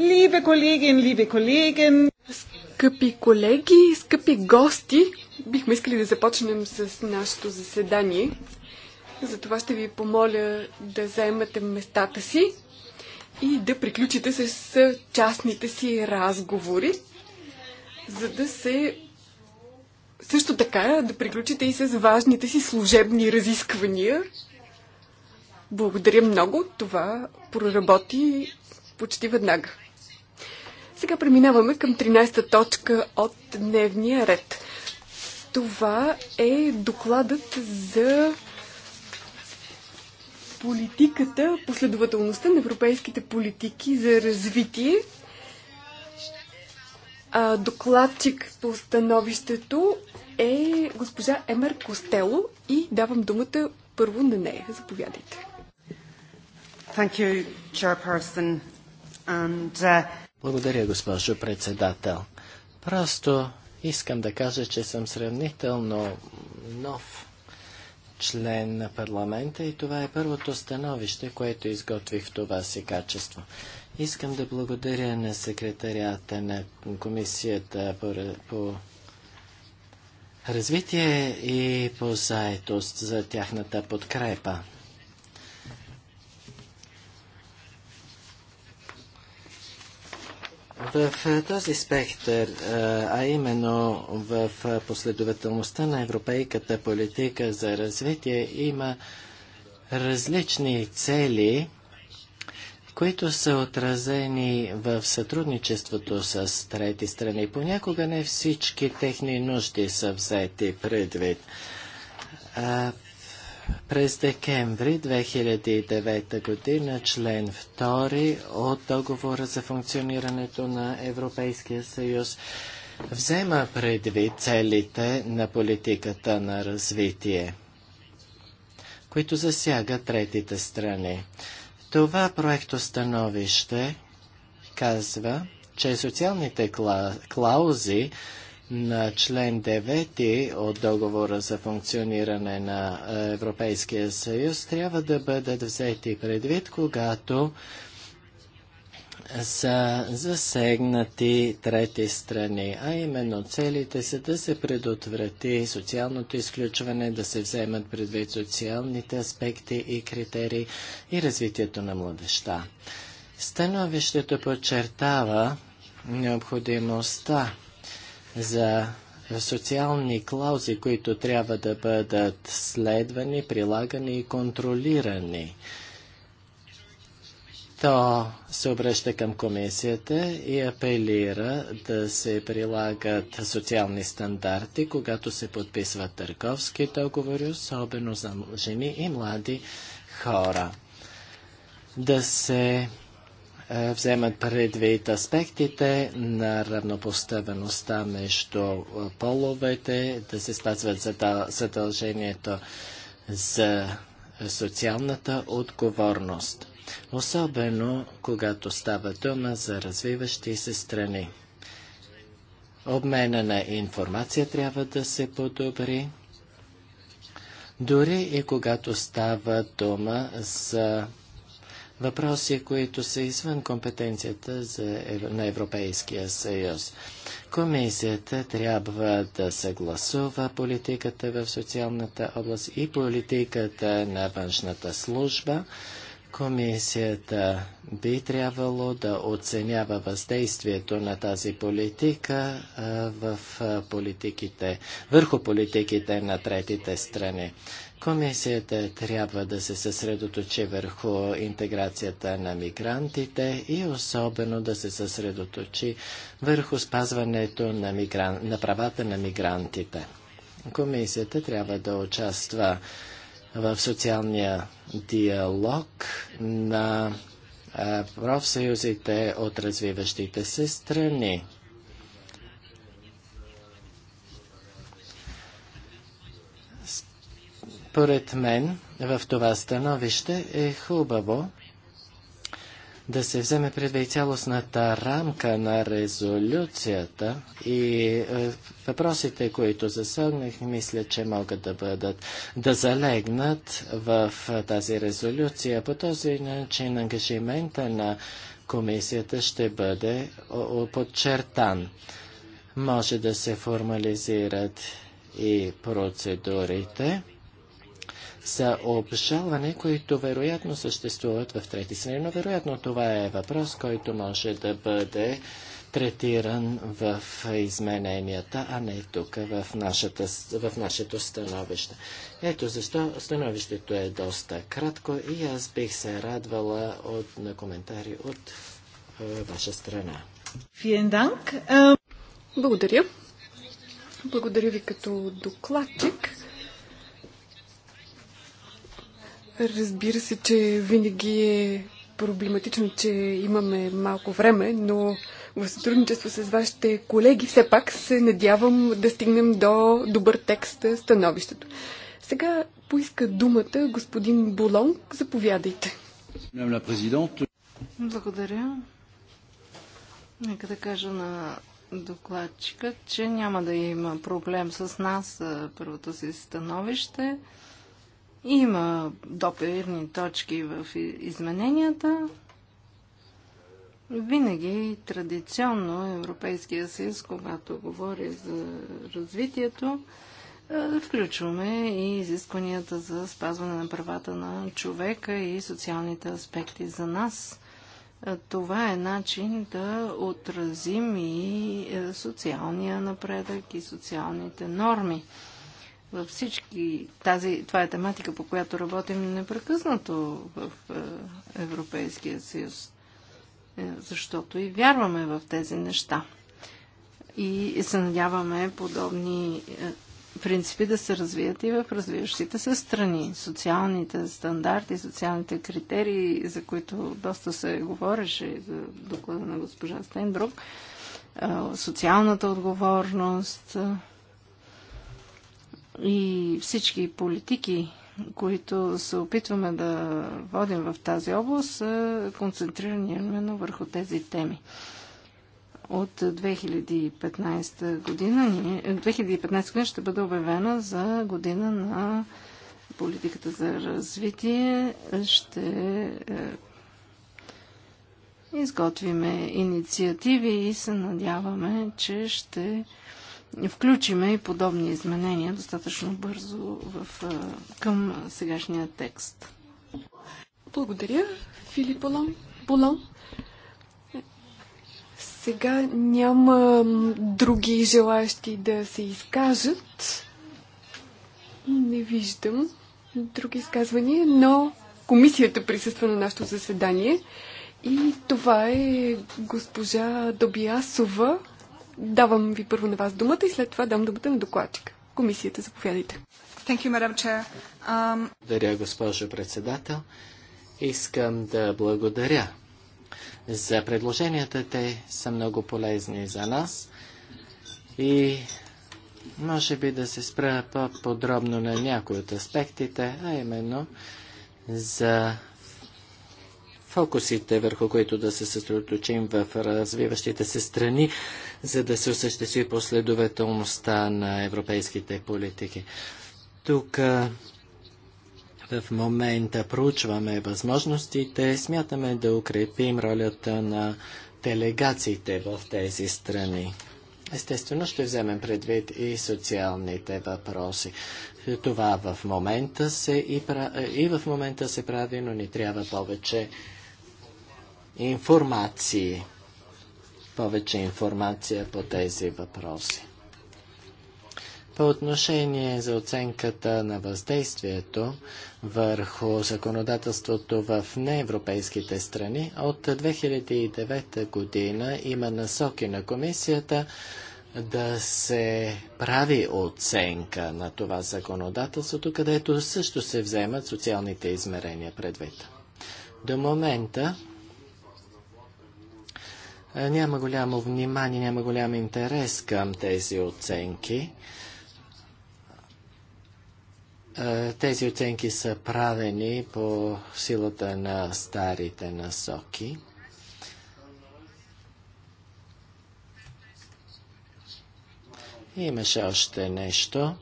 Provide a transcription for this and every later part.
Liebe колеги, liebe Kollegen. Скъпи колеги, скъпи гости, бихме искали да започнем с нашето заседание. Затова ще ви помоля да заемате местата си и да приключите с частните си разговори, за да се също така да приключите и с важните си служебни разисквания. Благодаря много. Това проработи почти веднага. Сега преминаваме към 13-та точка от дневния ред. Това е докладът за политиката, последователността на европейските политики за развитие. А, докладчик по становището е госпожа Емер Костело и давам думата първо на нея. Заповядайте. Thank you, Chairperson. And, uh... Благодаря, госпожо председател. Просто искам да кажа, че съм сравнително нов член на парламента и това е първото становище, което изготвих в това си качество. Искам да благодаря на секретарията на комисията по, по развитие и по заетост за тяхната подкрепа. В е, този спектър, е, а именно в е, последователността на европейката политика за развитие, има различни цели, които са отразени в сътрудничеството с трети страни. Понякога не всички техни нужди са взети предвид. През декември 2009 година член 2 от договора за функционирането на Европейския съюз взема предвид целите на политиката на развитие, които засяга третите страни. Това проекто становище казва, че социалните кла... клаузи на член 9 от договора за функциониране на е, Европейския съюз трябва да бъдат взети предвид, когато са засегнати трети страни, а именно целите са да се предотврати социалното изключване, да се вземат предвид социалните аспекти и критерии и развитието на младеща. Становището подчертава необходимостта за социални клаузи, които трябва да бъдат следвани, прилагани и контролирани. То се обръща към комисията и апелира да се прилагат социални стандарти, когато се подписват търговски договори, особено за жени и млади хора. Да се е, вземат предвид аспектите на равнопоставеността между е, половете, да се спазват задължението за социалната отговорност, особено когато става дума за развиващи се страни. Обмена на информация трябва да се подобри, дори и когато става дума за въпроси, които са извън компетенцията за, на Европейския съюз. Комисията трябва да съгласува политиката в социалната област и политиката на външната служба. Комисията би трябвало да оценява въздействието на тази политика в политиките, върху политиките на третите страни. Комисията трябва да се съсредоточи върху интеграцията на мигрантите и особено да се съсредоточи върху спазването на, мигран... на правата на мигрантите. Комисията трябва да участва в социалния диалог на профсъюзите от развиващите се страни. Според мен в това становище е хубаво да се вземе предвид цялостната рамка на резолюцията и е, въпросите, които засъгнах, мисля, че могат да бъдат да залегнат в е, тази резолюция. По този начин ангажимента на комисията ще бъде подчертан. Може да се формализират и процедурите са обжалване, които вероятно съществуват в трети страни, но вероятно това е въпрос, който може да бъде третиран в измененията, а не тук в, нашата, в нашето становище. Ето защо становището е доста кратко и аз бих се радвала от, на коментари от е, ваша страна. Е, Благодаря. Благодаря ви като докладчик. Разбира се, че винаги е проблематично, че имаме малко време, но в сътрудничество с вашите колеги все пак се надявам да стигнем до добър текст становището. Сега поиска думата господин Болон. Заповядайте. Благодаря. Нека да кажа на докладчика, че няма да има проблем с нас първото си становище. Има допирни точки в измененията. Винаги традиционно Европейския съюз, когато говори за развитието, е, включваме и изискванията за спазване на правата на човека и социалните аспекти за нас. Е, това е начин да отразим и е, социалния напредък и социалните норми във всички тази, това е тематика, по която работим непрекъснато в е, Европейския съюз, е, защото и вярваме в тези неща. И се надяваме подобни е, принципи да се развият и в развиващите се страни. Социалните стандарти, социалните критерии, за които доста се говореше за доклада на госпожа Стейнбрук, социалната отговорност, и всички политики, които се опитваме да водим в тази област, са концентрирани именно върху тези теми. От 2015 година, 2015 година ще бъде обявена за година на политиката за развитие. Ще е, изготвиме инициативи и се надяваме, че ще включиме и подобни изменения достатъчно бързо в, към сегашния текст. Благодаря, Филип Болон. Болон. Сега няма други желащи да се изкажат. Не виждам други изказвания, но комисията присъства на нашето заседание. И това е госпожа Добиасова. Давам ви първо на вас думата и след това дам думата на докладчика. Комисията, заповядайте. Thank you, Madam Chair. Um... Благодаря, госпожо председател. Искам да благодаря за предложенията. Те са много полезни за нас. И може би да се спра по-подробно на някои от аспектите, а именно за фокусите, върху които да се съсредоточим в развиващите се страни, за да се осъществи последователността на европейските политики. Тук в момента проучваме възможностите, смятаме да укрепим ролята на делегациите в тези страни. Естествено ще вземем предвид и социалните въпроси. Това в момента се и, и в момента се прави, но ни трябва повече информации, повече информация по тези въпроси. По отношение за оценката на въздействието върху законодателството в неевропейските страни, от 2009 година има насоки на комисията да се прави оценка на това законодателството, където също се вземат социалните измерения предвид. До момента е, няма голямо внимание, няма голям интерес към тези оценки. Е, тези оценки са правени по силата на старите насоки. Имаше още нещо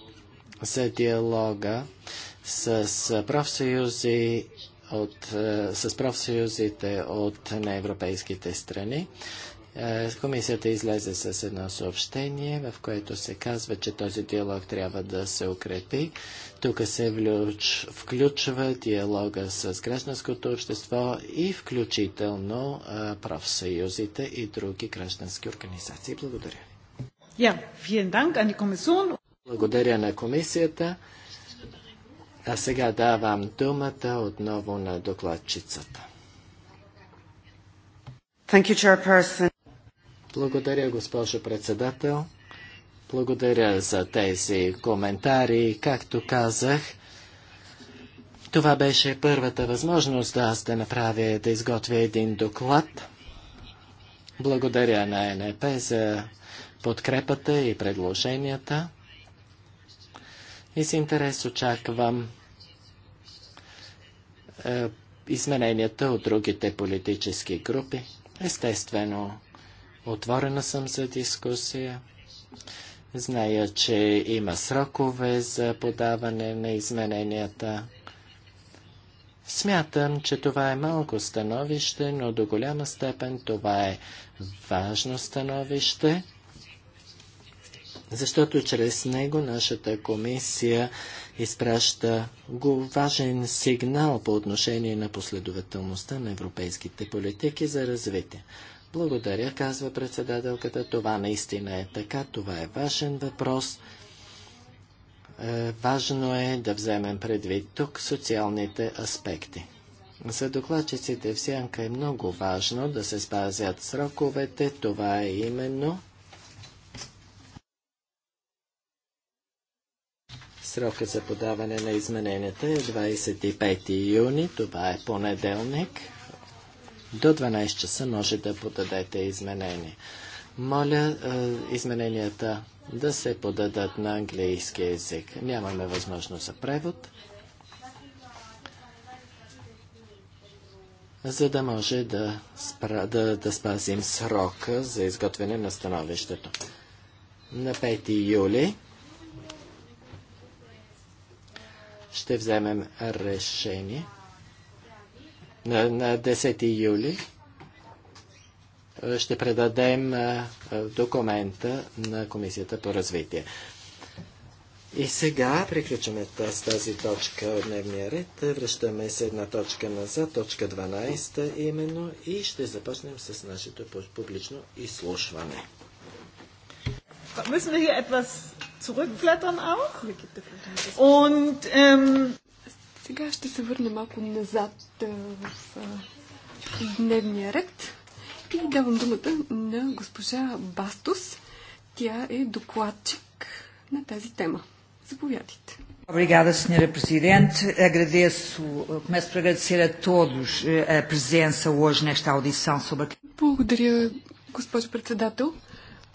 за диалога с профсъюзи от, е, с профсъюзите от неевропейските страни. Е, комисията излезе с едно съобщение, в което се казва, че този диалог трябва да се укрепи. Тук се влюч, включва диалога с гражданското общество и включително е, профсъюзите и други граждански организации. Благодаря. Благодаря на комисията. А сега давам думата отново на докладчицата. You, Благодаря, госпожо председател. Благодаря за тези коментари. Както казах, това беше първата възможност да аз да направя, да изготвя един доклад. Благодаря на НЕП за подкрепата и предложенията. И с интерес очаквам е, измененията от другите политически групи. Естествено, отворена съм за дискусия. Зная, че има срокове за подаване на измененията. Смятам, че това е малко становище, но до голяма степен това е важно становище защото чрез него нашата комисия изпраща го важен сигнал по отношение на последователността на европейските политики за развитие. Благодаря, казва председателката. Това наистина е така. Това е важен въпрос. Е, важно е да вземем предвид тук социалните аспекти. За докладчиците в сянка е много важно да се спазят сроковете. Това е именно Срока за подаване на измененията е 25 юни, това е понеделник. До 12 часа може да подадете изменения. Моля е, измененията да се подадат на английски язик. Нямаме възможност за превод, за да може да, спра, да, да спазим срока за изготвяне на становището. На 5 юли ще вземем решение на, на 10 юли. Ще предадем документа на Комисията по развитие. И сега приключваме с тази точка от дневния ред. Връщаме се една точка назад, точка 12 именно, и ще започнем с нашето публично изслушване zurückblättern auch. Und, ähm, Сега ще се върнем малко назад в дневния ред и давам думата на госпожа Бастус, Тя е докладчик на тази тема. Заповядайте. Obrigada, Sra. Presidente. Agradeço, eh, começo por agradecer a todos eh, a presença hoje nesta audição sobre Благодаря, госпожо председател.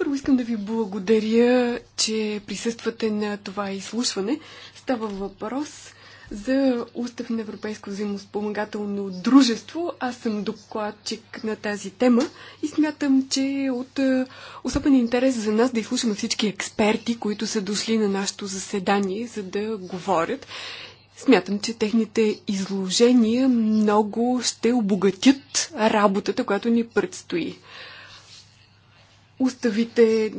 Първо искам да ви благодаря, че присъствате на това изслушване. Става въпрос за Устав на Европейско взаимоспомагателно дружество. Аз съм докладчик на тази тема и смятам, че е от е, особен интерес за нас да изслушаме всички експерти, които са дошли на нашето заседание, за да говорят. Смятам, че техните изложения много ще обогатят работата, която ни предстои уставите, е,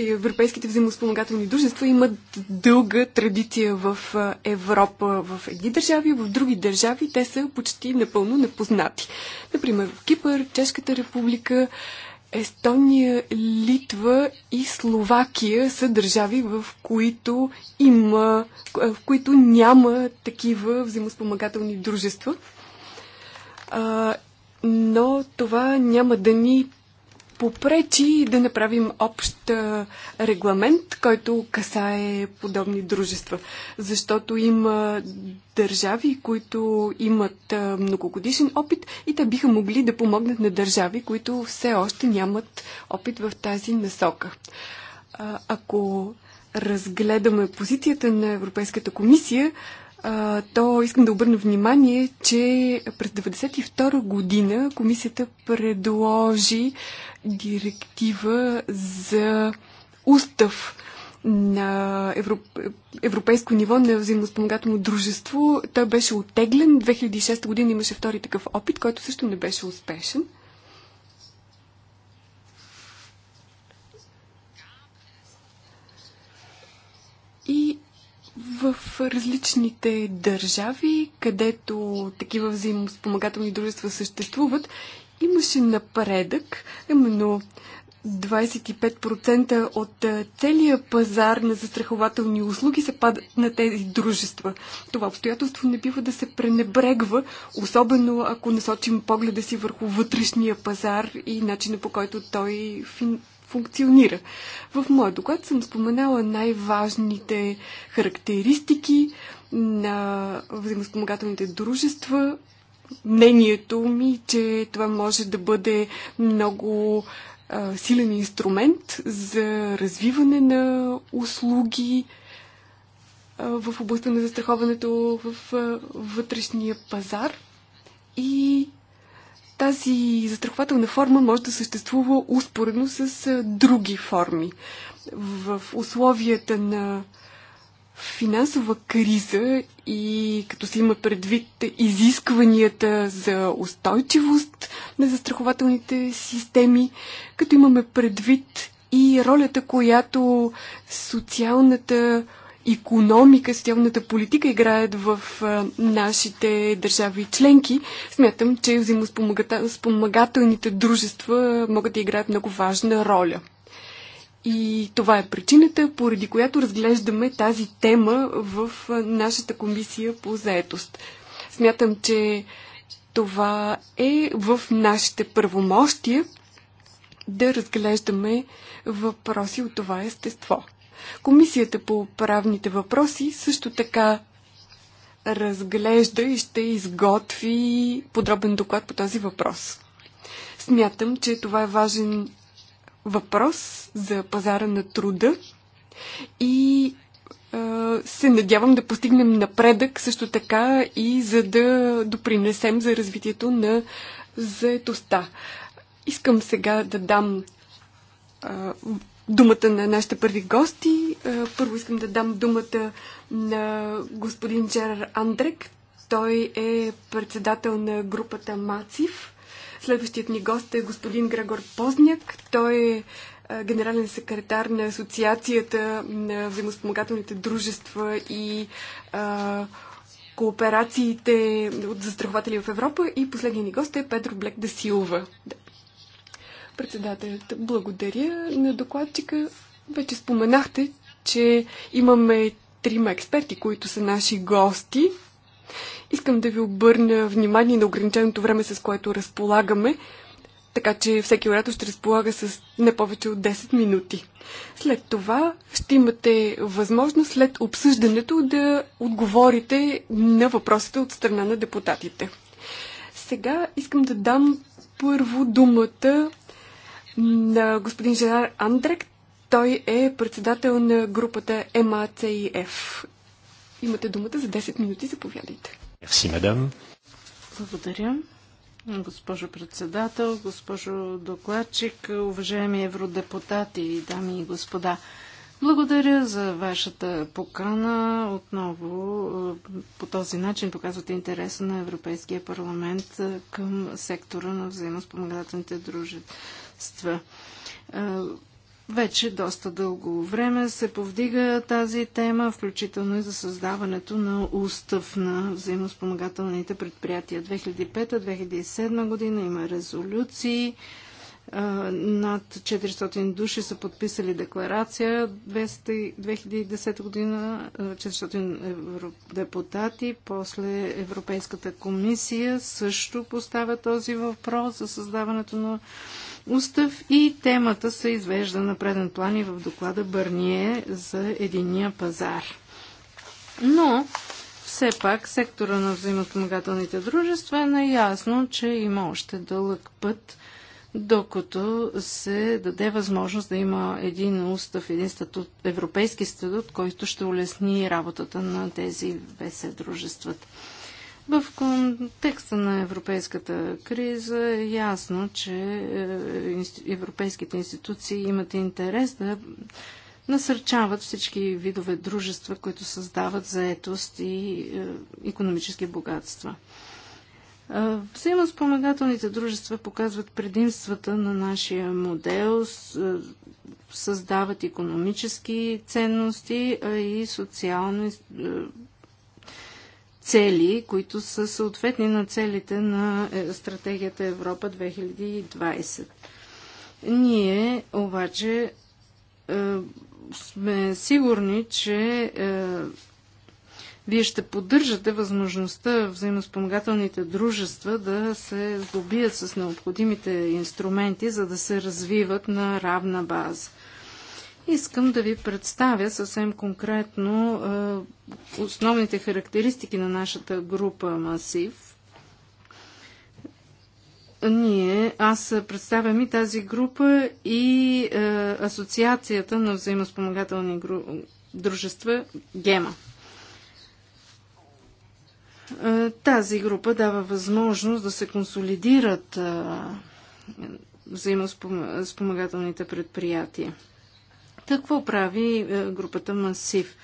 е, европейските взаимоспомагателни дружества имат дълга традиция в е, Европа, в едни държави, в други държави те са почти напълно непознати. Например, в Кипър, Чешката република, Естония, Литва и Словакия са държави, в които, има, в които няма такива взаимоспомагателни дружества. но това няма да ни попречи да направим общ регламент, който касае подобни дружества. Защото има държави, които имат многогодишен опит и те биха могли да помогнат на държави, които все още нямат опит в тази насока. Ако разгледаме позицията на Европейската комисия, а, то искам да обърна внимание, че през 1992 година комисията предложи директива за устав на европ... европейско ниво на взаимоспомагателно дружество. Той беше оттеглен. 2006 година имаше втори такъв опит, който също не беше успешен. И в различните държави, където такива взаимоспомагателни дружества съществуват, имаше напредък, именно 25% от целия пазар на застрахователни услуги се пада на тези дружества. Това обстоятелство не бива да се пренебрегва, особено ако насочим погледа си върху вътрешния пазар и начина по който той фин функционира. В моят доклад съм споменала най-важните характеристики на взаимоспомагателните дружества. Мнението ми, че това може да бъде много а, силен инструмент за развиване на услуги а, в областта на застраховането в а, вътрешния пазар и тази застрахователна форма може да съществува успоредно с други форми. В условията на финансова криза и като се има предвид изискванията за устойчивост на застрахователните системи, като имаме предвид и ролята, която социалната економика, социалната политика играят в нашите държави членки, смятам, че взаимоспомагателните дружества могат да играят много важна роля. И това е причината, поради която разглеждаме тази тема в нашата комисия по заетост. Смятам, че това е в нашите правомощия да разглеждаме въпроси от това естество. Комисията по правните въпроси също така разглежда и ще изготви подробен доклад по този въпрос. Смятам, че това е важен въпрос за пазара на труда и се надявам да постигнем напредък също така и за да допринесем за развитието на заетостта. Искам сега да дам думата на нашите първи гости. Е, първо искам да дам думата на господин Джерар Андрек. Той е председател на групата МАЦИВ. Следващият ни гост е господин Грегор Позняк. Той е, е генерален секретар на Асоциацията на взаимоспомогателните дружества и а, е, кооперациите от застрахователи в Европа. И последният ни гост е Петро Блек Дасилова. Председателят, благодаря на докладчика. Вече споменахте, че имаме трима експерти, които са наши гости. Искам да ви обърна внимание на ограниченото време, с което разполагаме, така че всеки оратор ще разполага с не повече от 10 минути. След това ще имате възможност след обсъждането да отговорите на въпросите от страна на депутатите. Сега искам да дам първо думата на господин Жерар Андрек. Той е председател на групата МАЦИФ. Имате думата за 10 минути. Заповядайте. Мерси, мадам. Благодаря. Госпожо председател, госпожо докладчик, уважаеми евродепутати, дами и господа. Благодаря за вашата покана. Отново по този начин показвате интереса на Европейския парламент към сектора на взаимоспомагателните дружества средства. Вече доста дълго време се повдига тази тема, включително и за създаването на устав на взаимоспомагателните предприятия. 2005-2007 година има резолюции над 400 души са подписали декларация 2010 година, 400 депутати, после Европейската комисия също поставя този въпрос за създаването на устав и темата се извежда на преден план и в доклада Бърние за единия пазар. Но все пак сектора на взаимопомагателните дружества е наясно, че има още дълъг път докато се даде възможност да има един устав, един статут, европейски статут, който ще улесни работата на тези Все дружества. В контекста на европейската криза е ясно, че е, европейските институции имат интерес да насърчават всички видове дружества, които създават заетост и економически богатства. Взаимоспомагателните дружества показват предимствата на нашия модел, създават економически ценности и социални цели, които са съответни на целите на е, стратегията Европа 2020. Ние обаче е, сме сигурни, че е, вие ще поддържате възможността взаимоспомагателните дружества да се здобият с необходимите инструменти, за да се развиват на равна база. Искам да ви представя съвсем конкретно е, основните характеристики на нашата група Масив. Ние, аз представям и тази група и е, Асоциацията на взаимоспомагателни гру... дружества ГЕМА. Е, тази група дава възможност да се консолидират е, взаимоспомагателните предприятия. Какво прави е, групата Масив?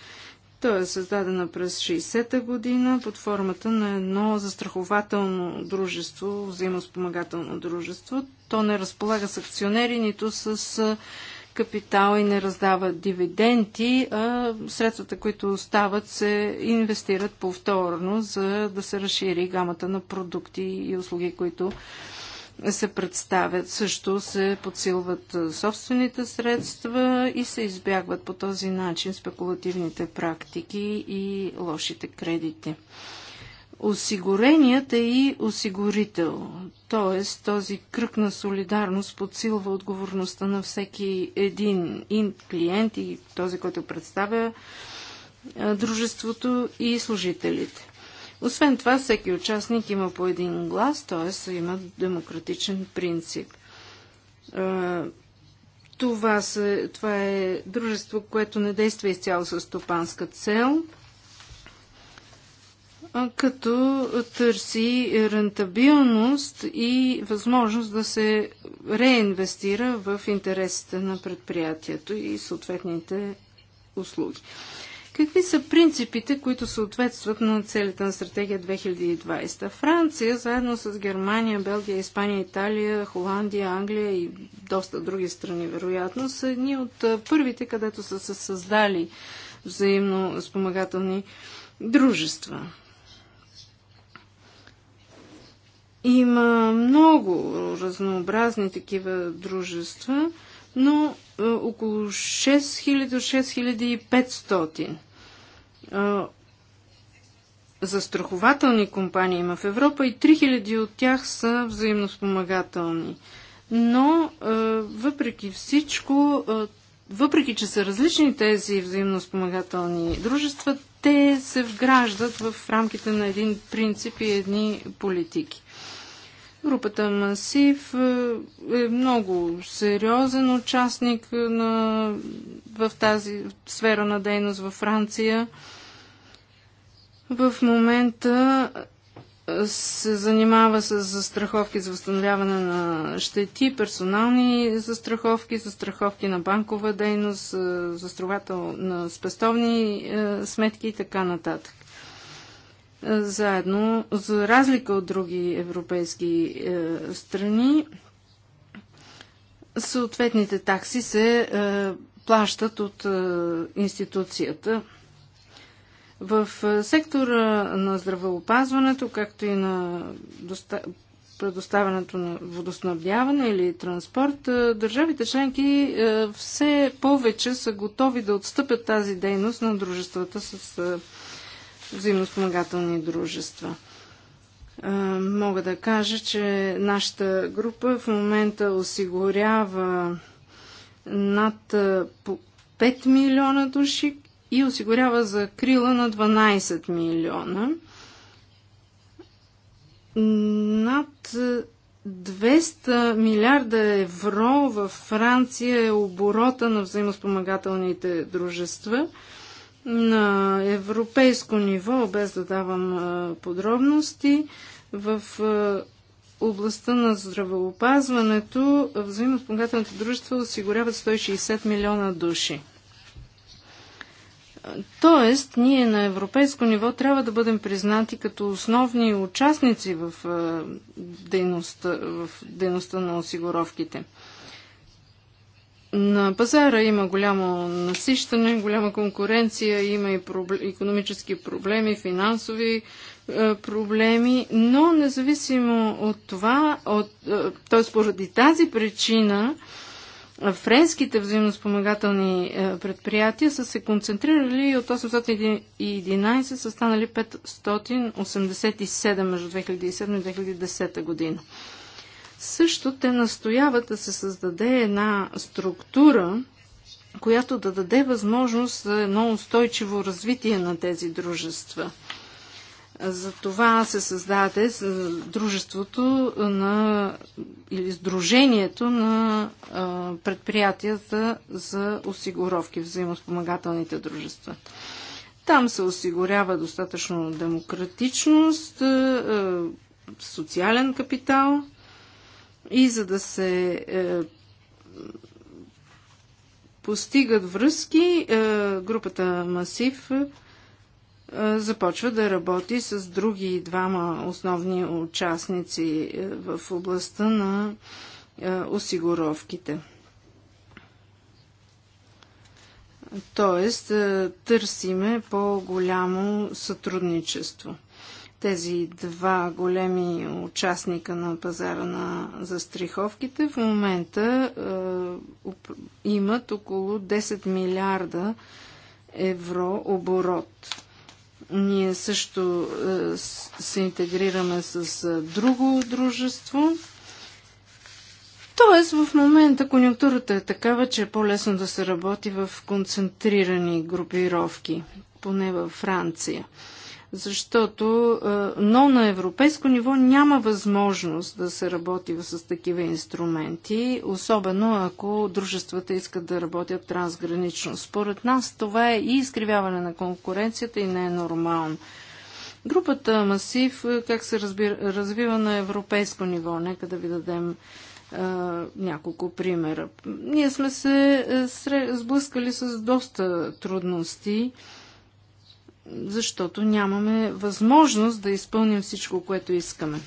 Той е създадена през 60-та година под формата на едно застрахователно дружество, взаимоспомагателно дружество. То не разполага с акционери, нито с капитал и не раздава дивиденти, а средствата, които остават, се инвестират повторно, за да се разшири гамата на продукти и услуги, които се представят. Също се подсилват собствените средства и се избягват по този начин спекулативните практики и лошите кредити осигуреният е и осигурител. Тоест, този кръг на солидарност подсилва отговорността на всеки един и клиент, и този, който представя дружеството и служителите. Освен това, всеки участник има по един глас, т.е. има демократичен принцип. Това, са, това е дружество, което не действа изцяло с стопанска цел – като търси рентабилност и възможност да се реинвестира в интересите на предприятието и съответните услуги. Какви са принципите, които съответстват на целите на стратегия 2020? Франция, заедно с Германия, Белгия, Испания, Италия, Холандия, Англия и доста други страни, вероятно, са едни от първите, където са се създали взаимно спомагателни дружества. Има много разнообразни такива дружества, но е, около 6000-6500 е, застрахователни компании има в Европа и 3000 от тях са взаимноспомагателни. Но е, въпреки всичко, въпреки че са различни тези взаимоспомагателни дружества, те се вграждат в рамките на един принцип и едни политики. Групата Масив е, е много сериозен участник е, на, в тази сфера на дейност във Франция. В момента е, се занимава с застраховки за възстановяване на щети, персонални застраховки, застраховки на банкова дейност, застраховател на спестовни сметки и така нататък. Е, заедно, за разлика от други европейски е, страни, съответните такси се е, плащат от е, институцията. В е, сектора на здравеопазването, както и на доста... предоставянето на водоснабдяване или транспорт, е, държавите членки все повече са готови да отстъпят тази дейност на дружествата с взаимоспомагателни дружества. Мога да кажа, че нашата група в момента осигурява над 5 милиона души и осигурява за крила на 12 милиона. Над 200 милиарда евро във Франция е оборота на взаимоспомагателните дружества – на европейско ниво, без да давам подробности, в областта на здравеопазването взаимоспомагателните дружества осигуряват 160 милиона души. Тоест, ние на европейско ниво трябва да бъдем признати като основни участници в дейността, в дейността на осигуровките. На пазара има голямо насищане, голяма конкуренция, има и проблем, економически проблеми, финансови е, проблеми, но независимо от това, от, е, т.е. поради тази причина, е, френските взаимоспомагателни е, предприятия са се концентрирали и от 811 са станали 587 между 2007 и 2010 година. Също те настояват да се създаде една структура, която да даде възможност за едно устойчиво развитие на тези дружества. За това се създаде дружеството на, или сдружението на предприятията за осигуровки, взаимоспомагателните дружества. Там се осигурява достатъчно демократичност, социален капитал и за да се е, постигат връзки, е, групата Масив е, започва да работи с други двама основни участници е, в областта на е, осигуровките. Тоест, е, търсиме по-голямо сътрудничество тези два големи участника на пазара на застраховките в момента е, имат около 10 милиарда евро оборот. Ние също е, се интегрираме с е, друго дружество. Тоест, в момента конъюнктурата е такава, че е по-лесно да се работи в концентрирани групировки, поне във Франция защото, е, но на европейско ниво няма възможност да се работи с такива инструменти, особено ако дружествата искат да работят трансгранично. Според нас това е и изкривяване на конкуренцията и не е нормално. Групата Масив, е, как се разбира, развива на европейско ниво, нека да ви дадем е, няколко примера. Ние сме се сблъскали с доста трудности защото нямаме възможност да изпълним всичко, което искаме.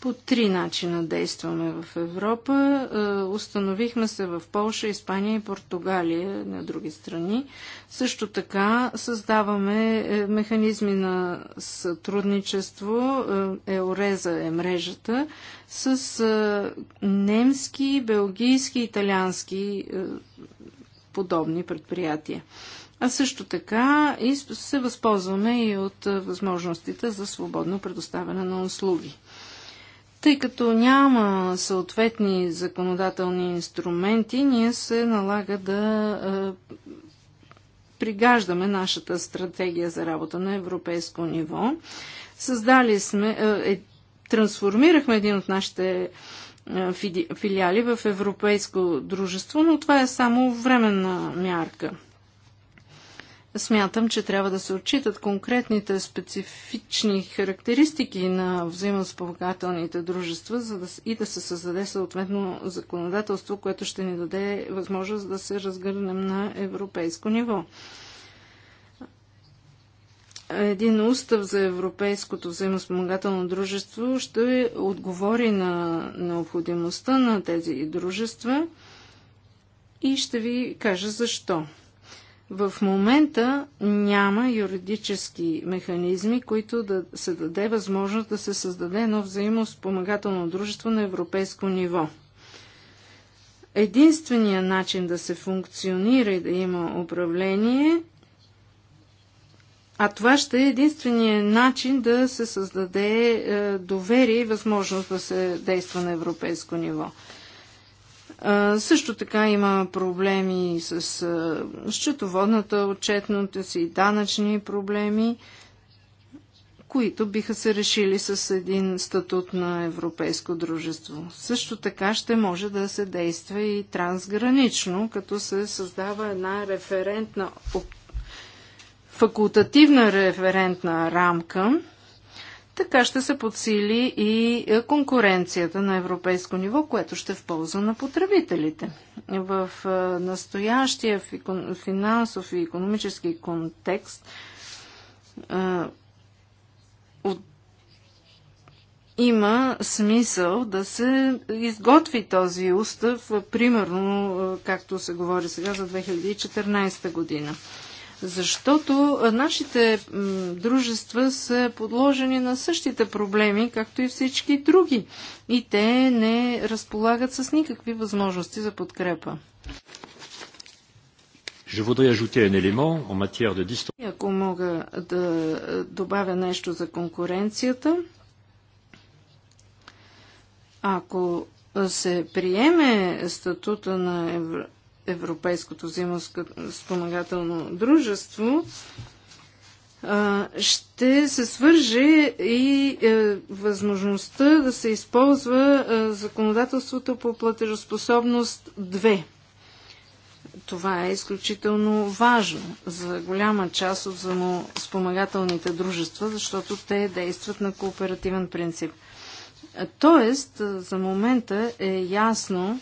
По три начина действаме в Европа. Е, установихме се в Полша, Испания и Португалия, на други страни. Също така създаваме е, механизми на сътрудничество, е, Еореза е мрежата, с немски, белгийски, италиански подобни предприятия а също така и се възползваме и от възможностите за свободно предоставяне на услуги. Тъй като няма съответни законодателни инструменти, ние се налага да е, пригаждаме нашата стратегия за работа на европейско ниво. Създали сме, е, е, трансформирахме един от нашите филиали в Европейско дружество, но това е само временна мярка. Смятам, че трябва да се отчитат конкретните специфични характеристики на взаимоспомагателните дружества за да, и да се създаде съответно законодателство, което ще ни даде възможност да се разгърнем на европейско ниво един устав за европейското взаимоспомагателно дружество ще отговори на необходимостта на тези дружества и ще ви кажа защо. В момента няма юридически механизми, които да се даде възможност да се създаде едно взаимоспомагателно дружество на европейско ниво. Единственият начин да се функционира и да има управление, а това ще е единственият начин да се създаде е, доверие и възможност да се действа на европейско ниво. Също така има проблеми с счетоводната отчетност и данъчни проблеми, които биха се решили с един статут на европейско дружество. Също така ще може да се действа и трансгранично, като се създава една референтна, факултативна референтна рамка – така ще се подсили и е, конкуренцията на европейско ниво, което ще е в полза на потребителите. В е, настоящия финансов и економически контекст е, има смисъл да се изготви този устав, примерно, както се говори сега за 2014 година защото нашите дружества са подложени на същите проблеми, както и всички други. И те не разполагат с никакви възможности за подкрепа. Je voudrais ajouter un élément en matière de distance. Ако мога да добавя нещо за конкуренцията, ако се приеме статута на Евро Европейското спомагателно дружество, ще се свърже и е, възможността да се използва е, законодателството по платежоспособност 2. Това е изключително важно за голяма част от спомагателните дружества, защото те действат на кооперативен принцип. Тоест, за момента е ясно,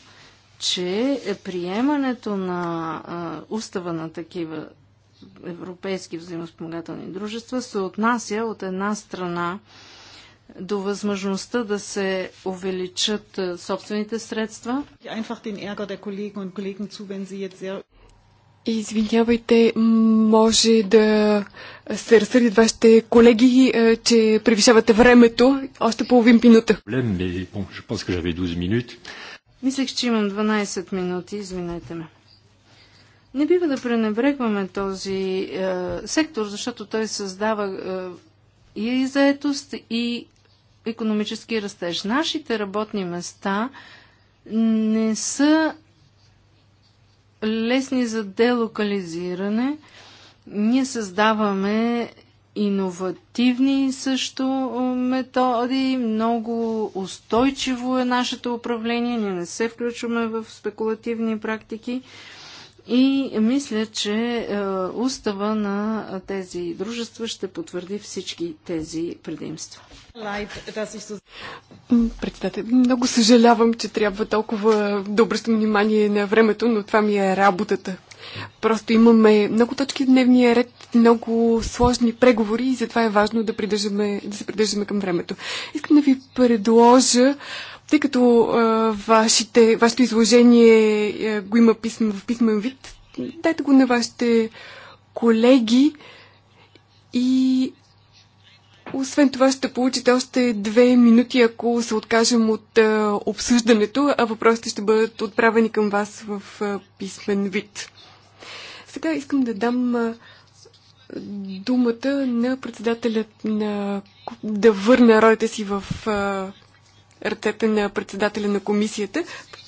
че приемането на а, устава на такива европейски взаимоспомагателни дружества се отнася от една страна до възможността да се увеличат собствените средства. Извинявайте, може да се разсърдят вашите колеги, че превишавате времето. Още половин минута. Мислех, че имам 12 минути, извинете ме. Не бива да пренебрегваме този е, сектор, защото той създава е, и заетост, и економически растеж. Нашите работни места не са лесни за делокализиране. Ние създаваме иновативни също методи, много устойчиво е нашето управление, ние не се включваме в спекулативни практики и мисля, че устава на тези дружества ще потвърди всички тези предимства. Председател, много съжалявам, че трябва толкова да обръщам внимание на времето, но това ми е работата, Просто имаме много точки в дневния ред, много сложни преговори и затова е важно да, придържаме, да се придържаме към времето. Искам да ви предложа, тъй като а, вашите, вашето изложение а, го има писмен, в писмен вид, дайте го на вашите колеги и освен това ще получите още две минути, ако се откажем от а, обсъждането, а въпросите ще бъдат отправени към вас в а, писмен вид. Сега искам да дам думата на председателят на... да върна ролята си в ръцете на председателя на комисията,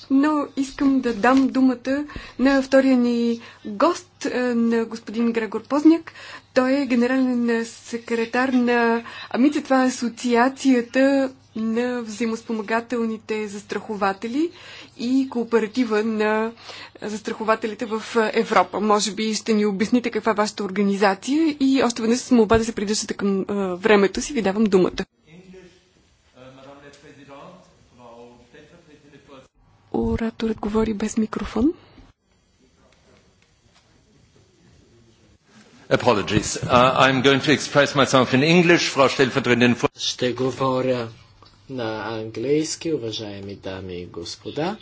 но искам да дам думата на втория ни гост, на господин Грегор Позняк. Той е генерален секретар на Амица, това е асоциацията на взаимоспомагателните застрахователи и кооператива на застрахователите в Европа. Може би ще ни обясните каква е вашата организация и още веднъж с молба да се придържате към времето си, ви давам думата. Ораторът говори без микрофон. Apologies. Uh, I'm going to express myself in English, Frau Stellvertreterin. Ще говоря на английски, уважаеми дами и господа.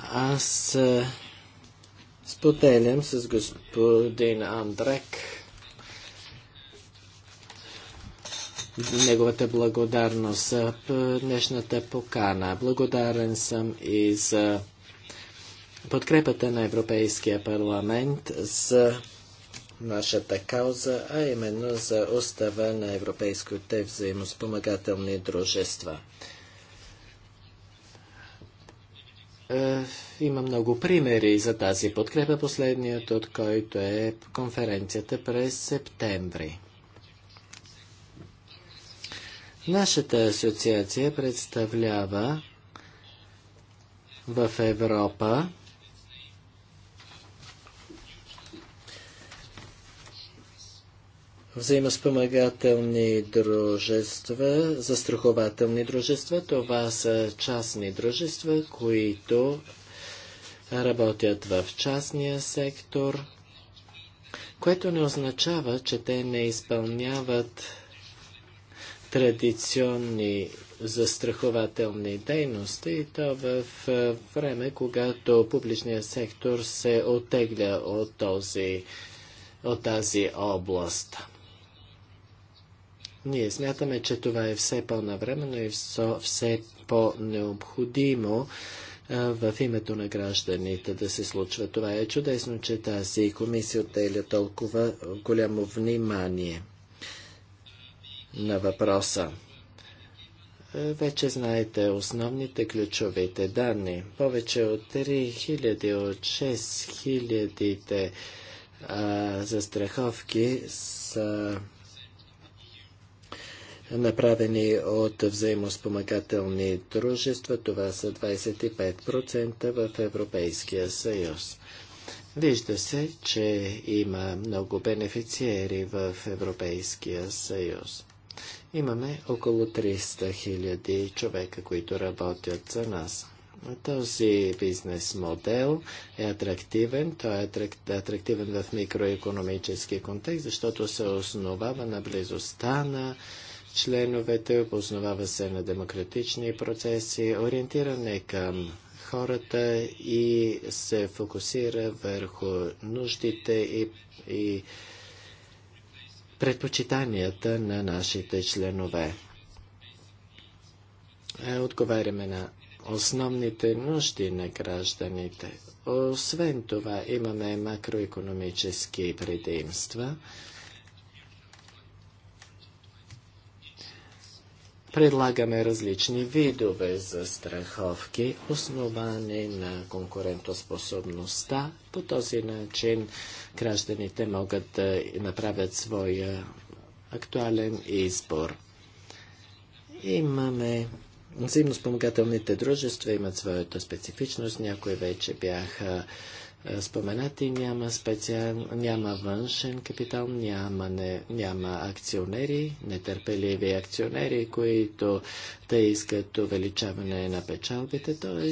Аз е, споделям с господин Андрек неговата благодарност за днешната покана. Благодарен съм и за подкрепата на Европейския парламент за нашата кауза, а именно за устава на европейските взаимоспомагателни дружества. Е, има много примери за тази подкрепа, последният от който е конференцията през септември. Нашата асоциация представлява в Европа взаимоспомагателни дружества, застрахователни дружества. Това са частни дружества, които работят в частния сектор, което не означава, че те не изпълняват традиционни застрахователни дейности и то в време, когато публичният сектор се отегля от, този, от тази област. Ние смятаме, че това е все по-навременно и все по-необходимо в името на гражданите да се случва. Това е чудесно, че тази комисия отделя толкова голямо внимание на въпроса. Е, вече знаете основните ключовите данни. Повече от 3000 от 6000 застраховки са направени от взаимоспомагателни дружества. Това са 25% в Европейския съюз. Вижда се, че има много бенефициери в Европейския съюз. Имаме около 300 хиляди човека, които работят за нас. Този бизнес модел е атрактивен. Той е атрактивен в микроекономически контекст, защото се основава на близостта на членовете, обознавава се на демократични процеси, ориентиране към хората и се фокусира върху нуждите и, и предпочитанията на нашите членове. Е, отговаряме на основните нужди на гражданите. Освен това имаме макроекономически предимства – предлагаме различни видове за страховки, основани на конкурентоспособността. По този начин гражданите могат да направят своя актуален избор. Имаме взаимно спомагателните дружества имат своята специфичност. Някои вече бяха е, споменати, няма, специал, няма външен капитал, няма, не, няма акционери, нетърпеливи акционери, които да искат увеличаване на печалбите, т.е.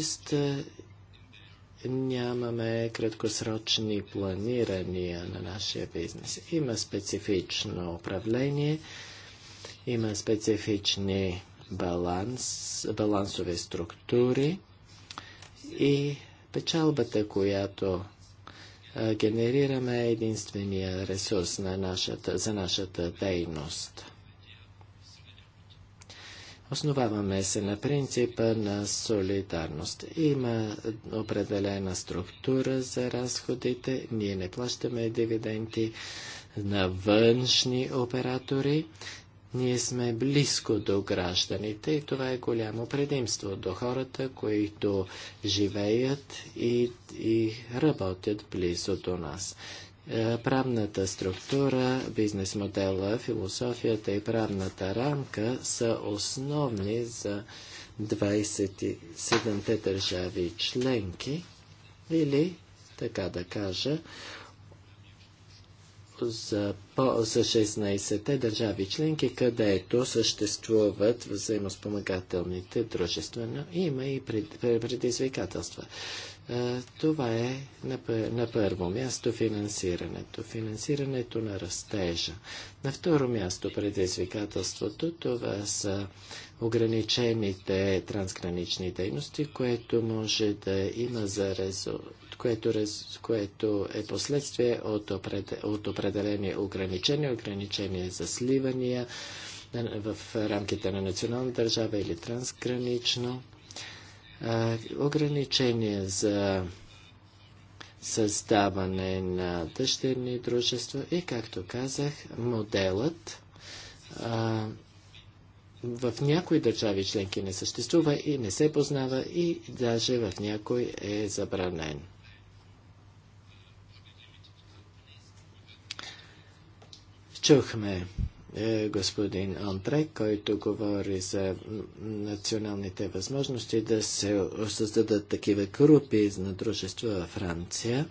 нямаме краткосрочни планирания на нашия бизнес. Има специфично управление, има специфични баланс, балансови структури и Печалбата, която генерираме е единствения ресурс на нашата, за нашата дейност. Основаваме се на принципа на солидарност. Има определена структура за разходите. Ние не плащаме дивиденти на външни оператори. Ние сме близко до гражданите и това е голямо предимство до хората, които живеят и, и работят близо до нас. Е, правната структура, бизнес модела, философията и правната рамка са основни за 27-те държави членки или, така да кажа, за, по, за 16-те държави членки, където съществуват взаимоспомагателните дружества, но има и предизвикателства. Това е на, на първо място финансирането. Финансирането на растежа. На второ място предизвикателството това са ограничените трансгранични дейности, което може да има за резултат което, рез, което е последствие от, опред, от определени ограничения, ограничения за сливания в рамките на национална държава или трансгранично, ограничения за създаване на дъщерни дружества и, както казах, моделът в някои държави членки не съществува и не се познава и даже в някой е забранен. Чухме е, господин Антре, който говори за националните възможности да се създадат такива групи на дружества във Франция.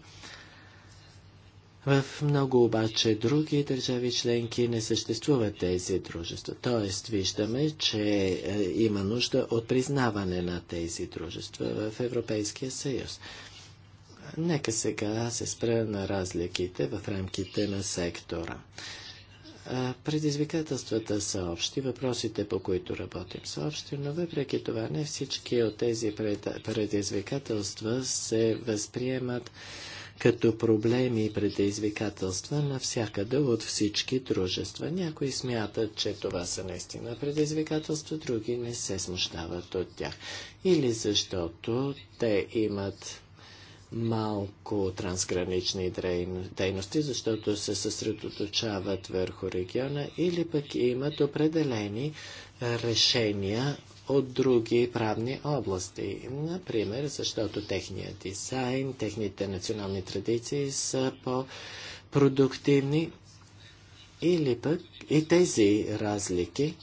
В много обаче други държави членки не съществуват тези дружества. Тоест виждаме, че е, има нужда от признаване на тези дружества в Европейския съюз. Нека сега се спра на разликите в рамките на сектора. Е, предизвикателствата са общи, въпросите по които работим са общи, но въпреки това не всички от тези предизвикателства се възприемат като проблеми и предизвикателства навсякъде от всички дружества. Някои смятат, че това са наистина предизвикателства, други не се смущават от тях. Или защото те имат малко трансгранични дейности, защото се съсредоточават върху региона или пък имат определени решения от други правни области. Например, защото техният дизайн, техните национални традиции са по-продуктивни или пък и тези разлики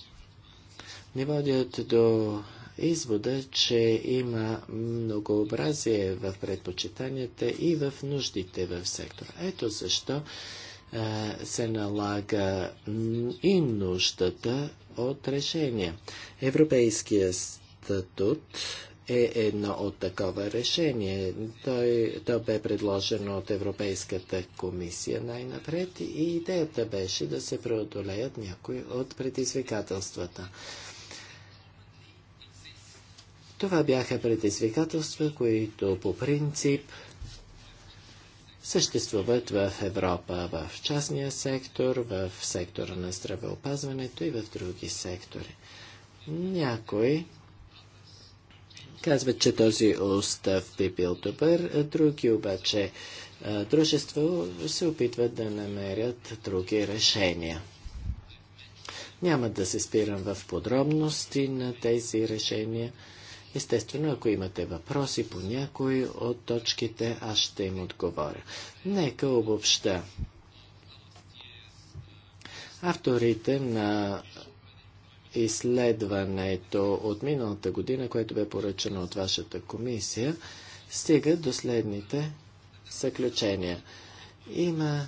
не водят до извода, че има многообразие в предпочитанията и в нуждите в сектора. Ето защо е, се налага и нуждата от решения. Европейския статут е едно от такова решение. Той, то бе предложено от Европейската комисия най-напред и идеята беше да се преодолеят някои от предизвикателствата. Това бяха предизвикателства, които по принцип съществуват в Европа, в частния сектор, в сектора на здравеопазването и в други сектори. Някой казват, че този устав би бил добър, други обаче дружество се опитват да намерят други решения. Няма да се спирам в подробности на тези решения – Естествено, ако имате въпроси по някои от точките, аз ще им отговоря. Нека обобща. Авторите на изследването от миналата година, което бе поръчено от вашата комисия, стигат до следните съключения. Има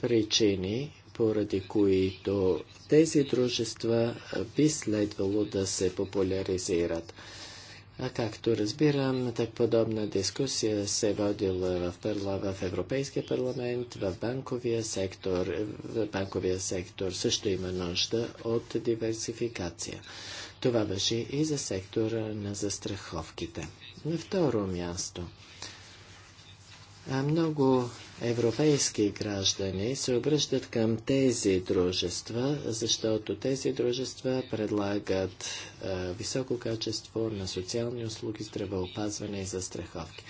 причини, поради които тези дружества би следвало да се популяризират. А както разбирам, так подобна дискусия се водила в, парла, в Европейския парламент, в банковия сектор. В банковия сектор също има нужда от диверсификация. Това беше и за сектора на застраховките. На второ място. Много европейски граждани се обръщат към тези дружества, защото тези дружества предлагат е, високо качество на социални услуги, здравеопазване и застраховки.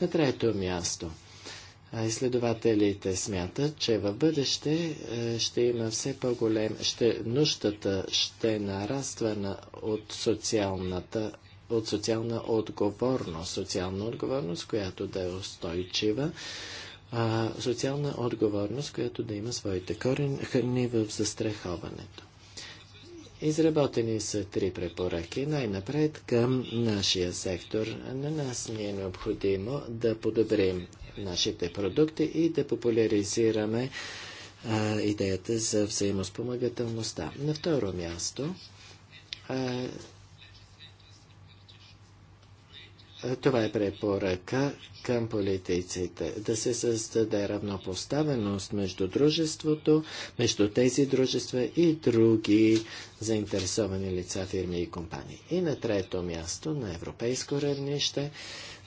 На трето място. Изследователите смятат, че в бъдеще ще има все по-голем, ще, нуждата ще нараства на, от социалната от социална отговорност, социална отговорност, която да е устойчива, а, социална отговорност, която да има своите корени в застраховането. Изработени са три препоръки. Най-напред към нашия сектор. На нас ни е необходимо да подобрим нашите продукти и да популяризираме а, идеята за взаимоспомагателността. На второ място, а, това е препоръка към политиците, да се създаде равнопоставеност между дружеството, между тези дружества и други заинтересовани лица, фирми и компании. И на трето място, на европейско равнище,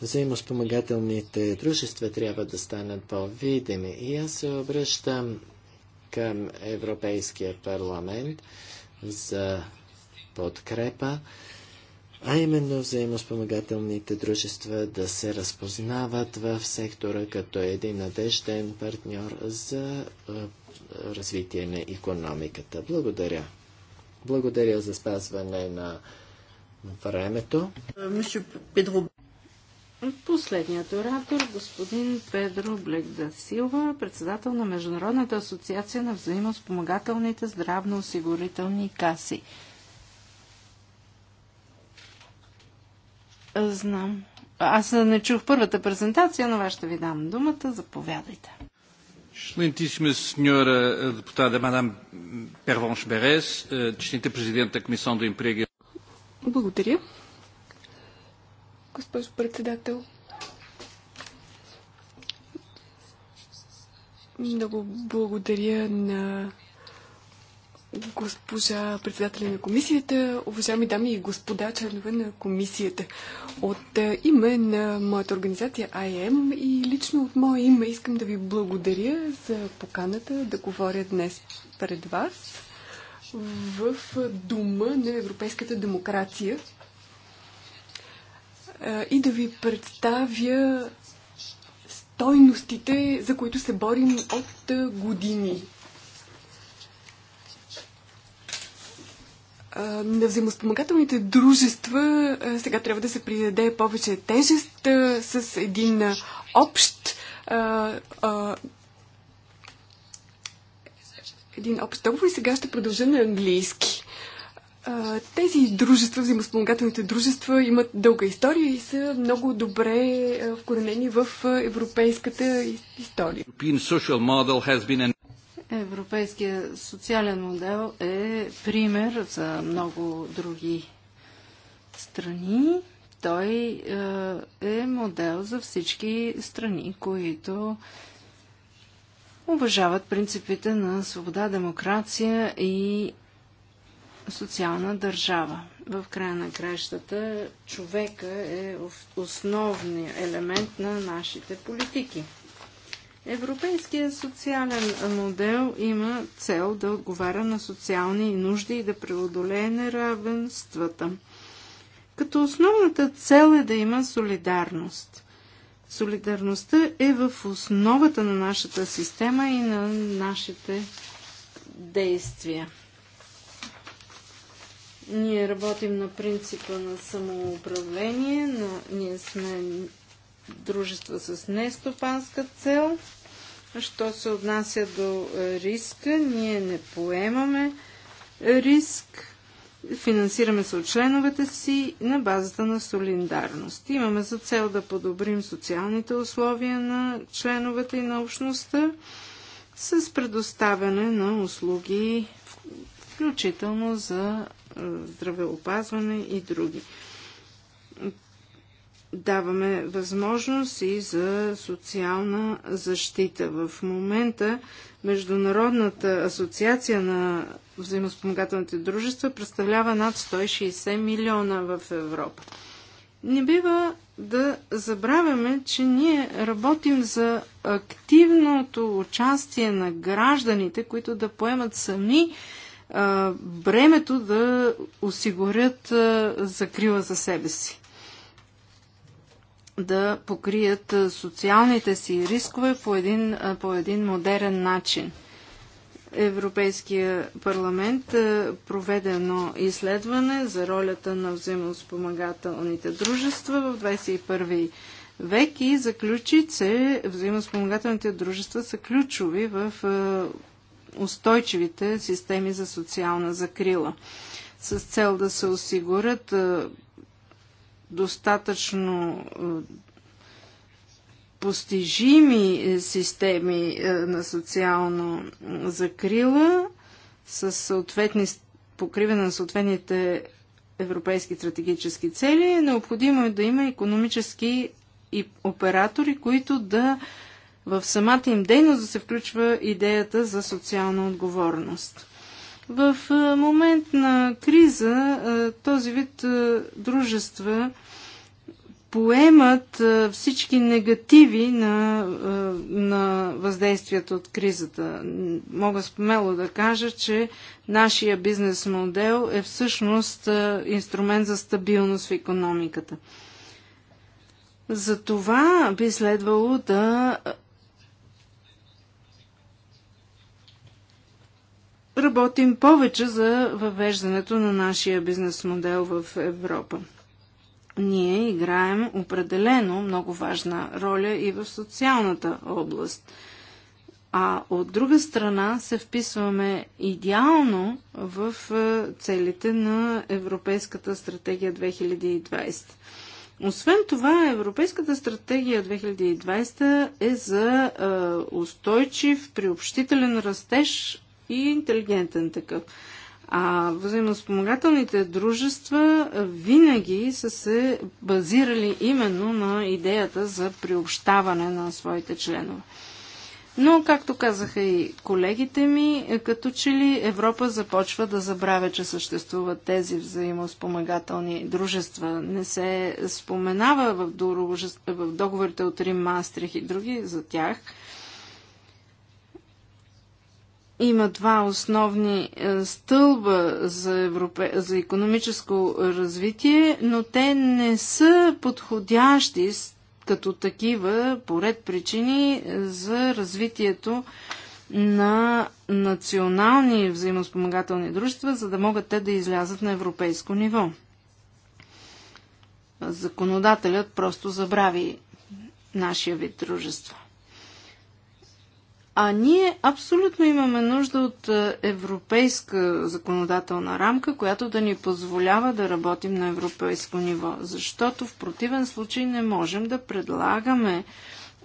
взаимоспомагателните дружества трябва да станат по-видими. И аз се обръщам към Европейския парламент за подкрепа а именно взаимоспомагателните дружества да се разпознават в сектора като един надежден партньор за развитие на економиката. Благодаря. Благодаря за спазване на времето. Последният оратор, господин Педро Блек Силва, председател на Международната асоциация на взаимоспомагателните здравноосигурителни каси. Знам. Аз не чух първата презентация, но ще ви дам думата. Заповядайте. Excelentíssima senhora deputada Madame Pervons Beres, distinta presidente da Comissão do Emprego. Благодаря. Госпожо председател, много благодаря на госпожа председателя на комисията, уважаеми дами и господа, членове на комисията. От е, име на моята организация IM и лично от мое име искам да ви благодаря за поканата да говоря днес пред вас в Дума на европейската демокрация е, и да ви представя стойностите, за които се борим от е, години на взаимоспомагателните дружества сега трябва да се придаде повече тежест с един общ един общ договор и сега ще продължа на английски. Тези дружества, взаимоспомагателните дружества имат дълга история и са много добре вкоренени в европейската история. Европейският социален модел е пример за много други страни. Той е, е модел за всички страни, които уважават принципите на свобода, демокрация и социална държава. В края на кращата човека е основният елемент на нашите политики. Европейският социален модел има цел да отговаря на социални нужди и да преодолее неравенствата. Като основната цел е да има солидарност. Солидарността е в основата на нашата система и на нашите действия. Ние работим на принципа на самоуправление, на... ние сме дружества с нестопанска цел. Що се отнася до риска, ние не поемаме риск. Финансираме се от членовете си на базата на солидарност. Имаме за цел да подобрим социалните условия на членовете и на общността с предоставяне на услуги, включително за е, здравеопазване и други даваме възможност и за социална защита. В момента Международната асоциация на взаимоспомагателните дружества представлява над 160 милиона в Европа. Не бива да забравяме, че ние работим за активното участие на гражданите, които да поемат сами бремето да осигурят закрила за себе си да покрият социалните си рискове по един, по един модерен начин. Европейския парламент проведе едно изследване за ролята на взаимоспомагателните дружества в 21 век и заключи, че взаимоспомагателните дружества са ключови в устойчивите системи за социална закрила с цел да се осигурят достатъчно е, постижими е, системи е, на социално закрила с съответни покриване на съответните европейски стратегически цели, е необходимо да има економически и оператори, които да в самата им дейност да се включва идеята за социална отговорност. В момент на криза този вид дружества поемат всички негативи на, на въздействието от кризата. Мога смело да кажа, че нашия бизнес модел е всъщност инструмент за стабилност в економиката. За това би следвало да работим повече за въвеждането на нашия бизнес модел в Европа. Ние играем определено много важна роля и в социалната област. А от друга страна се вписваме идеално в е, целите на Европейската стратегия 2020. Освен това, Европейската стратегия 2020 е за е, устойчив, приобщителен растеж и интелигентен такъв. А взаимоспомагателните дружества винаги са се базирали именно на идеята за приобщаване на своите членове. Но, както казаха и колегите ми, като че ли Европа започва да забравя, че съществуват тези взаимоспомагателни дружества. Не се споменава в договорите от Рим, Мастрих и други за тях – има два основни е, стълба за, европе... за економическо развитие, но те не са подходящи като такива по ред причини е, за развитието на национални взаимоспомагателни дружества, за да могат те да излязат на европейско ниво. Законодателят просто забрави нашия вид дружества. А ние абсолютно имаме нужда от е, европейска законодателна рамка, която да ни позволява да работим на европейско ниво, защото в противен случай не можем да предлагаме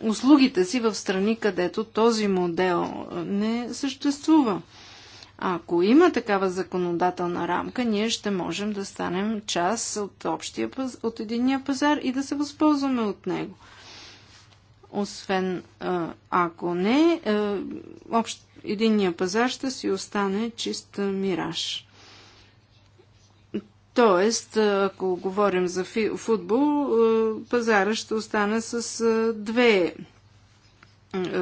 услугите си в страни, където този модел е, не съществува. А ако има такава законодателна рамка, ние ще можем да станем част от, общия, от единния пазар и да се възползваме от него – освен ако не, общ, единния пазар ще си остане чист мираж. Тоест, ако говорим за футбол, пазара ще остане с две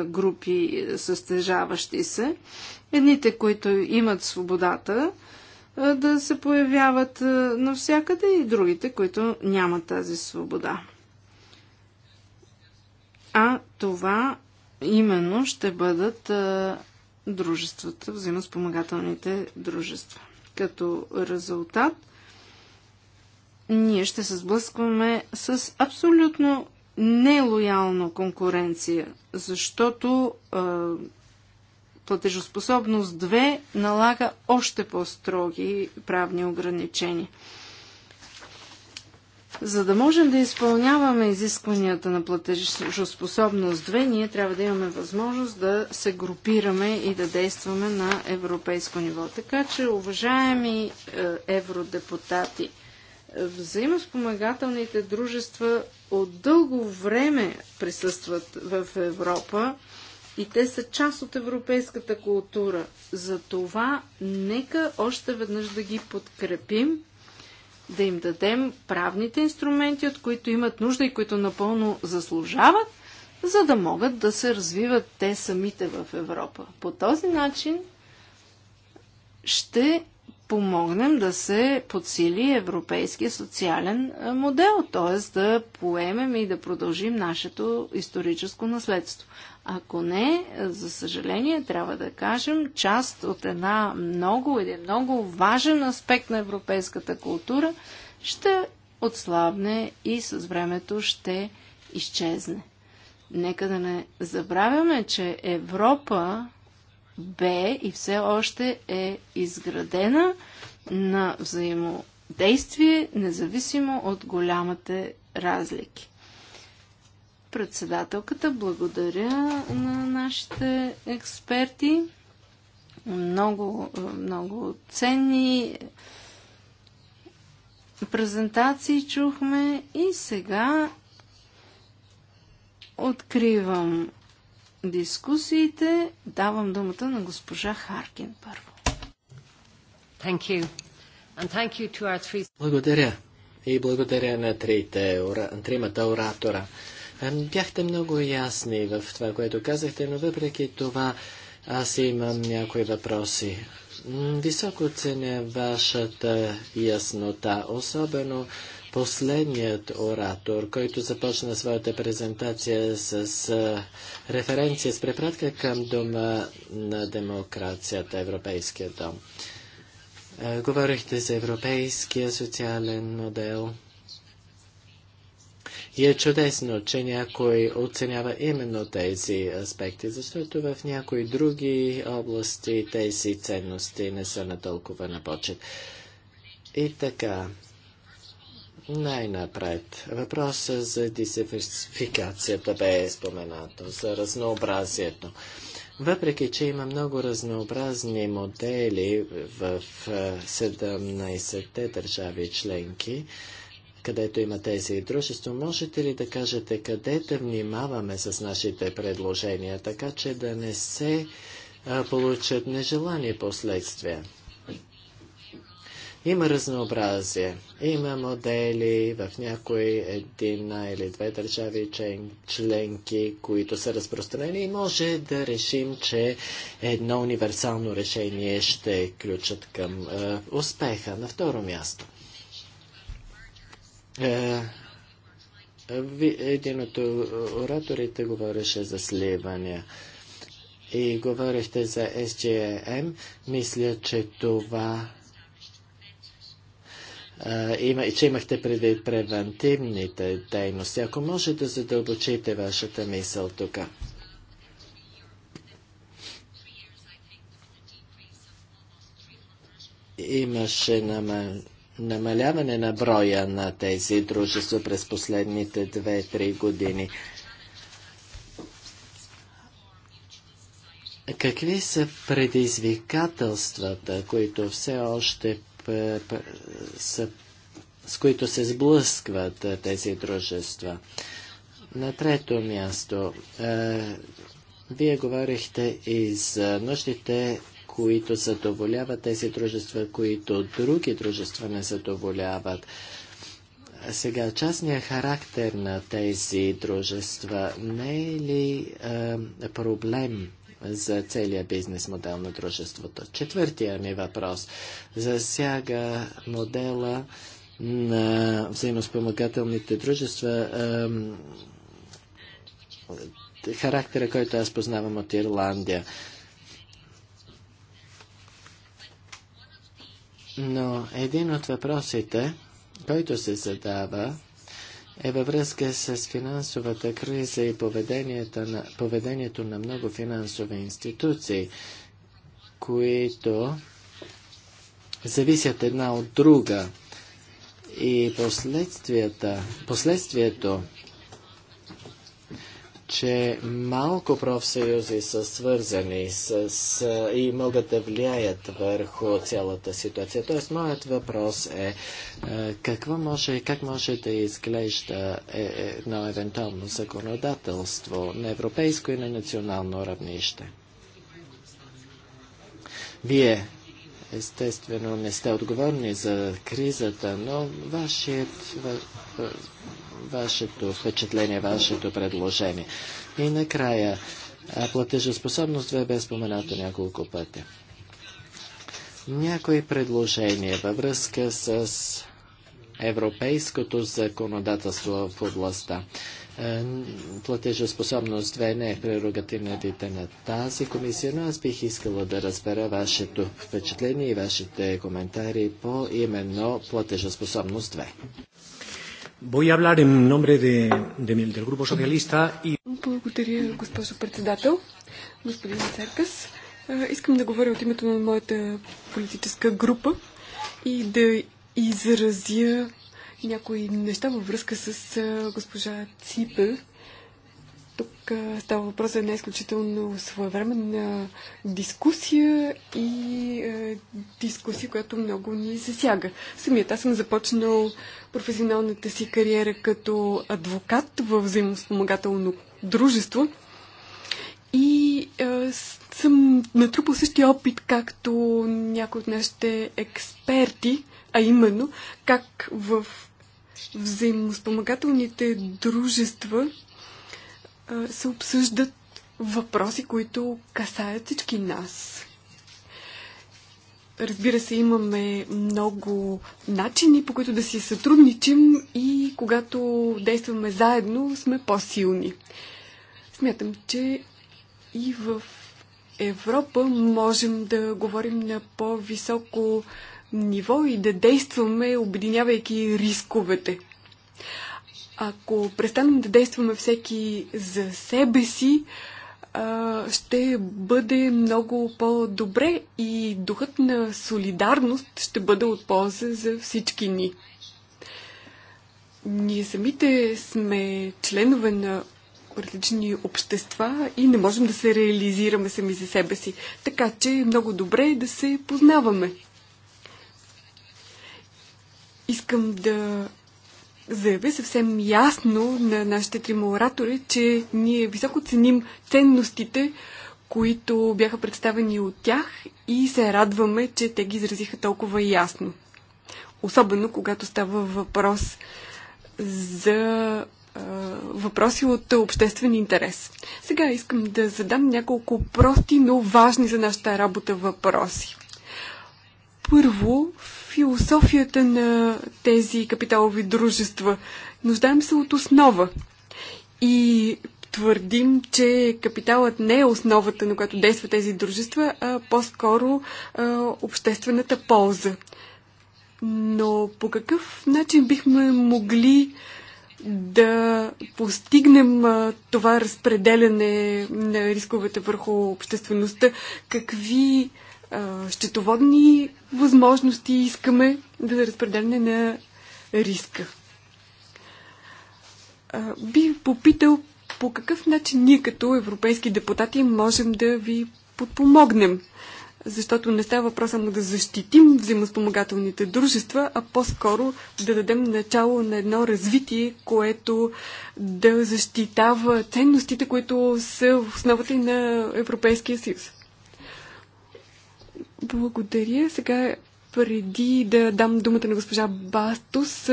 групи състежаващи се. Едните, които имат свободата да се появяват навсякъде и другите, които нямат тази свобода. А това именно ще бъдат дружествата, взаимоспомагателните дружества. Като резултат ние ще се сблъскваме с абсолютно нелоялна конкуренция, защото е, платежоспособност 2 налага още по-строги правни ограничения. За да можем да изпълняваме изискванията на платежоспособност 2, ние трябва да имаме възможност да се групираме и да действаме на европейско ниво. Така че, уважаеми е, евродепутати, е, взаимоспомагателните дружества от дълго време присъстват в Европа и те са част от европейската култура. Затова нека още веднъж да ги подкрепим да им дадем правните инструменти, от които имат нужда и които напълно заслужават, за да могат да се развиват те самите в Европа. По този начин ще помогнем да се подсили европейския социален модел, т.е. да поемем и да продължим нашето историческо наследство. Ако не, за съжаление, трябва да кажем, част от една много, един много важен аспект на европейската култура ще отслабне и с времето ще изчезне. Нека да не забравяме, че Европа бе и все още е изградена на взаимодействие, независимо от голямата разлики. Председателката, благодаря на нашите експерти. Много, много ценни презентации чухме и сега откривам дискусиите. Давам думата на госпожа Харкин първо. Thank you. And thank you to our three... Благодаря. И благодаря на трите, тримата оратора. Е, бяхте много ясни в това, което казахте, но въпреки това аз имам някои въпроси. Високо ценя вашата яснота, особено последният оратор, който започна своята презентация с, референция, с препратка към Дома на демокрацията, Европейския дом. Е, говорихте за европейския социален модел – и е чудесно, че някой оценява именно тези аспекти, защото в някои други области тези ценности не са на толкова на почет. И така, най-напред, въпроса за диверсификацията бе е споменато, за разнообразието. Въпреки, че има много разнообразни модели в 17-те е, държави членки, където има тези дружества. Можете ли да кажете къде да внимаваме с нашите предложения, така че да не се получат нежелани последствия? Има разнообразие. Има модели в някои една или две държави член, членки, които са разпространени и може да решим, че едно универсално решение ще е ключат към е, успеха. На второ място. Е, един от ораторите говореше за сливания и говорихте за SGM. Мисля, че това е, има, че имахте предвид превентивните дейности. Ако може да задълбочите вашата мисъл тук. Имаше намаление намаляване на броя на тези дружества през последните 2-3 години. Какви са предизвикателствата, които все още са, с които се сблъскват тези дружества? На трето място, вие говорихте и за нуждите които задоволяват тези дружества, които други дружества не задоволяват. Сега, частният характер на тези дружества не е ли е, проблем за целия бизнес модел на дружеството? Четвъртия ми въпрос засяга модела на взаимоспомагателните дружества. Е, характера, който аз познавам от Ирландия. Но един от въпросите, който се задава, е във връзка с финансовата криза и поведението на, поведението на много финансови институции, които зависят една от друга. И последствията, последствието че малко профсъюзи са свързани с, с, и могат да влияят върху цялата ситуация. Тоест, моят въпрос е, е какво може, как може да изглежда едно е, евентуално законодателство на европейско и на национално равнище? Вие Естествено, не сте отговорни за кризата, но вашият, ва, вашето впечатление, вашето предложение. И накрая, платежоспособност бе бе споменато няколко пъти. Някои предложения във връзка с европейското законодателство в областта. Е, платежоспособност 2 не е прерогативната на тази комисия, но аз бих искала да разбера вашето впечатление и вашите коментари по именно платежоспособност 2. Voy a hablar en nombre de, de, del, del Grupo Socialista y... Благодаря, госпожо председател, господин Церкас. Е, искам да говоря от името на моята политическа група и да изразя някои неща във връзка с госпожа Ципе. Тук става въпрос за една изключително своевременна дискусия и е, дискусия, която много ни засяга. Самият аз съм започнал професионалната си кариера като адвокат в взаимоспомагателно дружество и е, съм натрупал същия опит, както някои от нашите експерти – а именно как в взаимоспомагателните дружества се обсъждат въпроси, които касаят всички нас. Разбира се, имаме много начини, по които да си сътрудничим и когато действаме заедно, сме по-силни. Смятам, че и в Европа можем да говорим на по-високо ниво и да действаме, обединявайки рисковете. Ако престанем да действаме всеки за себе си, ще бъде много по-добре и духът на солидарност ще бъде от полза за всички ни. Ние самите сме членове на различни общества и не можем да се реализираме сами за себе си. Така че е много добре да се познаваме. Искам да заявя съвсем ясно на нашите трима оратори, че ние високо ценим ценностите, които бяха представени от тях и се радваме, че те ги изразиха толкова ясно. Особено когато става въпрос за е, въпроси от обществен интерес. Сега искам да задам няколко прости, но важни за нашата работа въпроси. Първо, философията на тези капиталови дружества. Нуждаем се от основа. И твърдим, че капиталът не е основата, на която действат тези дружества, а по-скоро обществената полза. Но по какъв начин бихме могли да постигнем това разпределяне на рисковете върху обществеността? Какви а, счетоводни възможности искаме да разпределяне на риска. Би попитал по какъв начин ние като европейски депутати можем да ви подпомогнем. Защото не става въпрос само да защитим взаимоспомагателните дружества, а по-скоро да дадем начало на едно развитие, което да защитава ценностите, които са в основата и на Европейския съюз. Благодаря. Сега преди да дам думата на госпожа Бастус,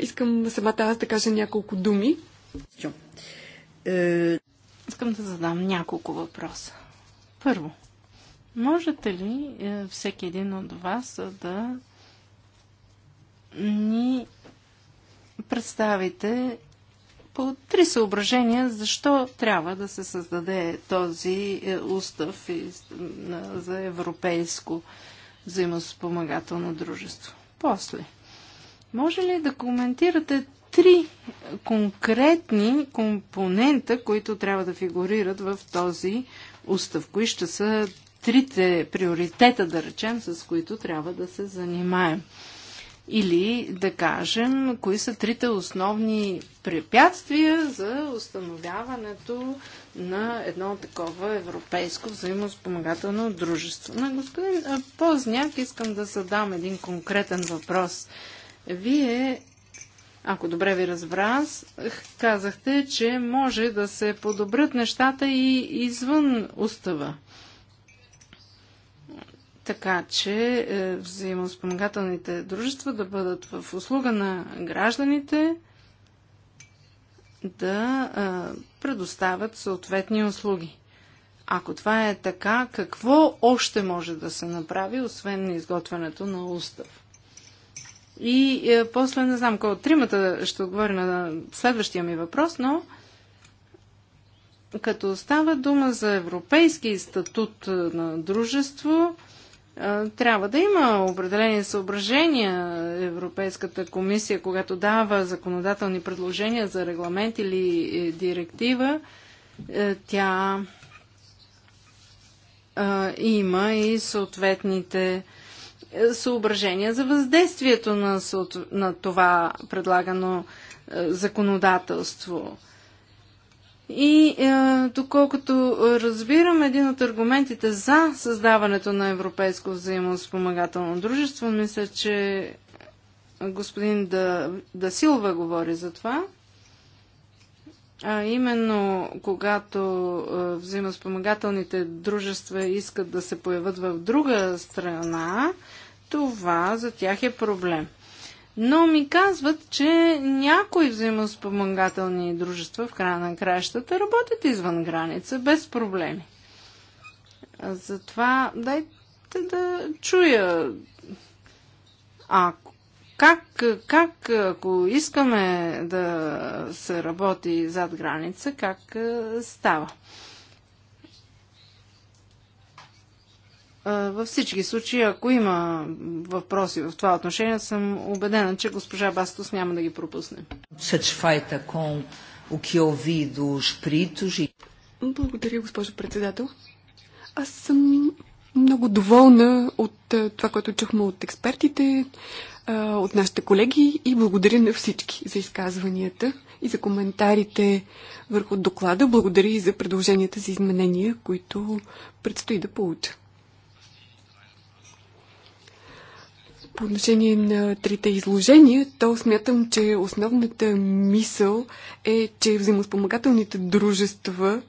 искам самата аз да кажа няколко думи. Е, искам да задам няколко въпроса. Първо, можете ли е, всеки един от вас да ни представите по три съображения защо трябва да се създаде този е, устав за европейско взаимоспомагателно дружество. После, може ли да коментирате три конкретни компонента, които трябва да фигурират в този устав? Кои ще са трите приоритета, да речем, с които трябва да се занимаем? Или да кажем, кои са трите основни препятствия за установяването на едно такова европейско взаимоспомагателно дружество. На господин Позняк искам да задам един конкретен въпрос. Вие, ако добре ви разбрах, казахте, че може да се подобрят нещата и извън устава така че е, взаимоспомагателните дружества да бъдат в услуга на гражданите, да е, предоставят съответни услуги. Ако това е така, какво още може да се направи, освен изготвянето на устав? И е, после не знам кой от тримата ще отговори на следващия ми въпрос, но като става дума за европейски статут на дружество, трябва да има определени съображения Европейската комисия, когато дава законодателни предложения за регламент или е, директива, е, тя има и съответните е, съображения за въздействието на, това предлагано законодателство. И е, доколкото разбирам, един от аргументите за създаването на Европейско взаимоспомагателно дружество, мисля, че господин да, да Силва говори за това, а именно когато е, взаимоспомагателните дружества искат да се появят в друга страна, това за тях е проблем но ми казват, че някои взаимоспомагателни дружества в края на краищата работят извън граница, без проблеми. Затова дайте да чуя А как, как, ако искаме да се работи зад граница, как става? Във всички случаи, ако има въпроси в това отношение, съм убедена, че госпожа Бастос няма да ги пропусне. E- благодаря, госпожо председател. Аз съм много доволна от това, което чухме от експертите, от нашите колеги и благодаря на всички за изказванията и за коментарите върху доклада. Благодаря и за предложенията за изменения, които предстои да получа. По отношение на трите изложения, то смятам, че основната мисъл е, че взаимоспомагателните дружества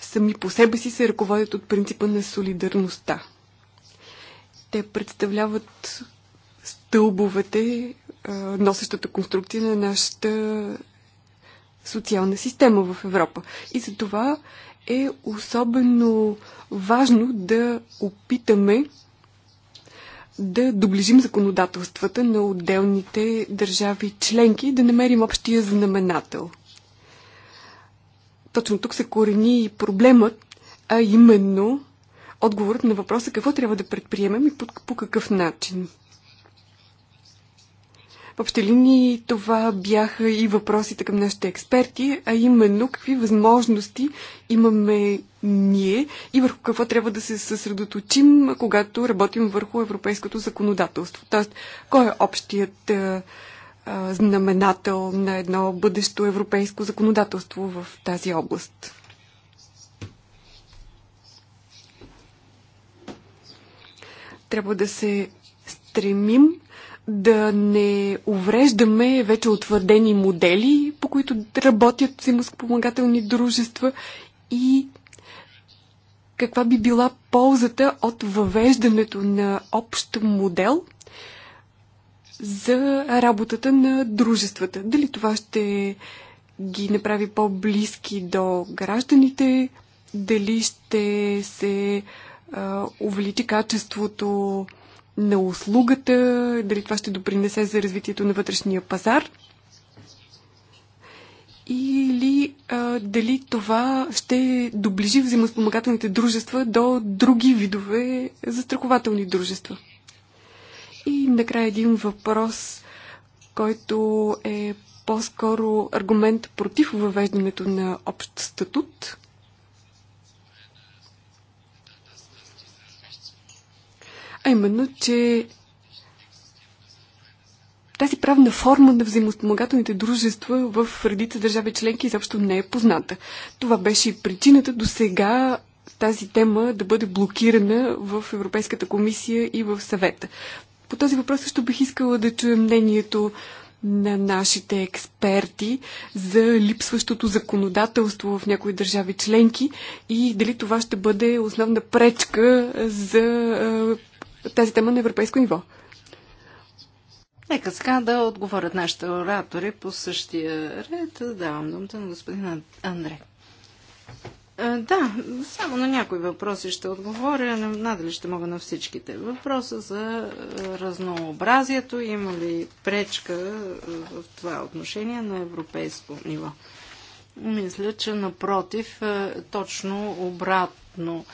сами по себе си се ръководят от принципа на солидарността. Те представляват стълбовете, носещата конструкция на нашата социална система в Европа. И за това е особено важно да опитаме да доближим законодателствата на отделните държави членки и да намерим общия знаменател. Точно тук се корени и проблемът, а именно отговорът на въпроса какво трябва да предприемем и по, по какъв начин. В общи линии това бяха и въпросите към нашите експерти, а именно какви възможности имаме ние и върху какво трябва да се съсредоточим, когато работим върху европейското законодателство. Тоест, кой е общият а, а, знаменател на едно бъдещо европейско законодателство в тази област? Трябва да се стремим да не увреждаме вече утвърдени модели, по които работят взаимоспомагателни дружества и каква би била ползата от въвеждането на общ модел за работата на дружествата. Дали това ще ги направи по-близки до гражданите, дали ще се а, увеличи качеството на услугата, дали това ще допринесе за развитието на вътрешния пазар или а, дали това ще доближи взаимоспомагателните дружества до други видове застрахователни дружества. И накрая един въпрос, който е по-скоро аргумент против въвеждането на общ статут – а именно, че тази правна форма на взаимоспомагателните дружества в редица държави членки изобщо не е позната. Това беше и причината до сега тази тема да бъде блокирана в Европейската комисия и в съвета. По този въпрос също бих искала да чуя мнението на нашите експерти за липсващото законодателство в някои държави членки и дали това ще бъде основна пречка за тази тема на европейско ниво. Нека сега да отговорят нашите оратори по същия ред. Давам думата на господин Андре. Е, да, само на някои въпроси ще отговоря, надали ще мога на всичките. Въпроса за е, разнообразието, има ли пречка е, в това отношение на европейско ниво? Мисля, че напротив, точно обратно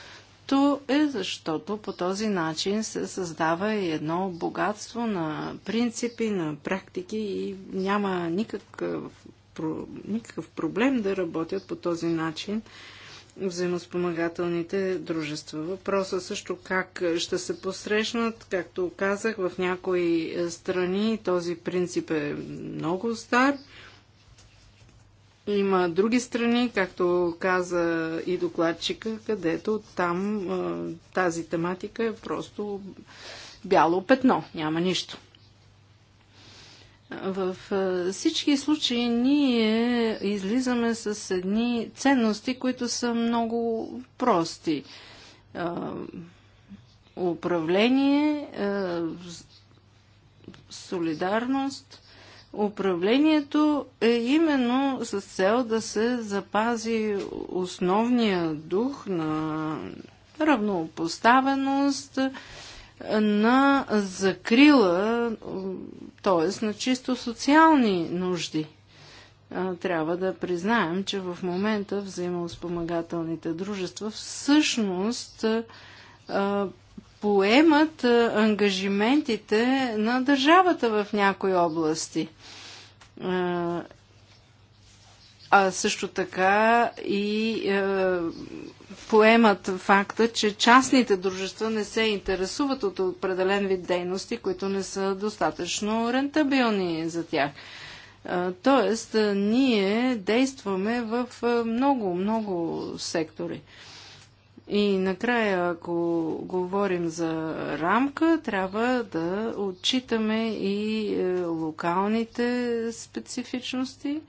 то е защото по този начин се създава и едно богатство на принципи, на практики и няма никакъв, никакъв проблем да работят по този начин взаимоспомагателните дружества. Въпросът също как ще се посрещнат, както казах, в някои е, страни този принцип е много стар – има други страни, както каза и докладчика, където там тази тематика е просто бяло петно, няма нищо. В всички случаи ние излизаме с едни ценности, които са много прости. Управление, солидарност, управлението е именно с цел да се запази основния дух на равнопоставеност, на закрила, т.е. на чисто социални нужди. Трябва да признаем, че в момента взаимоспомагателните дружества всъщност поемат ангажиментите на държавата в някои области. А също така и поемат факта, че частните дружества не се интересуват от определен вид дейности, които не са достатъчно рентабилни за тях. Тоест, ние действаме в много, много сектори. И накрая, ако говорим за рамка, трябва да отчитаме и е, локалните специфичности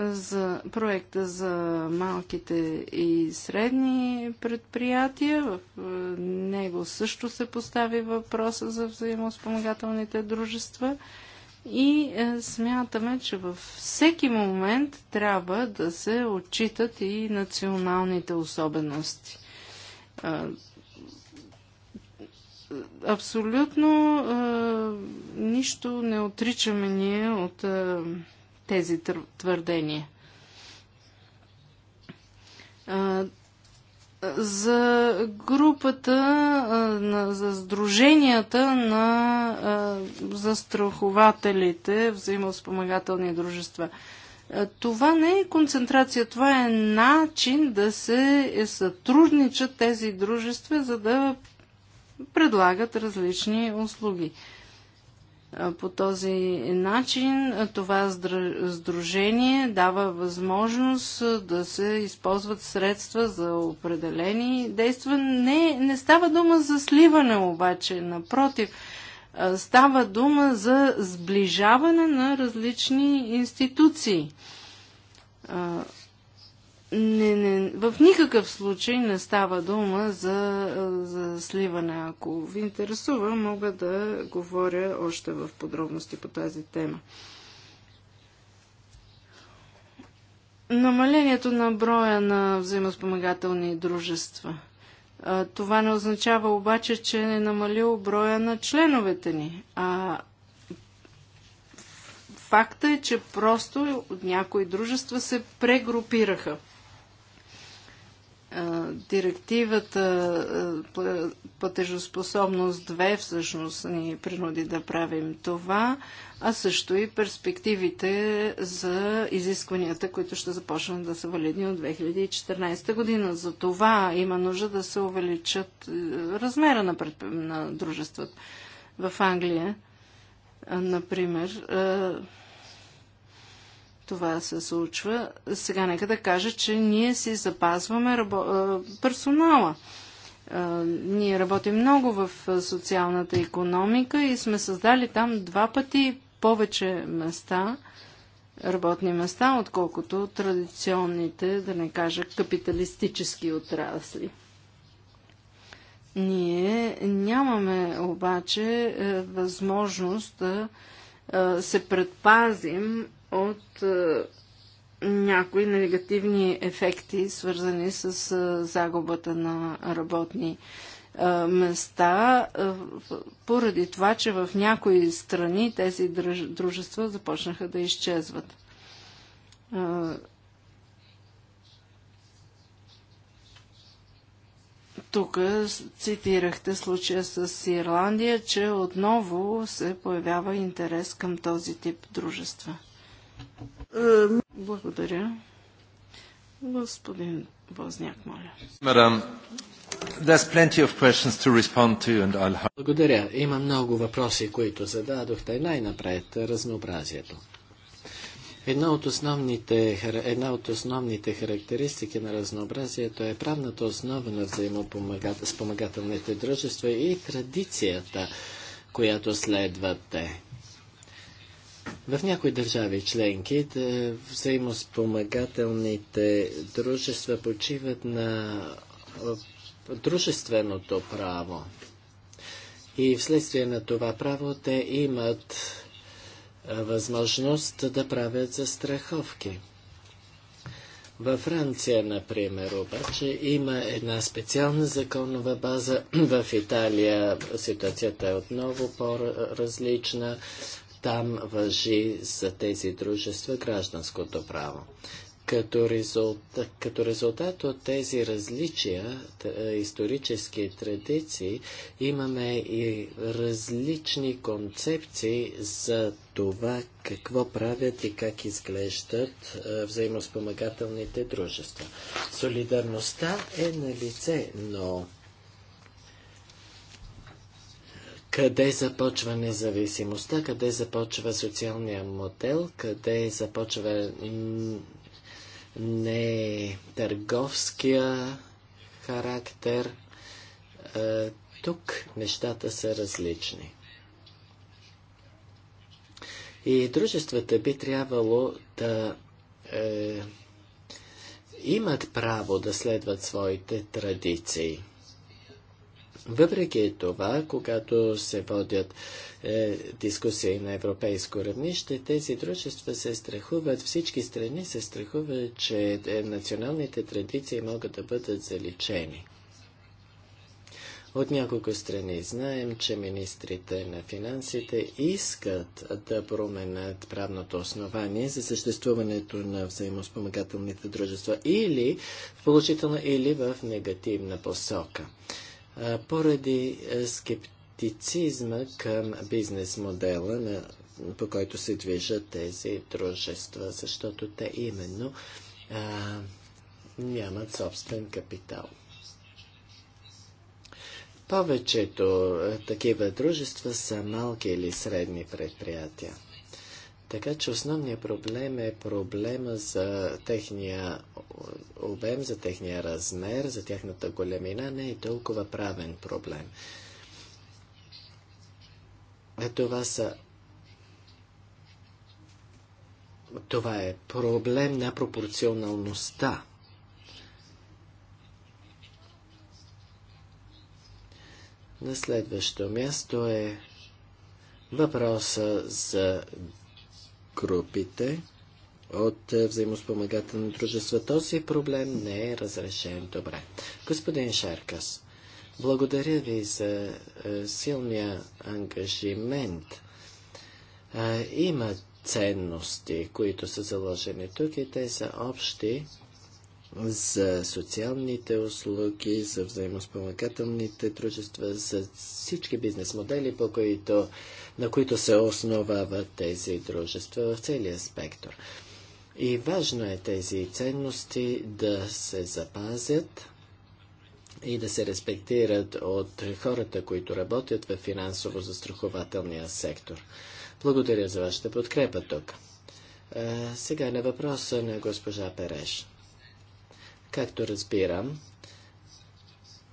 за проекта за малките и средни предприятия. В е, него също се постави въпроса за взаимоспомагателните дружества и е, смятаме, че във всеки момент трябва да се отчитат и националните особености. Е, абсолютно е, нищо не отричаме ние от тези твърдения за групата за сдруженията на застрахователите, взаимоспомагателни дружества. Това не е концентрация, това е начин да се сътрудничат тези дружества, за да предлагат различни услуги. По този начин това сдружение дава възможност да се използват средства за определени действия. Не, не става дума за сливане обаче, напротив, става дума за сближаване на различни институции не, не, в никакъв случай не става дума за, за сливане. Ако ви интересува, мога да говоря още в подробности по тази тема. Намалението на броя на взаимоспомагателни дружества. Това не означава обаче, че е намалил броя на членовете ни. А факта е, че просто някои дружества се прегрупираха. Директивата платежоспособност 2 всъщност ни принуди да правим това, а също и перспективите за изискванията, които ще започнат да са валидни от 2014 година. За това има нужда да се увеличат размера на, предп... на дружеството. В Англия, например, това се случва. Сега нека да кажа, че ние си запазваме рабо... персонала. Ние работим много в социалната економика и сме създали там два пъти повече места, работни места, отколкото традиционните, да не кажа, капиталистически отрасли. Ние нямаме обаче е, възможност да е, се предпазим от е, някои негативни ефекти, свързани с е, загубата на работни е, места, поради това, че в някои страни тези дружества започнаха да изчезват. Тук цитирахте случая с Ирландия, че отново се появява интерес към този тип дружества. Благодаря. Господин Возняк, моля. Мадам, there's plenty of questions to respond to and I'll... Благодаря. Има много въпроси, които зададохте. Най-напред разнообразието. Една от, основните, една от основните характеристики на разнообразието е правната основа на взаимоспомагателните дружества и традицията, която следват те. В някои държави членки да е, взаимоспомагателните дружества почиват на е, дружественото право. И вследствие на това право те имат е, възможност да правят застраховки. Във Франция, например, обаче има една специална законова база. В Италия ситуацията е отново по-различна. Там въжи за тези дружества гражданското право. Като резултат, като резултат от тези различия, е, исторически традиции, имаме и различни концепции за това какво правят и как изглеждат е, взаимоспомагателните дружества. Солидарността е на лице, но къде започва независимостта, къде започва социалния модел, къде започва не търговския характер. Тук нещата са различни. И дружествата би трябвало да е, имат право да следват своите традиции. Въпреки това, когато се водят е, дискусии на европейско равнище, тези дружества се страхуват, всички страни се страхуват, че е, националните традиции могат да бъдат заличени. От няколко страни знаем, че министрите на финансите искат да променят правното основание за съществуването на взаимоспомагателните дружества или в положителна или в негативна посока поради е, скептицизма към бизнес модела, по който се движат тези дружества, защото те именно а, нямат собствен капитал. Повечето е, такива дружества са малки или средни предприятия. Така че основният проблем е проблема за техния обем, за техния размер, за тяхната големина, не е толкова правен проблем. А е, това са това е проблем на пропорционалността. На следващо място е въпроса за групите от е, взаимоспомагателни дружества. Този проблем не е разрешен добре. Господин Шаркас, благодаря ви за е, силния ангажимент. Е, има ценности, които са заложени тук и те са общи за социалните услуги, за взаимоспомагателните дружества, за всички бизнес модели, по които, на които се основават тези дружества в целия спектър. И важно е тези ценности да се запазят и да се респектират от хората, които работят в финансово-застрахователния сектор. Благодаря за вашата подкрепа тук. сега на въпроса на госпожа Переш. Както разбирам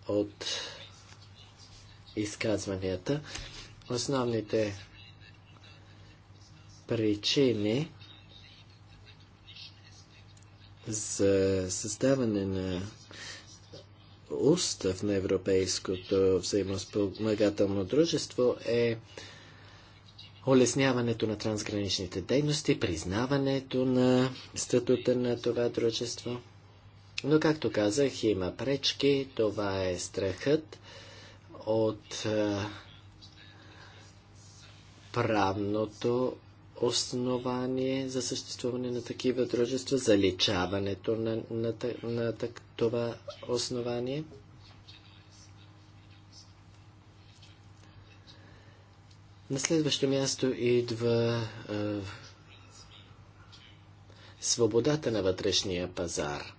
от изказванията, основните причини за създаване на устав на Европейското взаимоспомагателно дружество е улесняването на трансграничните дейности, признаването на статута на това дружество – но, както казах, има пречки. Това е страхът от е, правното основание за съществуване на такива дружества, заличаването на, на, на, на това основание. На следващо място идва е, свободата на вътрешния пазар.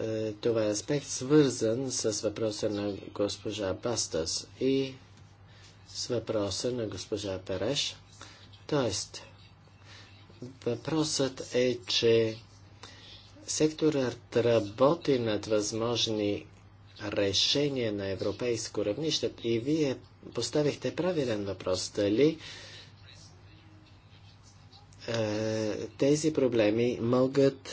Е, това е аспект, свързан с въпроса на госпожа Бастас и с въпроса на госпожа Переш. Тоест, въпросът е, че секторът работи над възможни решения на европейско равнище и вие поставихте правилен въпрос. Дали е, тези проблеми могат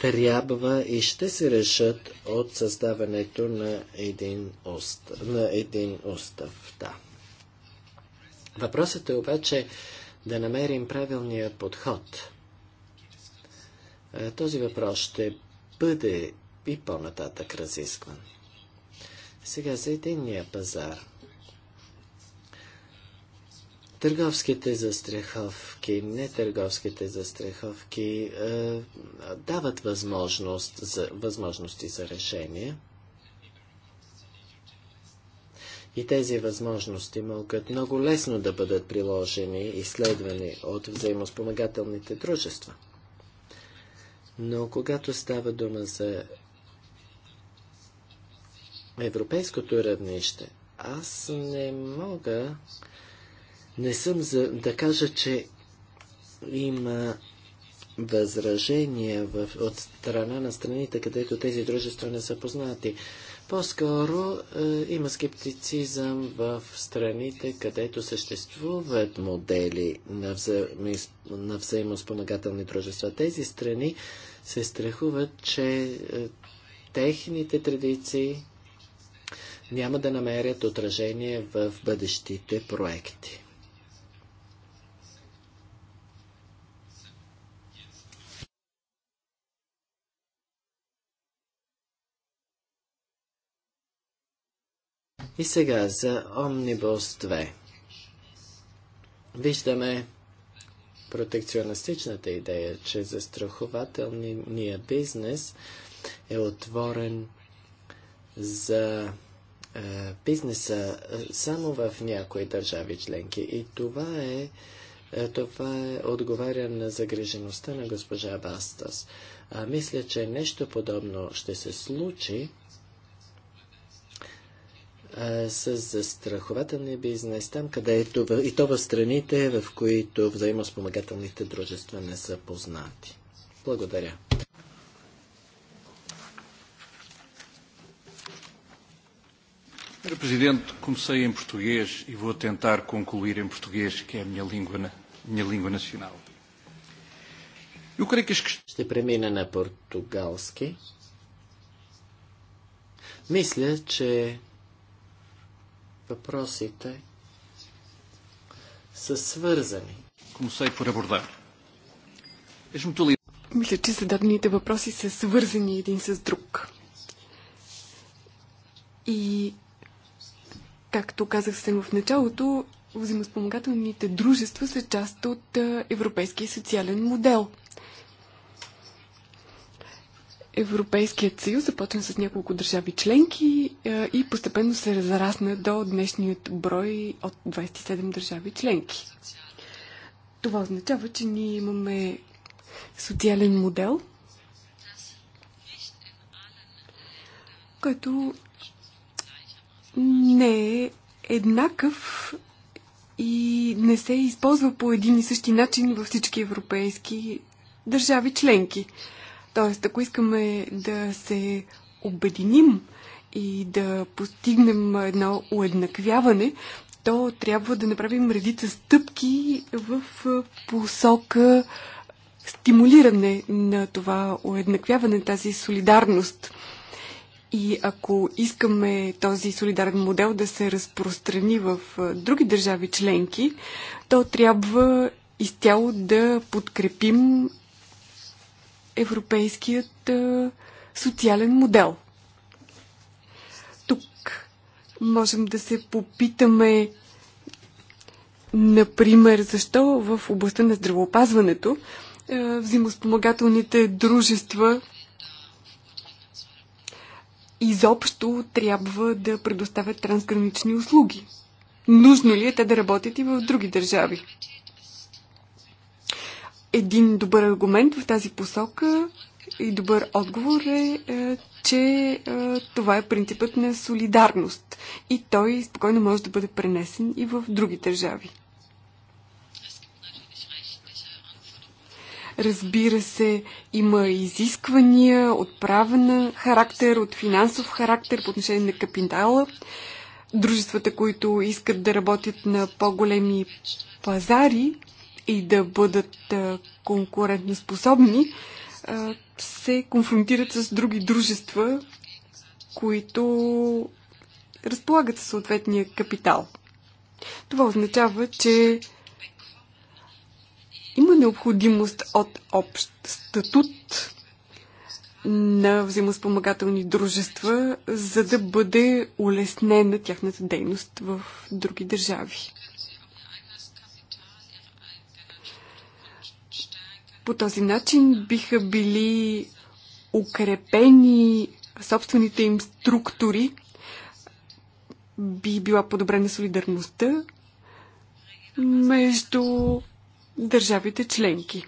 трябва и ще се решат от създаването на един, уст, на един устав. Да. Въпросът е обаче да намерим правилния подход. Е, този въпрос ще бъде и по-нататък разискван. Сега за единния пазар. Търговските застраховки, не търговските застраховки е, дават възможност за, възможности за решение. И тези възможности могат много лесно да бъдат приложени и следвани от взаимоспомагателните дружества. Но когато става дума за европейското равнище, аз не мога не съм за да кажа, че има възражения в, от страна на страните, където тези дружества не са познати. По-скоро е, има скептицизъм в страните, където съществуват модели на, вза... на взаимоспомагателни дружества. Тези страни се страхуват, че е, техните традиции няма да намерят отражение в бъдещите проекти. И сега за Омнибус 2. Виждаме протекционистичната идея, че застрахователният бизнес е отворен за е, бизнеса е, само в някои държави членки. И това е, е, това е отговаря на загрижеността на госпожа Бастас. А мисля, че нещо подобно ще се случи с застрахователния бизнес, там където и то в страните, в които взаимоспомагателните дружества не са познати. Благодаря. Senhora Presidente, comecei em português e vou tentar concluir em português, que é a minha língua, minha língua nacional. Eu creio que as questões... Ще премина на португалски. Мисля, че въпросите са свързани. Комусей Ребордар. Мисля, че зададените въпроси са свързани един с друг. И, както казах се в началото, взаимоспомагателните дружества са част от европейския социален модел – Европейският съюз започна с няколко държави членки е, и постепенно се разрасна до днешният брой от 27 държави членки. Това означава, че ние имаме социален модел, който не е еднакъв и не се използва по един и същи начин във всички европейски държави членки. Тоест, ако искаме да се обединим и да постигнем едно уеднаквяване, то трябва да направим редица стъпки в посока стимулиране на това уеднаквяване, тази солидарност. И ако искаме този солидарен модел да се разпространи в други държави членки, то трябва изцяло да подкрепим европейският социален модел. Тук можем да се попитаме, например, защо в областта на здравеопазването взимоспомагателните дружества изобщо трябва да предоставят трансгранични услуги. Нужно ли е те да работят и в други държави? Един добър аргумент в тази посока и добър отговор е, е че е, това е принципът на солидарност и той спокойно може да бъде пренесен и в други държави. Разбира се, има изисквания от правен характер, от финансов характер по отношение на капитала. Дружествата, които искат да работят на по-големи пазари, и да бъдат конкурентоспособни, се конфронтират с други дружества, които разполагат със съответния капитал. Това означава, че има необходимост от общ статут на взаимоспомагателни дружества, за да бъде улеснена тяхната дейност в други държави. По този начин биха били укрепени собствените им структури, би била подобрена солидарността между държавите членки.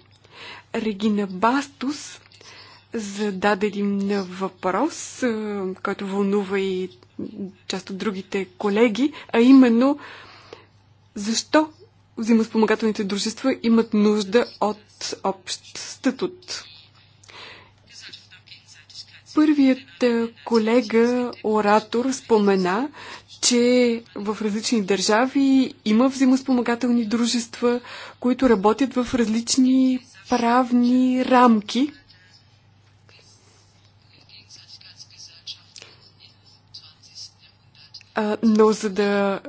Регина Бастус зададе един въпрос, който вълнува и част от другите колеги, а именно защо взаимоспомагателните дружества имат нужда от общ статут. Първият е, колега оратор спомена, че в различни държави има взаимоспомагателни дружества, които работят в различни правни рамки. но за да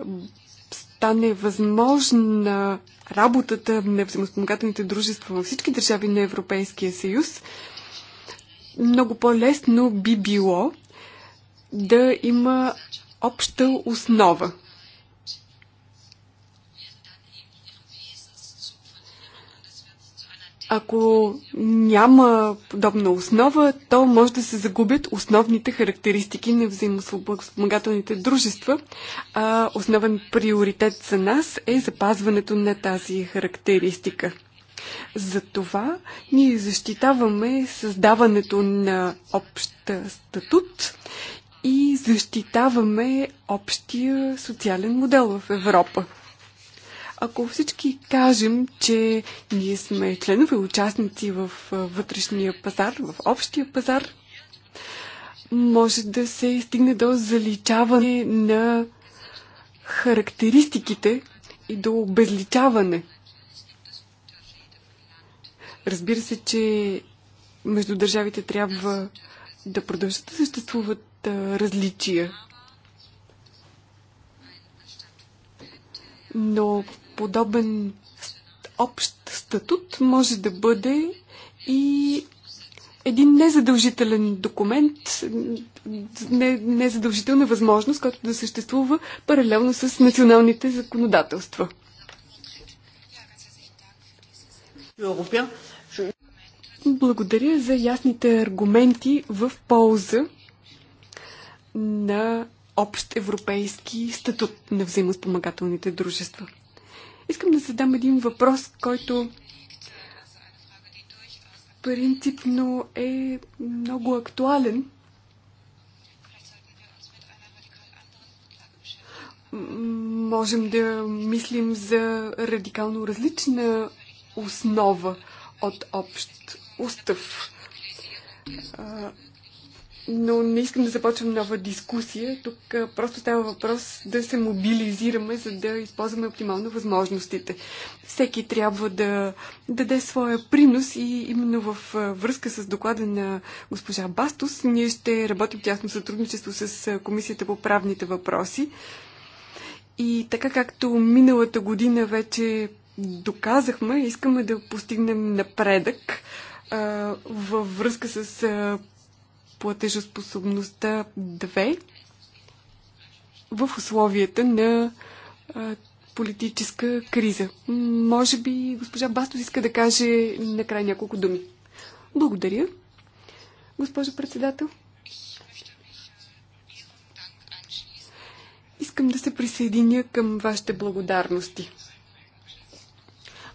стане възможна работата на взаимоспомагателните дружества във всички държави на Европейския съюз, много по-лесно би било да има обща основа. Ако няма подобна основа, то може да се загубят основните характеристики на взаимоспомагателните дружества. А основен приоритет за нас е запазването на тази характеристика. Затова ние защитаваме създаването на общ статут и защитаваме общия социален модел в Европа. Ако всички кажем, че ние сме членове участници в вътрешния пазар, в общия пазар, може да се стигне до заличаване на характеристиките и до обезличаване. Разбира се, че между държавите трябва да продължат да съществуват различия. Но подобен общ статут може да бъде и един незадължителен документ, незадължителна възможност, която да съществува паралелно с националните законодателства. Благодаря за ясните аргументи в полза на общ европейски статут на взаимоспомагателните дружества. Искам да задам един въпрос, който принципно е много актуален. Можем да мислим за радикално различна основа от общ устав но не искам да започвам нова дискусия. Тук просто става въпрос да се мобилизираме, за да използваме оптимално възможностите. Всеки трябва да даде своя принос и именно в връзка с доклада на госпожа Бастус ние ще работим тясно сътрудничество с Комисията по правните въпроси. И така както миналата година вече доказахме, искаме да постигнем напредък във връзка с платежоспособността 2 в условията на политическа криза. Може би госпожа Бастос иска да каже накрая няколко думи. Благодаря, госпожо председател. Искам да се присъединя към вашите благодарности.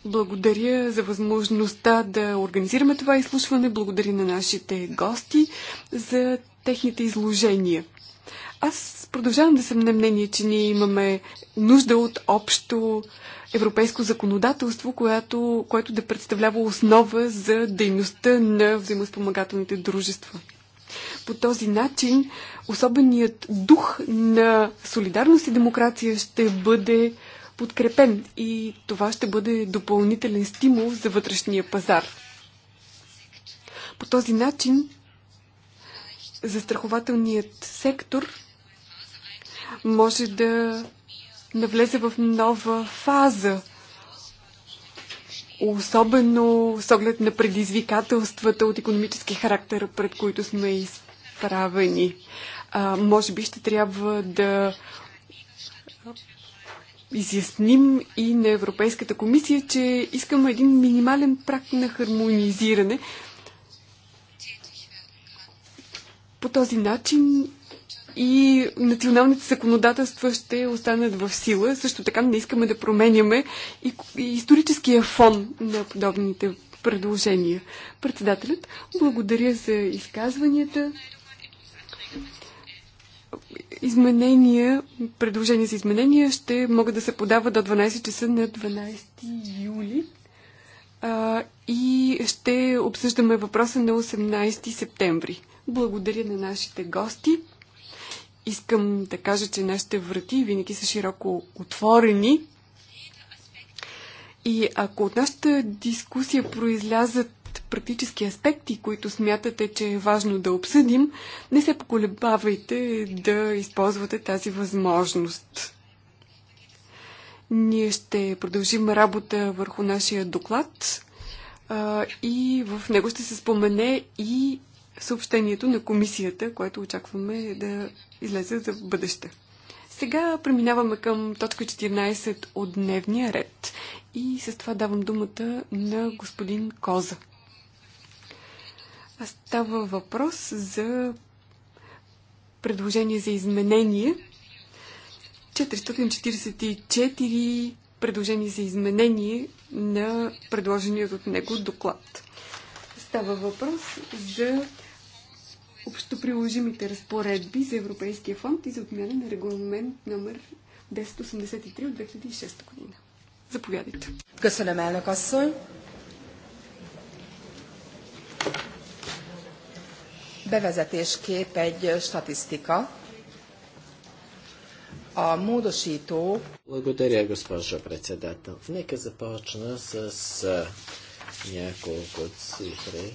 Благодаря за възможността да организираме това изслушване. Благодаря на нашите гости за техните изложения. Аз продължавам да съм на мнение, че ние имаме нужда от общо европейско законодателство, което, което да представлява основа за дейността на взаимоспомагателните дружества. По този начин особеният дух на солидарност и демокрация ще бъде подкрепен и това ще бъде допълнителен стимул за вътрешния пазар. По този начин застрахователният сектор може да навлезе в нова фаза, особено с оглед на предизвикателствата от економически характер, пред които сме изправени. А, може би ще трябва да изясним и на Европейската комисия, че искаме един минимален прак на хармонизиране. По този начин и националните законодателства ще останат в сила. Също така не искаме да променяме и, историческия фон на подобните предложения. Председателят, благодаря за изказванията изменения, предложения за изменения ще могат да се подават до 12 часа на 12 юли. А, и ще обсъждаме въпроса на 18 септември. Благодаря на нашите гости. Искам да кажа, че нашите врати винаги са широко отворени. И ако от нашата дискусия произлязат практически аспекти, които смятате, че е важно да обсъдим, не се поколебавайте да използвате тази възможност. Ние ще продължим работа върху нашия доклад а, и в него ще се спомене и съобщението на комисията, което очакваме да излезе за бъдеще. Сега преминаваме към точка 14 от дневния ред и с това давам думата на господин Коза. Става въпрос за предложение за изменение. 444 предложения за изменение на предложеният от него доклад. Става въпрос за общоприложимите разпоредби за Европейския фонд и за отмяна на регламент номер 1083 от 2006 година. Заповядайте. Köszönöm, elnök asszony! Bevezetésképp egy statisztika. A módosító... Благодаря, госпожо председател. Нека започна с няколко цифри.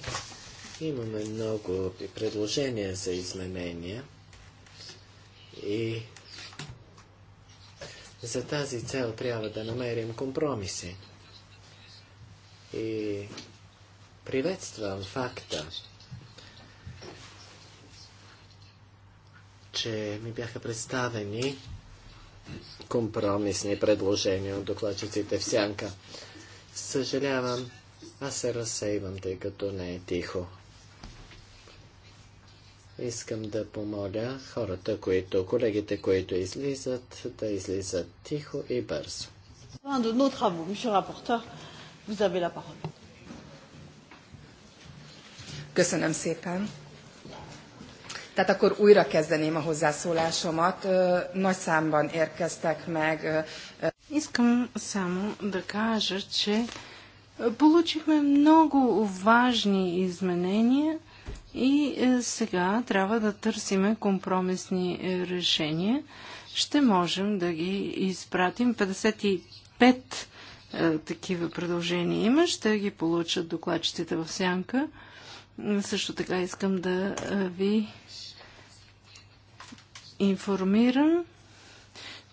Имаме много предложения за изменения и за тази цел трябва да намерим компромиси. И приветствам факта, че ми бяха представени компромисни предложения от докладчиците в сянка. Съжалявам, аз се разсейвам, тъй като не е тихо. Искам да помоля хората, които, колегите, които излизат, да излизат тихо и бързо. Köszönöm szépen! Tehát akkor újra kezdeném a hozzászólásomat. Nagy számban érkeztek meg. Искам само да кажа, че е, получихме много важни изменения и е, сега трябва да търсиме компромисни е, решения. Ще можем да ги изпратим. 55 такива предложения има. Ще ги получат докладчиците в сянка. Също така искам да ви информирам,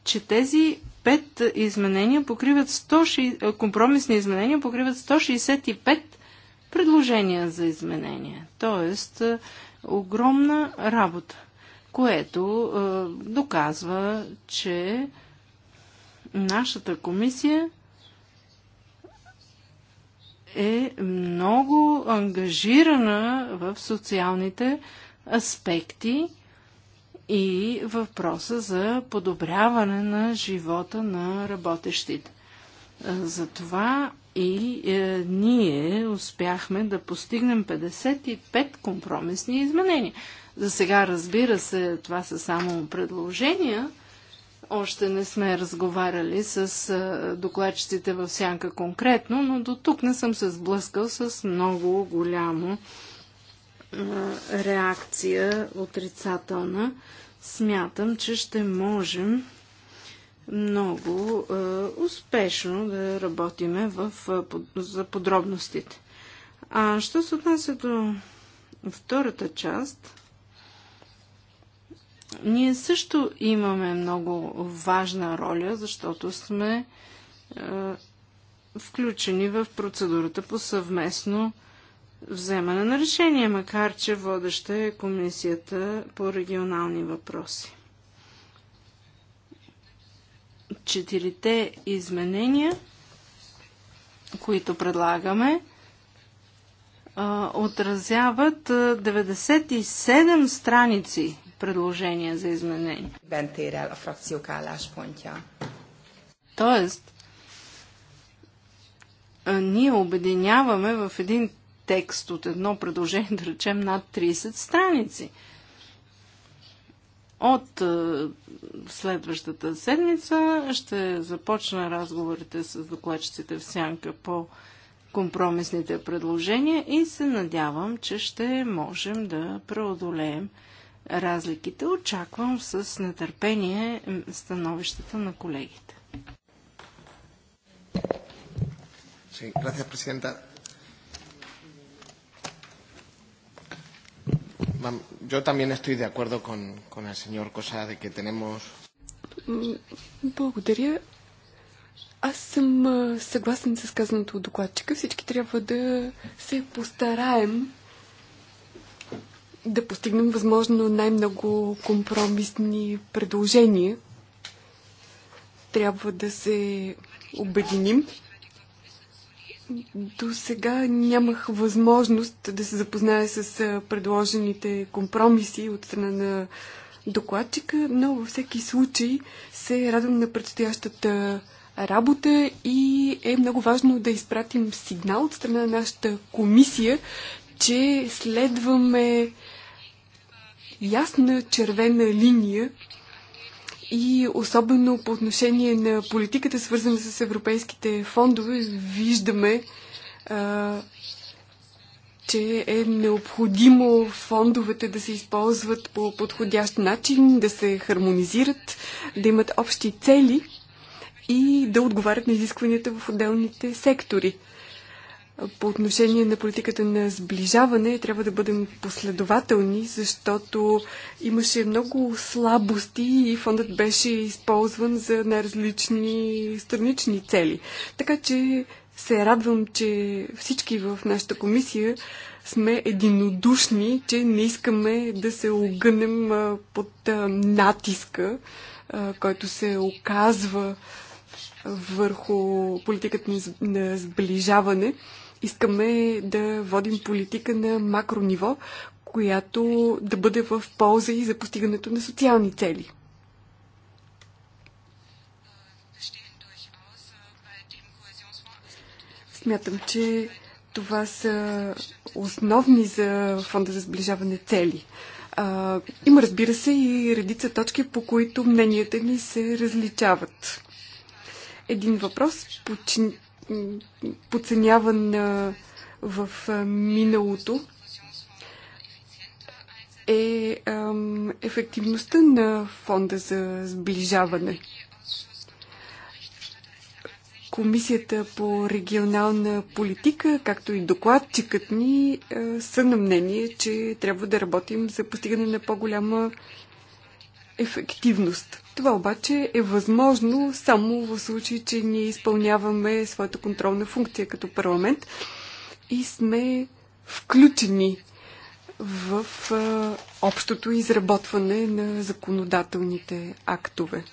че тези пет изменения покриват 100, компромисни изменения покриват 165 предложения за изменения. Тоест, е, огромна работа, което е, доказва, че нашата комисия е много ангажирана в социалните аспекти и въпроса за подобряване на живота на работещите. Затова и е, ние успяхме да постигнем 55 компромисни изменения. За сега, разбира се, това са само предложения. Още не сме разговаряли с е, докладчиците в сянка конкретно, но до тук не съм се сблъскал с много голямо реакция отрицателна, смятам, че ще можем много е, успешно да работиме в, под, за подробностите. А що се отнася до втората част, ние също имаме много важна роля, защото сме е, включени в процедурата по съвместно вземане на решение, макар че водеща е Комисията по регионални въпроси. Четирите изменения, които предлагаме, отразяват 97 страници предложения за изменения. Тоест, ние обединяваме в един текст от едно предложение, да речем, над 30 страници. От е, следващата седмица ще започна разговорите с докладчиците в Сянка по компромисните предложения и се надявам, че ще можем да преодолеем разликите. Очаквам с нетърпение становищата на колегите. Sí, gracias, Presidenta. Yo también estoy de acuerdo con, con el señor Cosa de que tenemos... Благодаря. Аз съм съгласен с казаното от докладчика. Всички трябва да се постараем да постигнем възможно най-много компромисни предложения. Трябва да се обединим до сега нямах възможност да се запозная с предложените компромиси от страна на докладчика, но във всеки случай се радвам на предстоящата работа и е много важно да изпратим сигнал от страна на нашата комисия, че следваме ясна червена линия и особено по отношение на политиката, свързана с европейските фондове, виждаме, а, че е необходимо фондовете да се използват по подходящ начин, да се хармонизират, да имат общи цели и да отговарят на изискванията в отделните сектори. По отношение на политиката на сближаване трябва да бъдем последователни, защото имаше много слабости и фондът беше използван за най-различни странични цели. Така че се радвам, че всички в нашата комисия сме единодушни, че не искаме да се огънем под натиска, който се оказва върху политиката на сближаване. Искаме да водим политика на макро ниво, която да бъде в полза и за постигането на социални цели. Смятам, че това са основни за фонда за сближаване цели. А, има, разбира се, и редица точки, по които мненията ни се различават. Един въпрос, подценяван в миналото, е ефективността на фонда за сближаване. Комисията по регионална политика, както и докладчикът ни, са на мнение, че трябва да работим за постигане на по-голяма ефективност. Това обаче е възможно само в случай, че ние изпълняваме своята контролна функция като парламент и сме включени в а, общото изработване на законодателните актове.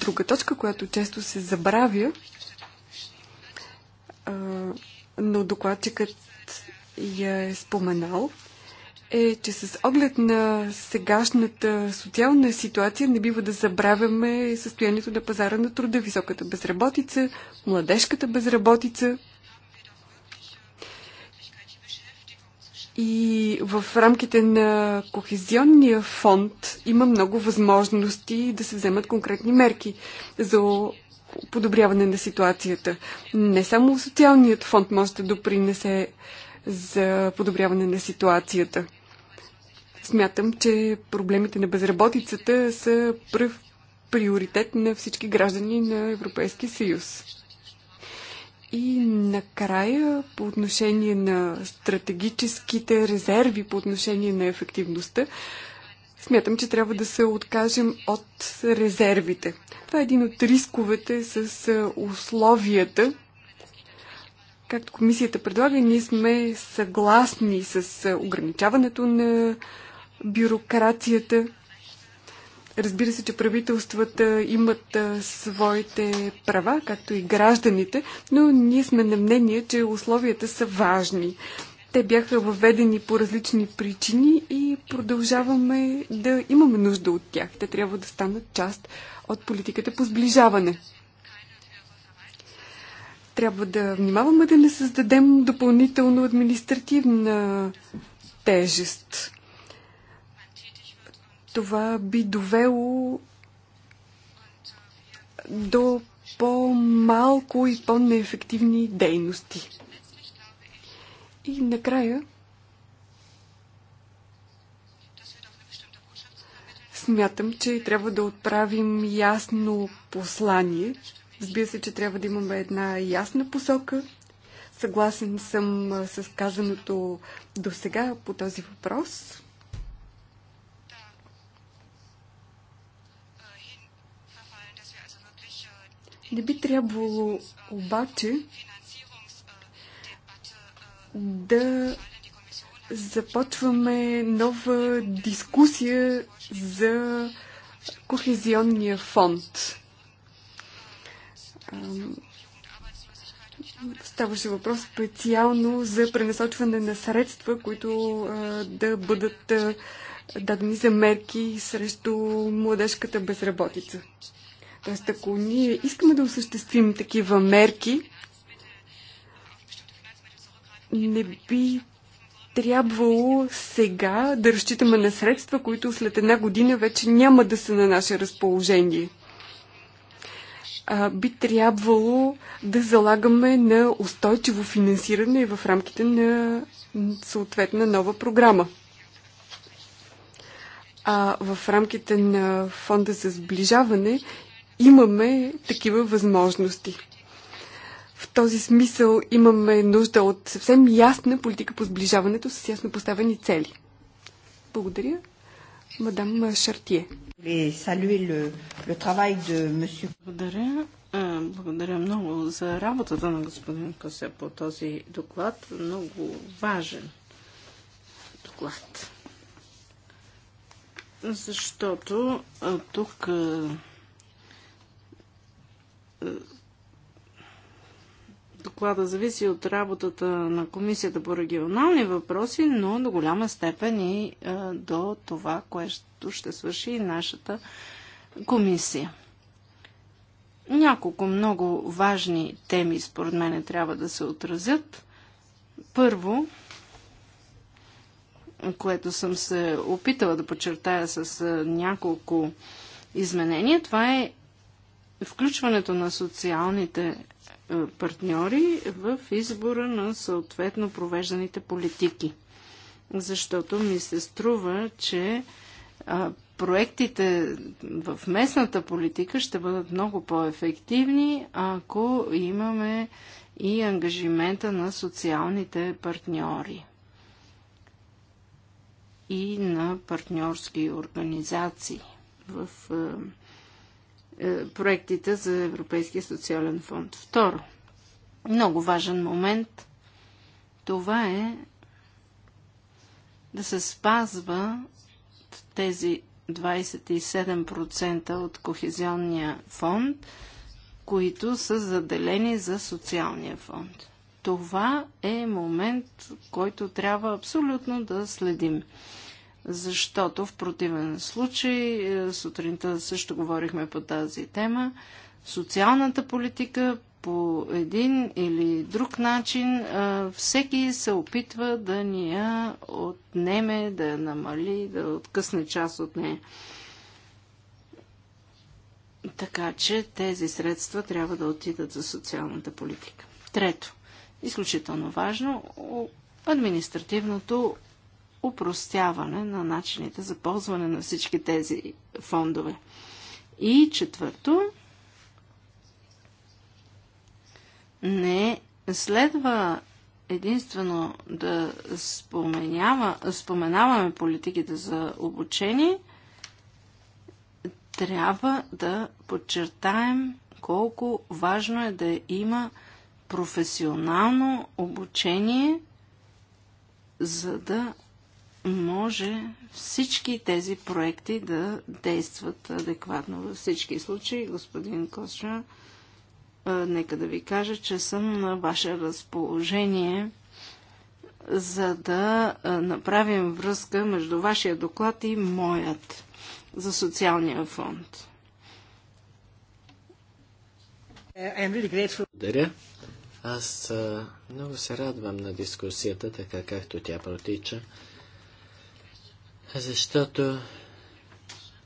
Друга точка, която често се забравя, а, но докладчикът я е споменал – е, че с оглед на сегашната социална ситуация не бива да забравяме състоянието на пазара на труда, високата безработица, младежката безработица. И в рамките на Кохезионния фонд има много възможности да се вземат конкретни мерки за подобряване на ситуацията. Не само социалният фонд може да допринесе за подобряване на ситуацията. Смятам, че проблемите на безработицата са пръв приоритет на всички граждани на Европейския съюз. И накрая, по отношение на стратегическите резерви, по отношение на ефективността, смятам, че трябва да се откажем от резервите. Това е един от рисковете с условията, както комисията предлага, ние сме съгласни с ограничаването на бюрокрацията. Разбира се, че правителствата имат своите права, както и гражданите, но ние сме на мнение, че условията са важни. Те бяха въведени по различни причини и продължаваме да имаме нужда от тях. Те трябва да станат част от политиката по сближаване. Трябва да внимаваме да не създадем допълнително административна тежест това би довело до по-малко и по-неефективни дейности. И накрая смятам, че трябва да отправим ясно послание. Разбира се, че трябва да имаме една ясна посока. Съгласен съм с казаното до сега по този въпрос. Не би трябвало обаче да започваме нова дискусия за кохезионния фонд. Ставаше въпрос специално за пренасочване на средства, които да бъдат дадени за мерки срещу младежката безработица. Тоест, ако ние искаме да осъществим такива мерки, не би трябвало сега да разчитаме на средства, които след една година вече няма да са на наше разположение. А, би трябвало да залагаме на устойчиво финансиране в рамките на съответна нова програма. А в рамките на фонда за сближаване имаме такива възможности. В този смисъл имаме нужда от съвсем ясна политика по сближаването с ясно поставени цели. Благодаря. Мадам Шартие. Благодаря. Е, благодаря много за работата на господин Косе по този доклад. Много важен доклад. Защото е, тук е, доклада зависи от работата на Комисията по регионални въпроси, но до голяма степен и до това, което ще свърши и нашата комисия. Няколко много важни теми, според мен, трябва да се отразят. Първо, което съм се опитала да подчертая с няколко изменения, това е включването на социалните е, партньори в избора на съответно провежданите политики. Защото ми се струва, че проектите в местната политика ще бъдат много по-ефективни, ако имаме и ангажимента на социалните партньори и на партньорски организации в е, е, проектите за Европейския социален фонд. Второ, много важен момент, това е да се спазва тези 27% от Кохезионния фонд, които са заделени за социалния фонд. Това е момент, който трябва абсолютно да следим защото в противен случай, е, сутринта също говорихме по тази тема, социалната политика по един или друг начин е, всеки се опитва да ни я отнеме, да я намали, да откъсне част от нея. Така че тези средства трябва да отидат за социалната политика. Трето, изключително важно, административното упростяване на начините за ползване на всички тези фондове. И четвърто, не следва единствено да споменаваме политиките за обучение, трябва да подчертаем колко важно е да има професионално обучение, за да може всички тези проекти да действат адекватно във всички случаи. Господин Костра, нека да ви кажа, че съм на ваше разположение, за да направим връзка между вашия доклад и моят за социалния фонд. Благодаря. Аз много се радвам на дискусията, така както тя протича защото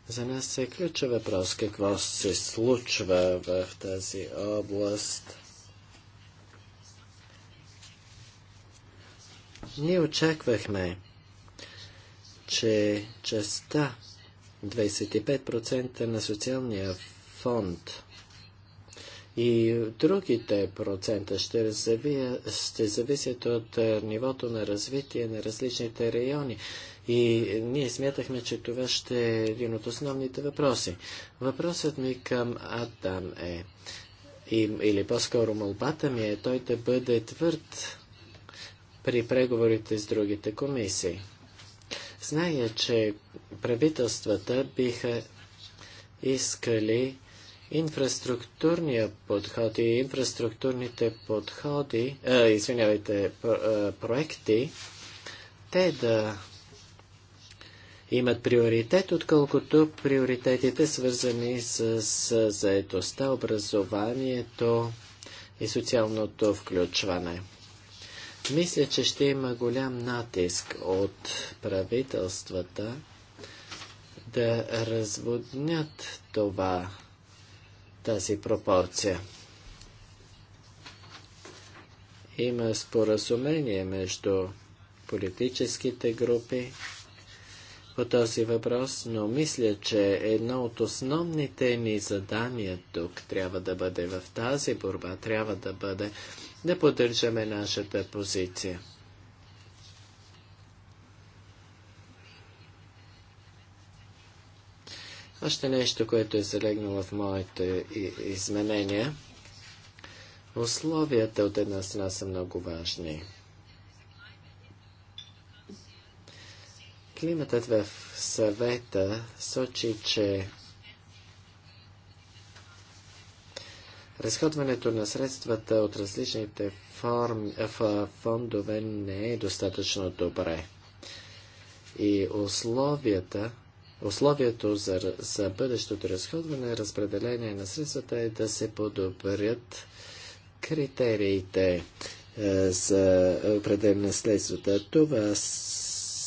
за нас е ключов въпрос какво се случва в тази област. Ние очаквахме, че частта 25% на социалния фонд и другите процента ще, завия, ще зависят от нивото на развитие на различните райони. И ние смятахме, че това ще е един от основните въпроси. Въпросът ми към Адам е, и, или по-скоро молбата ми е той да бъде твърд при преговорите с другите комисии. Зная, че правителствата биха искали инфраструктурния подход и инфраструктурните подходи, а, извинявайте, проекти, те да имат приоритет, отколкото приоритетите свързани с, заедостта, образованието и социалното включване. Мисля, че ще има голям натиск от правителствата да разводнят това, тази пропорция. Има споразумение между политическите групи, по този въпрос, но мисля, че едно от основните ни задания тук трябва да бъде в тази борба, трябва да бъде да поддържаме нашата позиция. Още нещо, което е залегнало в моите изменения. Условията от една страна са много важни. Климатът в съвета сочи, че разходването на средствата от различните форм, фондове не е достатъчно добре. И условията, условието за, за бъдещото разходване, разпределение на средствата е да се подобрят критериите е, за на следствата. Това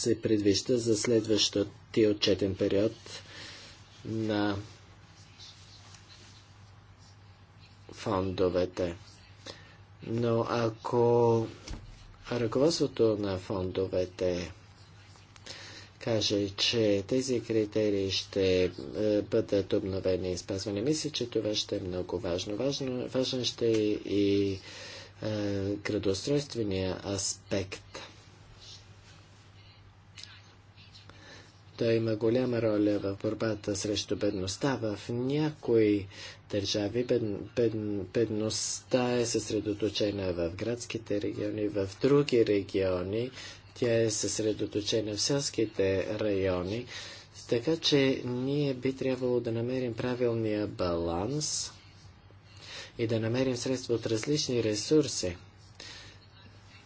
се предвижда за следващия отчетен период на фондовете. Но ако ръководството на фондовете каже, че тези критерии ще е, бъдат обновени и спазвани, мисля, че това ще е много важно. важно важен ще е и е, градоустройствения аспект – Той има голяма роля в борбата срещу бедността. В някои държави бед, бед, бедността е съсредоточена в градските региони, в други региони тя е съсредоточена в селските райони. Така че ние би трябвало да намерим правилния баланс и да намерим средства от различни ресурси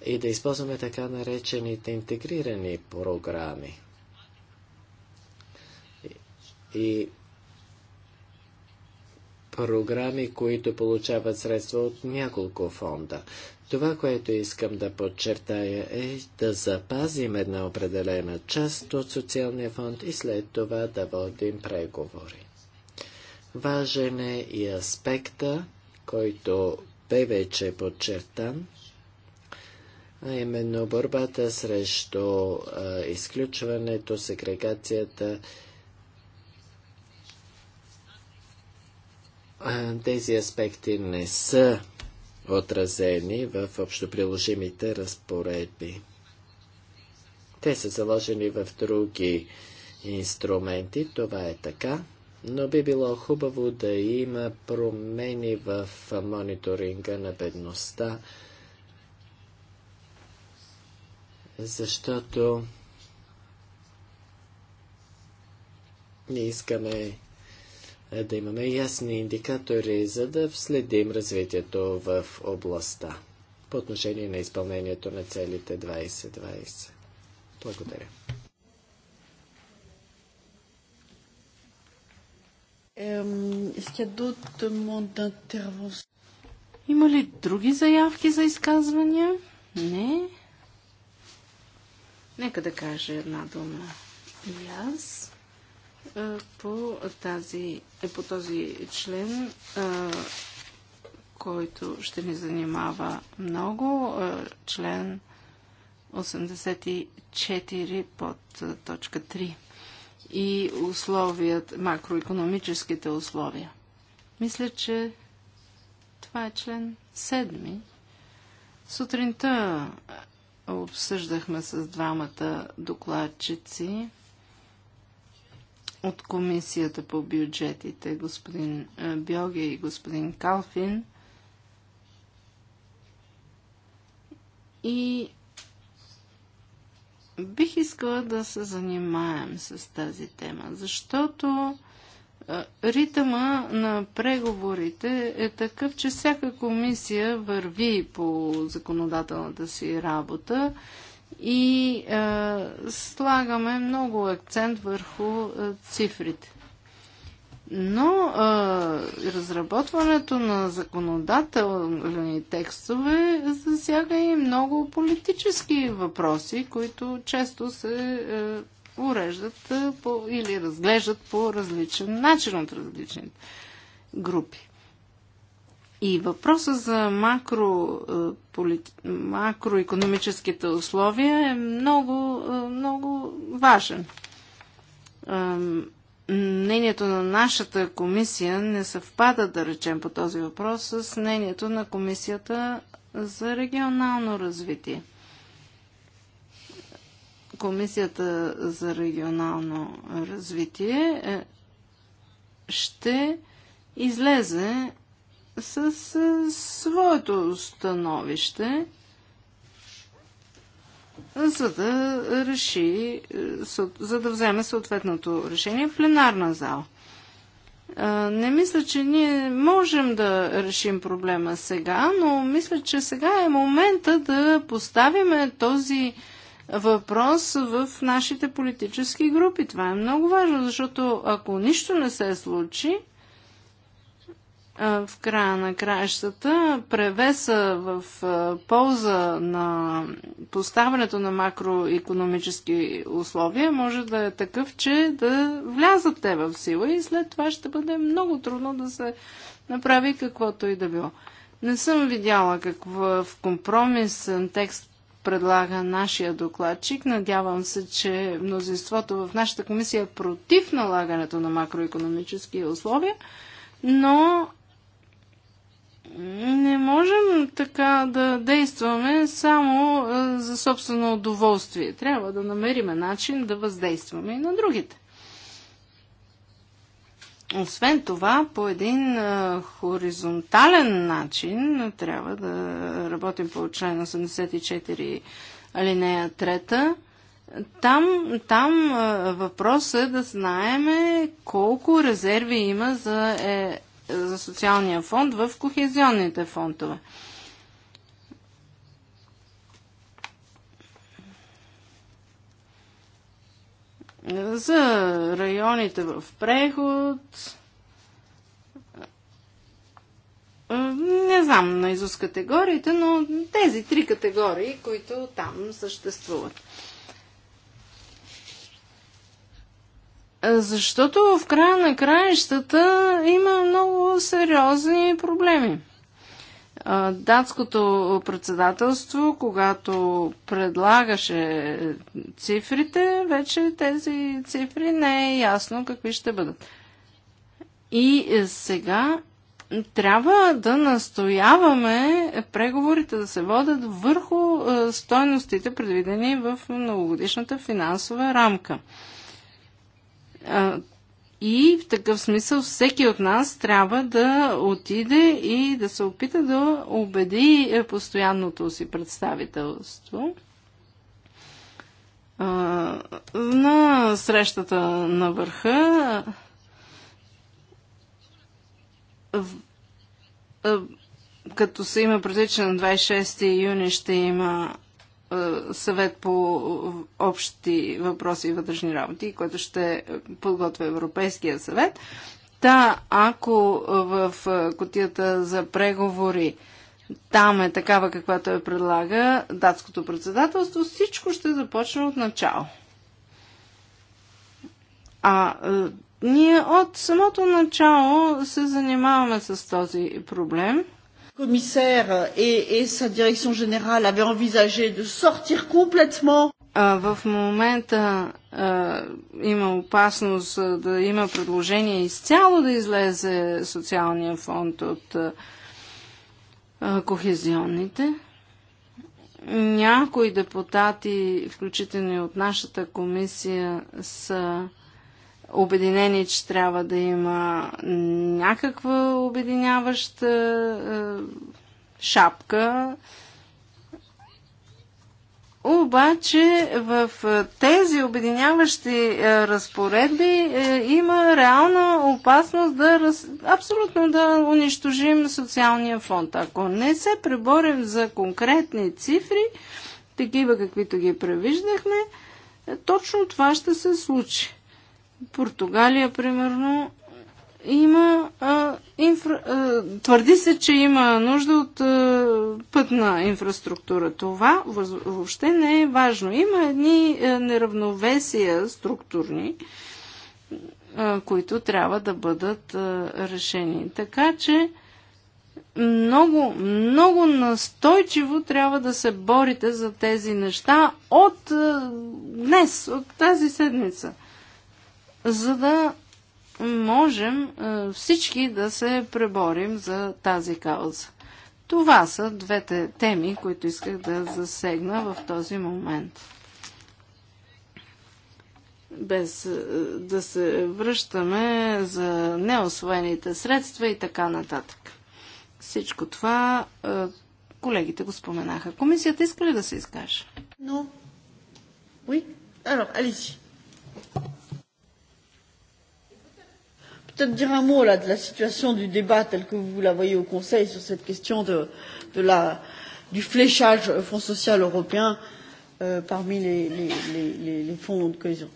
и да използваме така наречените интегрирани програми и програми, които получават средства от няколко фонда. Това, което искам да подчертая е да запазим една определена част от социалния фонд и след това да водим преговори. Важен е и аспекта, който бе вече подчертан, а именно борбата срещу а, изключването, сегрегацията Тези аспекти не са отразени в общоприложимите разпоредби. Те са заложени в други инструменти, това е така, но би било хубаво да има промени в мониторинга на бедността, защото ние искаме е, да имаме ясни индикатори, за да следим развитието в областта по отношение на изпълнението на целите 2020. Благодаря. Има ли други заявки за изказвания? Не. Нека да кажа една дума. И аз по, тази, е, по този член, който ще ни занимава много, член 84 под точка 3 и условият, макроекономическите условия. Мисля, че това е член 7. Сутринта обсъждахме с двамата докладчици от Комисията по бюджетите, господин е, Бьоги и господин Калфин. И бих искала да се занимаем с тази тема, защото е, ритъма на преговорите е такъв, че всяка комисия върви по законодателната си работа и е, слагаме много акцент върху е, цифрите. Но е, разработването на законодателни текстове засяга и много политически въпроси, които често се е, уреждат е, по, или разглеждат по различен начин от различните групи. И въпроса за макро, е, полит... макроекономическите условия е много, е, много важен. Мнението на нашата комисия не съвпада, да речем по този въпрос, с мнението на комисията за регионално развитие. Комисията за регионално развитие е, ще излезе с своето становище, за да реши, е, за да вземе съответното решение в пленарна зала. Не мисля, че ние можем да решим проблема сега, но мисля, че сега е момента да поставиме този въпрос в нашите политически групи. Това е много важно, защото ако нищо не се случи, в края на краищата превеса в полза на поставянето на макроекономически условия може да е такъв, че да влязат те в сила и след това ще бъде много трудно да се направи каквото и да било. Не съм видяла какъв компромисен текст предлага нашия докладчик. Надявам се, че мнозинството в нашата комисия е против налагането на макроекономически условия но не можем така да действаме само е, за собствено удоволствие. Трябва да намериме начин да въздействаме и на другите. Освен това, по един е, хоризонтален начин трябва да работим по член 84 алинея 3. Там, там е, въпросът е да знаеме колко резерви има за за социалния фонд в кохезионните фондове. За районите в преход. Е, не знам на изус категориите, но тези три категории, които там съществуват. Защото в края на краищата има много сериозни проблеми. Датското председателство, когато предлагаше цифрите, вече тези цифри не е ясно какви ще бъдат. И е, сега трябва да настояваме преговорите да се водят върху е, стойностите, предвидени в многогодишната финансова рамка. И в такъв смисъл всеки от нас трябва да отиде и да се опита да убеди е, постоянното си представителство на срещата на върха като се има предвид, че на 26 юни ще има е, съвет по е, общи въпроси и вътрешни работи, който ще подготвя Европейския съвет. Та, ако в е, котията за преговори там е такава, каквато я предлага датското председателство, всичко ще започне от начало. А ние от самото начало се занимаваме с този проблем – commissaire et, et sa direction générale avaient envisagé de sortir complètement в момента а, има опасност да има предложение изцяло да излезе социалния фонд от а, кохезионните. Някои депутати, включително и от нашата комисия, са обединени, че трябва да има някаква обединяваща е, шапка. Обаче в тези обединяващи е, разпоредби е, има реална опасност да раз... абсолютно да унищожим социалния фонд. Ако не се преборим за конкретни цифри, такива каквито ги превиждахме, точно това ще се случи. Португалия, примерно, има а, инфра... а, твърди се, че има нужда от а, пътна инфраструктура. Това въобще не е важно. Има едни а, неравновесия структурни, а, които трябва да бъдат а, решени. Така че много, много настойчиво трябва да се борите за тези неща от а, днес, от тази седмица – за да можем е, всички да се преборим за тази кауза. Това са двете теми, които исках да засегна в този момент. Без е, да се връщаме за неосвоените средства и така нататък. Всичко това е, колегите го споменаха. Комисията иска ли да се изкаже? Но. Oui. Alors, allez-y peut-être dire un mot là, de la situation du débat tel que vous la voyez au Conseil sur cette question de, de la, du fléchage Fonds social européen euh, parmi les, les, les, les fonds de cohésion.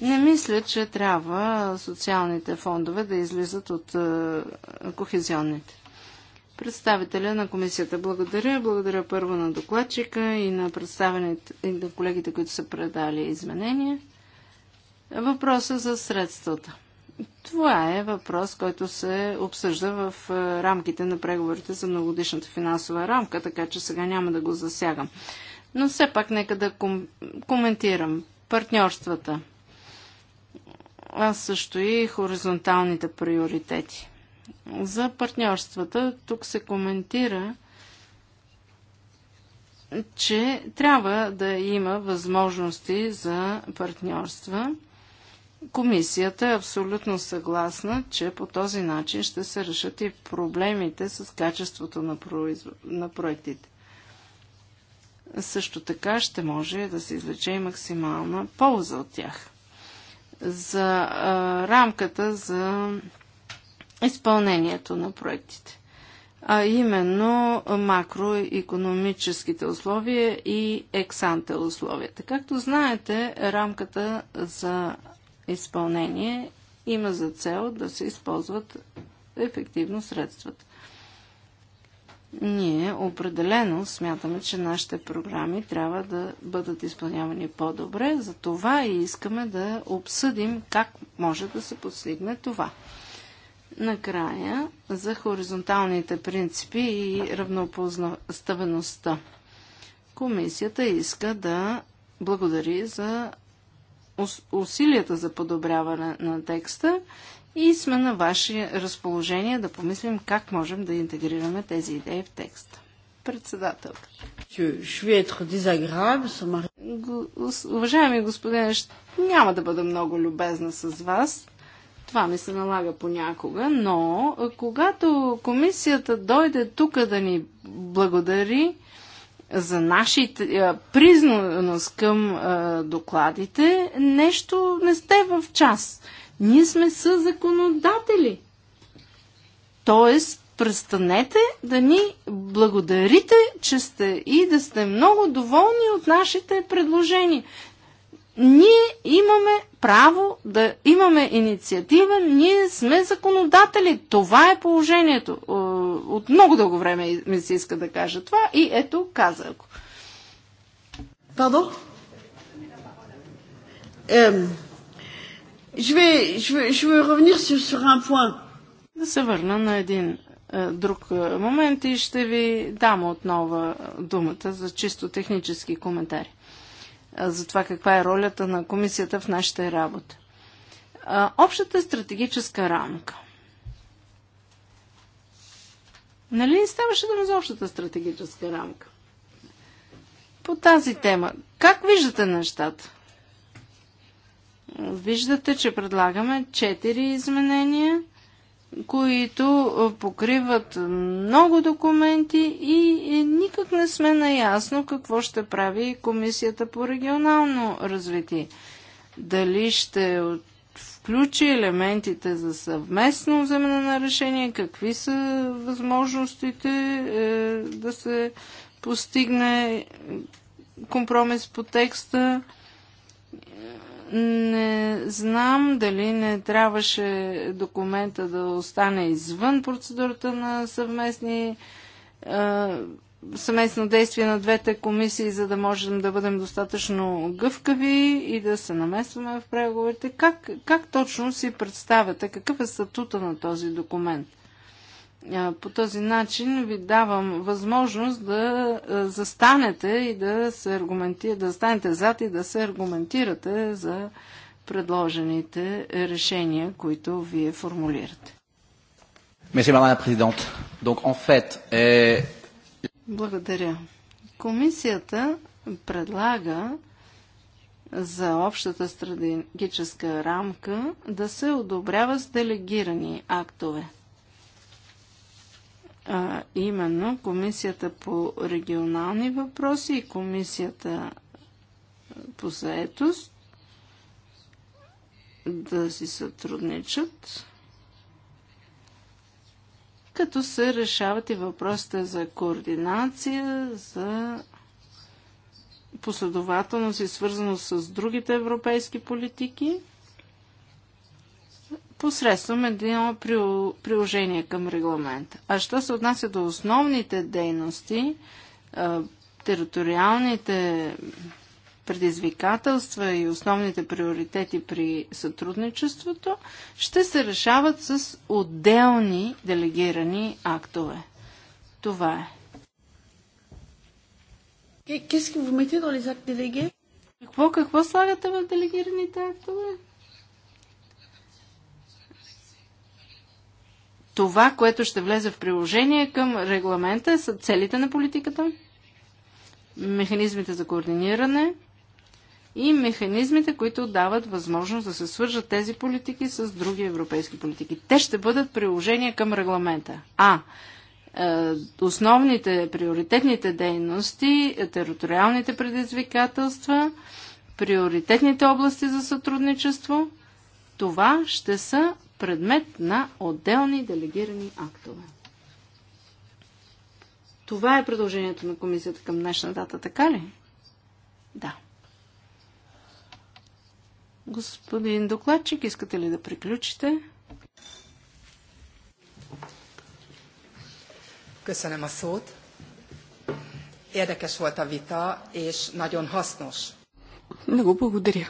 Не мисля, че трябва социалните фондове да излизат от е, кохезионните. Представителя на комисията благодаря. Благодаря първо на докладчика и на представените и на колегите, които са предали изменения. Въпроса за средствата. Това е въпрос, който се обсъжда в е, рамките на преговорите за многодишната финансова рамка, така че сега няма да го засягам. Но все пак нека да ком- коментирам партньорствата, а също и хоризонталните приоритети. За партньорствата тук се коментира, че трябва да има възможности за партньорства – Комисията е абсолютно съгласна, че по този начин ще се решат и проблемите с качеството на, произв... на проектите. Също така ще може да се излече и максимална полза от тях. За а, рамката за изпълнението на проектите, а именно макроекономическите условия и ексанте условията. Както знаете, рамката за изпълнение има за цел да се използват ефективно средствата. Ние определено смятаме, че нашите програми трябва да бъдат изпълнявани по-добре, затова и искаме да обсъдим как може да се постигне това. Накрая за хоризонталните принципи и равнопоставеността. Комисията иска да благодари за усилията за подобряване на текста и сме на ваше разположение да помислим как можем да интегрираме тези идеи в текста. Председател. Уважаеми господин, няма да бъда много любезна с вас. Това ми се налага понякога, но когато комисията дойде тук да ни благодари, за нашите е, признаност към е, докладите, нещо не сте в час. Ние сме със законодатели. Тоест, престанете да ни благодарите, че сте и да сте много доволни от нашите предложения. Ние имаме право да имаме инициатива, ние сме законодатели. Това е положението. Е, от много дълго време ми се иска да кажа това и ето казах го. Падо? Ще ви vais, je, vais, Да се върна на един е, друг е, момент и ще ви дам отново е, думата за чисто технически коментари. За това каква е ролята на комисията в нашата работа. Общата стратегическа рамка – Нали ставаше дума за общата стратегическа рамка? По тази тема, как виждате нещата? Виждате, че предлагаме четири изменения, които покриват много документи и никак не сме наясно какво ще прави Комисията по регионално развитие. Дали ще включи елементите за съвместно вземане на решение, какви са възможностите е, да се постигне компромис по текста. Не знам дали не трябваше документа да остане извън процедурата на съвместни е, съместно действие на двете комисии, за да можем да бъдем достатъчно гъвкави и да се намесваме в преговорите. Как, как точно си представяте? Какъв е статута на този документ? По този начин ви давам възможност да застанете и да се аргументирате, да станете зад и да се аргументирате за предложените решения, които вие формулирате. Monsieur Мадам Президент, donc en fait, eh, благодаря. Комисията предлага за общата стратегическа рамка да се одобрява с делегирани актове. А, именно Комисията по регионални въпроси и Комисията по заетост да си сътрудничат като се решават и въпросите за координация, за последователност и свързаност с другите европейски политики посредством едно приложение към регламента. А що се отнася до основните дейности, териториалните предизвикателства и основните приоритети при сътрудничеството ще се решават с отделни делегирани актове. Това е. Какво, какво слагате в делегираните актове? Това, което ще влезе в приложение към регламента, са целите на политиката, механизмите за координиране, и механизмите, които дават възможност да се свържат тези политики с други европейски политики. Те ще бъдат приложения към регламента. А е, основните приоритетните дейности, е, териториалните предизвикателства, приоритетните области за сътрудничество, това ще са предмет на отделни делегирани актове. Това е предложението на комисията към днешна дата, така ли? Да. Господин докладчик, искате ли да приключите? Köszönöm a szót. Érdekes volt a vita, és nagyon hasznos. Много благодаря.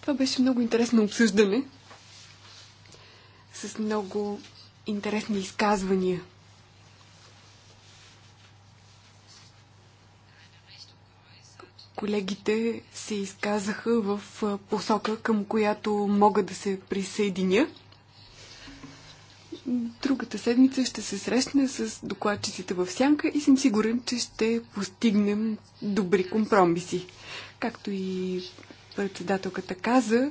Това беше много интересно обсъждане с много интересни изказвания. колегите се изказаха в посока, към която мога да се присъединя. Другата седмица ще се срещна с докладчиците в Сянка и съм сигурен, че ще постигнем добри компромиси. Както и председателката каза,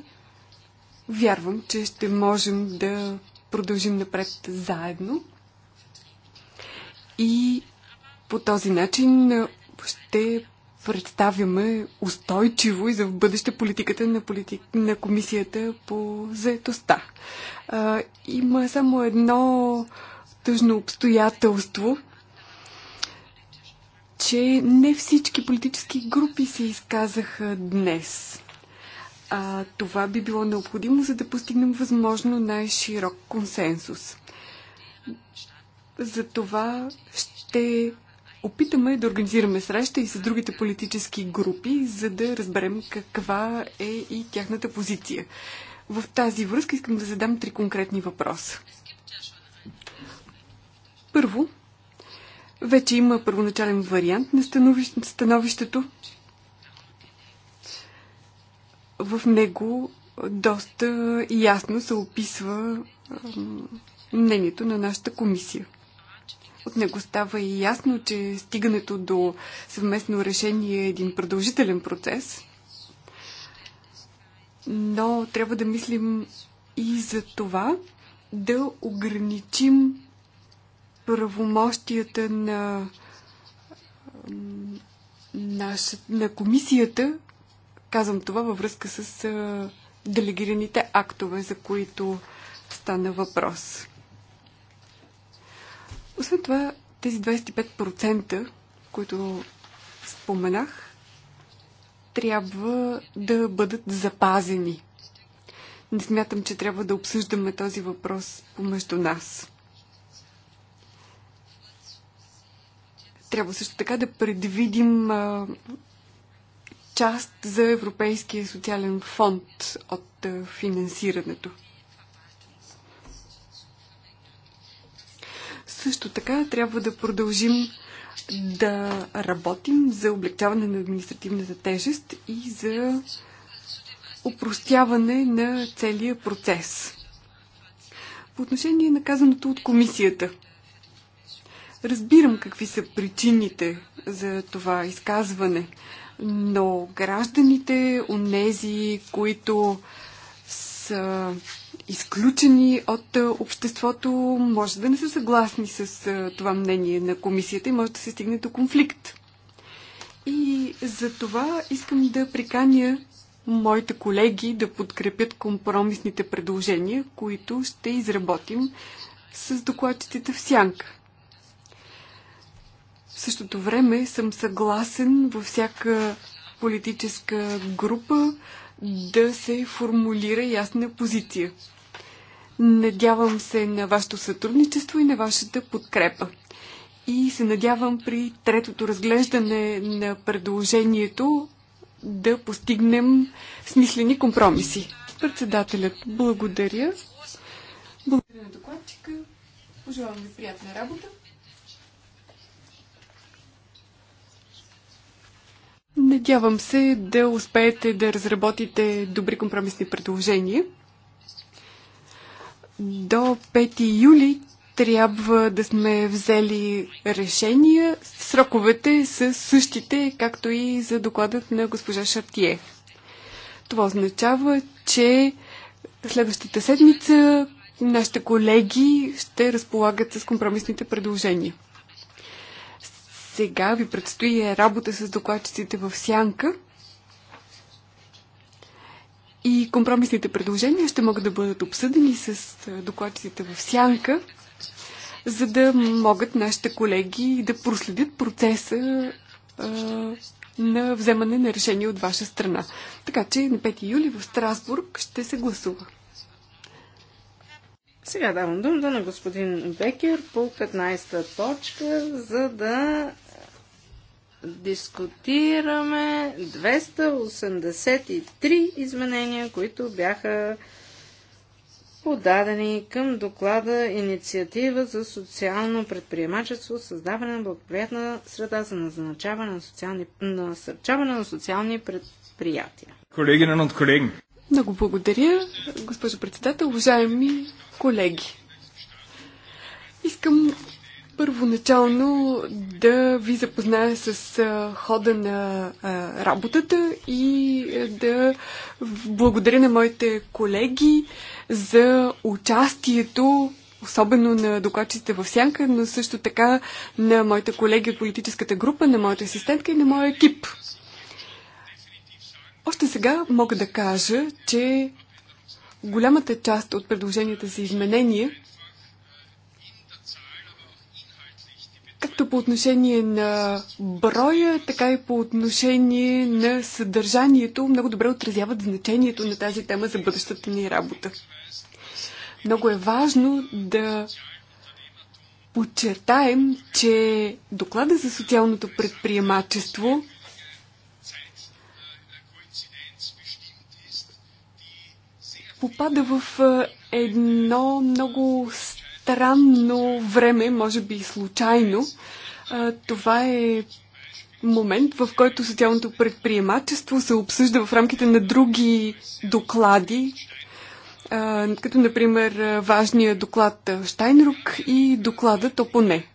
вярвам, че ще можем да продължим напред заедно. И по този начин ще представяме устойчиво и за в бъдеще политиката на, политик, на комисията по заетостта. А, има само едно тъжно обстоятелство, че не всички политически групи се изказаха днес. А, това би било необходимо, за да постигнем възможно най-широк консенсус. За това ще опитаме да организираме среща и с другите политически групи, за да разберем каква е и тяхната позиция. В тази връзка искам да задам три конкретни въпроса. Първо, вече има първоначален вариант на становището. В него доста ясно се описва мнението на нашата комисия. От него става и ясно, че стигането до съвместно решение е един продължителен процес. Но трябва да мислим и за това да ограничим правомощията на, наша, на комисията. Казвам това във връзка с делегираните актове, за които стана въпрос. Освен това, тези 25%, които споменах, трябва да бъдат запазени. Не смятам, че трябва да обсъждаме този въпрос помежду нас. Трябва също така да предвидим а, част за Европейския социален фонд от а, финансирането. Също така трябва да продължим да работим за облегчаване на административната тежест и за упростяване на целия процес. По отношение на казаното от комисията. Разбирам какви са причините за това изказване, но гражданите, онези, които са изключени от е, обществото, може да не са съгласни с е, това мнение на комисията и може да се стигне до конфликт. И за това искам да приканя моите колеги да подкрепят компромисните предложения, които ще изработим с докладчетите в сянка. В същото време съм съгласен във всяка политическа група да се формулира ясна позиция. Надявам се на вашето сътрудничество и на вашата подкрепа. И се надявам при третото разглеждане на предложението да постигнем смислени компромиси. Председателят, благодаря. Благодаря на докладчика. Пожелавам ви приятна работа. Надявам се да успеете да разработите добри компромисни предложения до 5 юли трябва да сме взели решения. Сроковете са същите, както и за докладът на госпожа Шартие. Това означава, че следващата седмица нашите колеги ще разполагат с компромисните предложения. Сега ви предстои работа с докладчиците в Сянка – и компромисните предложения ще могат да бъдат обсъдени с е, докладчиците в сянка, за да могат нашите колеги да проследят процеса а, е, на вземане на решение от ваша страна. Така че на 5 юли в Страсбург ще се гласува. Сега давам думата на господин Бекер по 15-та точка, за да дискутираме 283 изменения, които бяха подадени към доклада Инициатива за социално предприемачество, създаване на благоприятна среда за назначаване на социални, насърчаване на социални предприятия. Колегина над колеги. Много благодаря, госпожо председател, уважаеми колеги. Искам първоначално да ви запозная с хода на работата и да благодаря на моите колеги за участието, особено на докладчите в Сянка, но също така на моите колеги от политическата група, на моята асистентка и на моя екип. Още сега мога да кажа, че голямата част от предложенията за изменения както по отношение на броя, така и по отношение на съдържанието, много добре отразяват значението на тази тема за бъдещата ни работа. Много е важно да подчертаем, че доклада за социалното предприемачество попада в едно много странно време, може би случайно. Това е момент, в който социалното предприемачество се обсъжда в рамките на други доклади, като например важния доклад Штайнрук и докладът Опоне.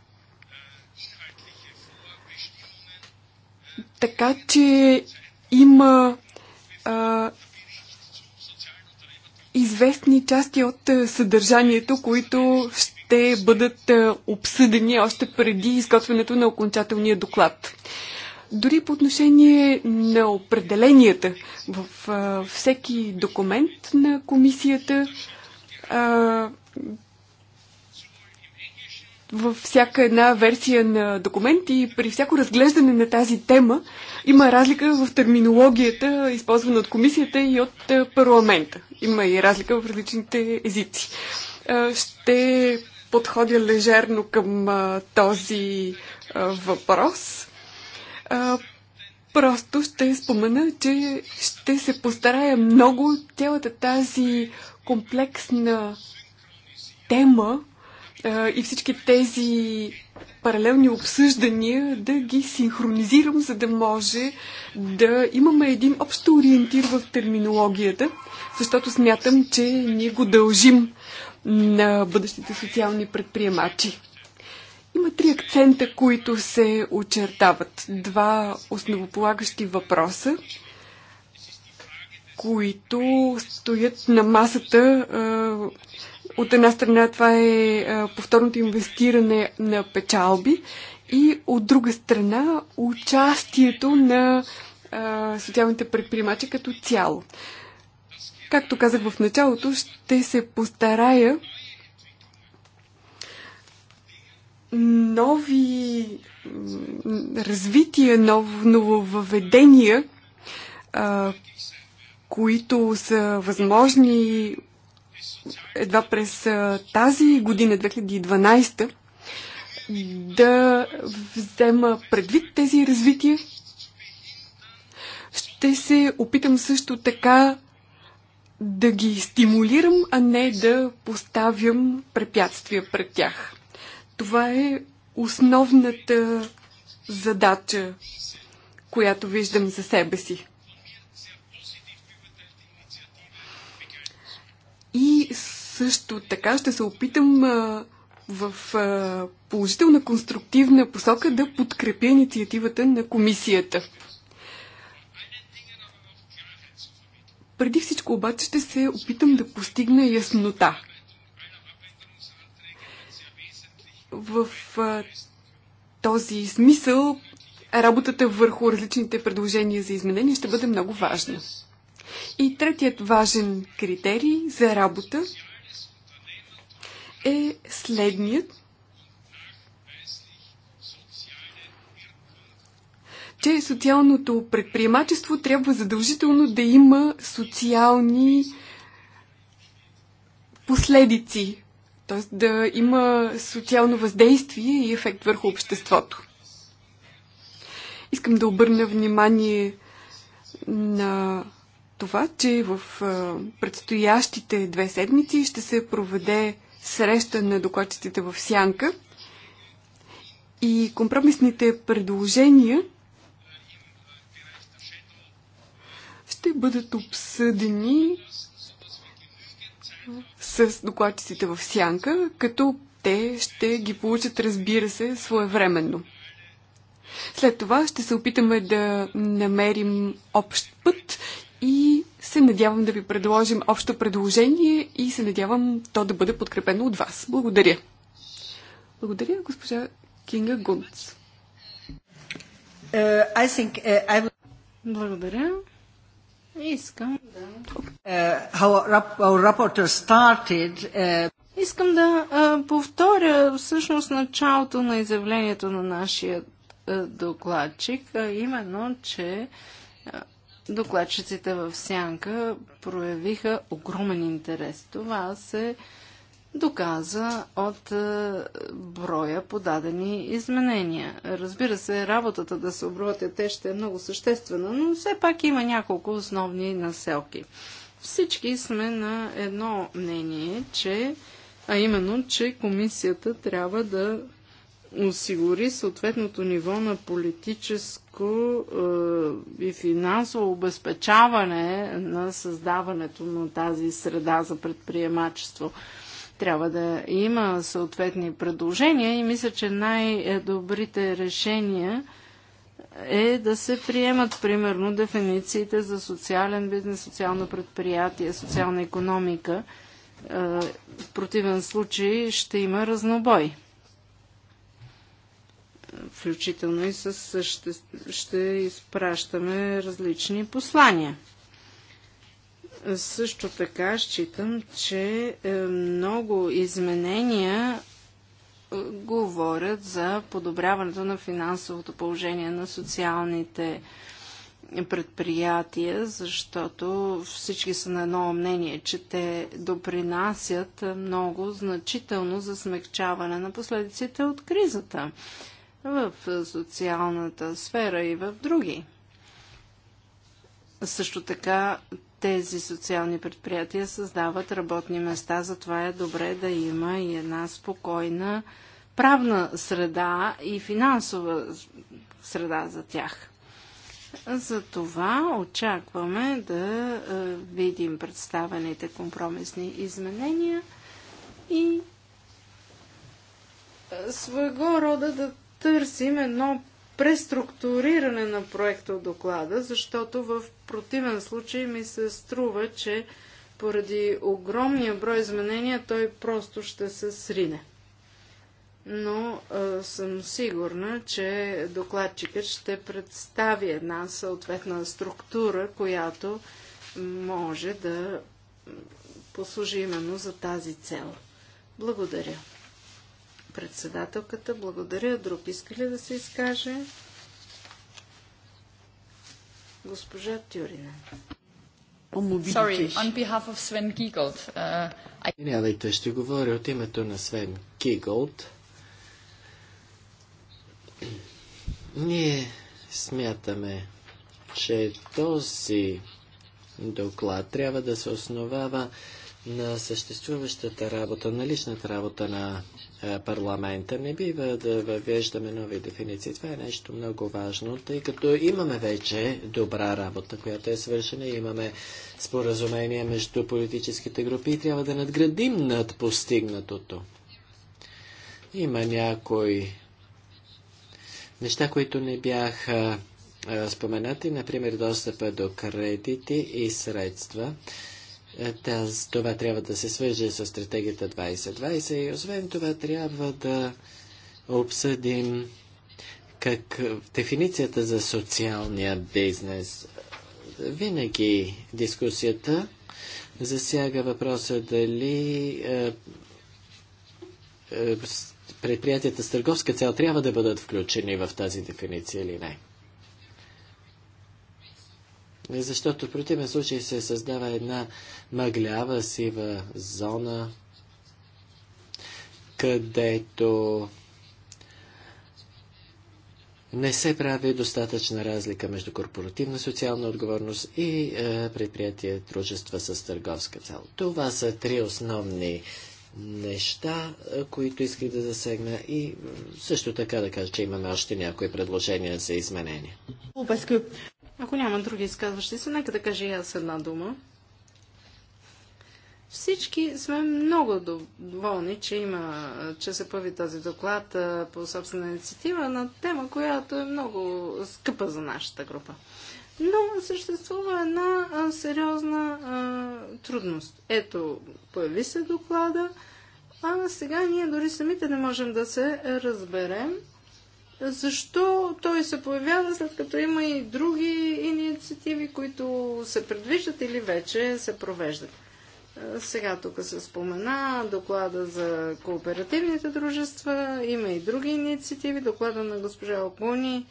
Така че има а, известни части от е, съдържанието, които ще бъдат е, обсъдени още преди изготвянето на окончателния доклад. Дори по отношение на определенията в е, всеки документ на комисията, във всяка една версия на документ и при всяко разглеждане на тази тема има разлика в терминологията, използвана от комисията и от е, парламента. Има и разлика в различните езици. Е, ще подходя лежерно към е, този въпрос. Просто ще спомена, че ще се постарая много цялата тази комплексна тема и всички тези паралелни обсъждания да ги синхронизирам, за да може да имаме един общо ориентир в терминологията, защото смятам, че ние го дължим на бъдещите социални предприемачи. Има три акцента, които се очертават. Два основополагащи въпроса, които стоят на масата от една страна това е, е повторното инвестиране на печалби и от друга страна участието на е, социалните предприемачи като цяло. Както казах в началото, ще се постарая нови развития, нов, нововъведения, а, които са възможни едва през тази година, 2012, да взема предвид тези развития. Ще се опитам също така да ги стимулирам, а не да поставям препятствия пред тях. Това е основната задача, която виждам за себе си. И също така ще се опитам а, в а, положителна, конструктивна посока да подкрепя инициативата на комисията. Преди всичко обаче ще се опитам да постигна яснота. В а, този смисъл работата върху различните предложения за изменения ще бъде много важна. И третият важен критерий за работа е следният, че социалното предприемачество трябва задължително да има социални последици, т.е. да има социално въздействие и ефект върху обществото. Искам да обърна внимание на това, че в предстоящите две седмици ще се проведе среща на докладчиците в Сянка и компромисните предложения ще бъдат обсъдени с докладчиците в Сянка, като те ще ги получат, разбира се, своевременно. След това ще се опитаме да намерим общ път и се надявам да ви предложим общо предложение и се надявам то да бъде подкрепено от вас. Благодаря. Благодаря, госпожа Кинга Гунц. Uh, I think, uh, I... Благодаря. Искам да. Uh, uh Искам да uh, повторя всъщност началото на изявлението на нашия uh, докладчик, а именно, че докладчиците в Сянка проявиха огромен интерес. Това се доказа от е, броя подадени изменения. Разбира се, работата да се обработят те ще е много съществена, но все пак има няколко основни населки. Всички сме на едно мнение, че, а именно, че комисията трябва да осигури съответното ниво на политическо е, и финансово обезпечаване на създаването на тази среда за предприемачество. Трябва да има съответни предложения и мисля, че най-добрите решения е да се приемат, примерно, дефинициите за социален бизнес, социално предприятие, социална економика. Е, в противен случай ще има разнобой включително и с, ще, ще изпращаме различни послания. Също така считам, че е, много изменения е, говорят за подобряването на финансовото положение на социалните предприятия, защото всички са на едно мнение, че те допринасят много значително за смягчаване на последиците от кризата в социалната сфера и в други. Също така тези социални предприятия създават работни места, затова е добре да има и една спокойна правна среда и финансова среда за тях. Затова очакваме да е, видим представените компромисни изменения и е, своего рода да търсим едно преструктуриране на проекта от доклада, защото в противен случай ми се струва, че поради огромния брой изменения той просто ще се срине. Но а, съм сигурна, че докладчикът ще представи една съответна структура, която може да послужи именно за тази цел. Благодаря. Председателката, благодаря. Друг иска ли да се изкаже? Госпожа Тюрина. Sorry, on behalf of Sven Giegold. Uh, I... ще говоря от името на Свен Киголд. Ние смятаме, че този доклад трябва да се основава на съществуващата работа, на личната работа на е, парламента. Не бива да въвеждаме нови дефиниции. Това е нещо много важно, тъй като имаме вече добра работа, която е свършена. Имаме споразумение между политическите групи и трябва да надградим над постигнатото. Има някои неща, които не бяха е, споменати, например достъпа до кредити и средства. Е, таз, това трябва да се свържи с стратегията 2020 и освен това трябва да обсъдим как дефиницията за социалния бизнес. Винаги дискусията засяга въпроса дали е, е, предприятията с търговска цел трябва да бъдат включени в тази дефиниция или не. Е, защото в противен случай се създава една мъглява сива зона, където не се прави достатъчна разлика между корпоративна социална отговорност и е, предприятие дружества с търговска цел. Това са три основни неща, е, които исках да засегна и също така да кажа, че имаме още някои предложения за изменения. Ако няма други изказващи се, нека да кажа и аз една дума. Всички сме много доволни, че, има, че се появи този доклад по собствена инициатива на тема, която е много скъпа за нашата група. Но съществува една а, сериозна а, трудност. Ето, появи се доклада, а сега ние дори самите не можем да се разберем защо той се появява след като има и други инициативи, които се предвиждат или вече се провеждат. Сега тук се спомена доклада за кооперативните дружества, има и други инициативи, доклада на госпожа Окуни.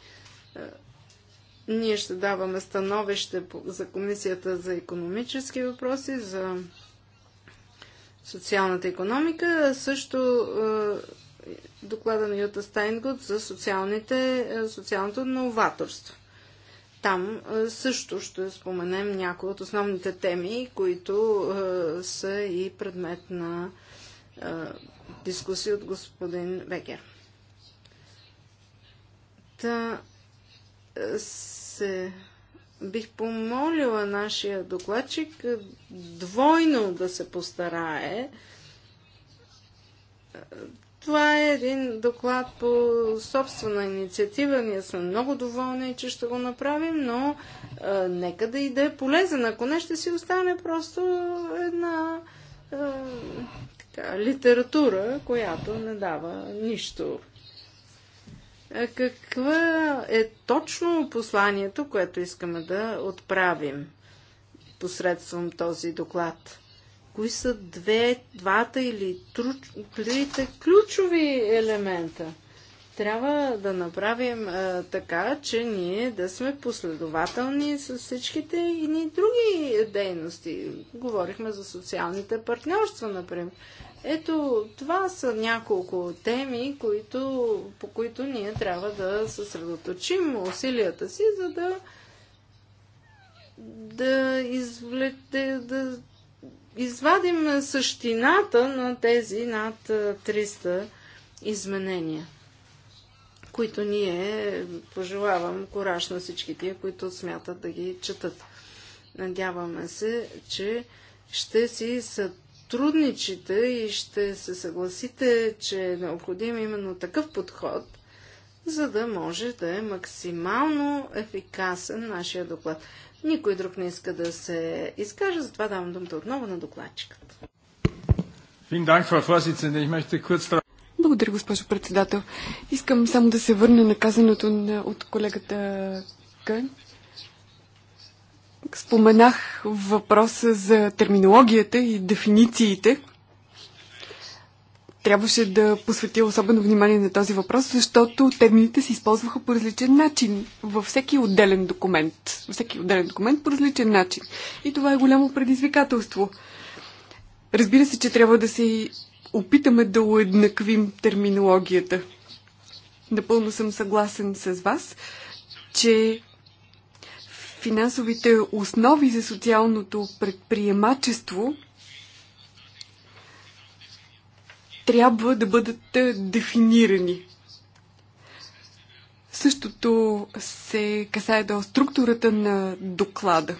Ние ще даваме становище за Комисията за економически въпроси, за социалната економика. Също доклада на Юта Стайнгут за социалните, е, социалното новаторство. Там е, също ще споменем някои от основните теми, които е, са и предмет на дискусия от господин Векер. Та се бих помолила нашия докладчик двойно да се постарае това е един доклад по собствена инициатива. Ние сме много доволни, че ще го направим, но е, нека да и да е полезен. Ако не, ще си остане просто една е, така, литература, която не дава нищо. А каква е точно посланието, което искаме да отправим посредством този доклад? кои са две, двата или трите ключови елемента. Трябва да направим а, така, че ние да сме последователни с всичките и ни други дейности. Говорихме за социалните партньорства, например. Ето, това са няколко теми, които, по които ние трябва да съсредоточим усилията си, за да да извлете, да извадим същината на тези над 300 изменения, които ние пожелавам кораж на всички тия, които смятат да ги четат. Надяваме се, че ще си сътрудничите и ще се съгласите, че е необходим именно такъв подход – за да може да е максимално ефикасен нашия доклад. Никой друг не иска да се изкаже, затова давам думата отново на докладчиката. Благодаря, госпожо председател. Искам само да се върна на казаното от колегата Кън. Споменах въпроса за терминологията и дефинициите трябваше да посветя особено внимание на този въпрос, защото термините се използваха по различен начин във всеки отделен документ. Във всеки отделен документ по различен начин. И това е голямо предизвикателство. Разбира се, че трябва да се опитаме да уеднаквим терминологията. Напълно съм съгласен с вас, че финансовите основи за социалното предприемачество трябва да бъдат е, дефинирани. Същото се касае до структурата на доклада.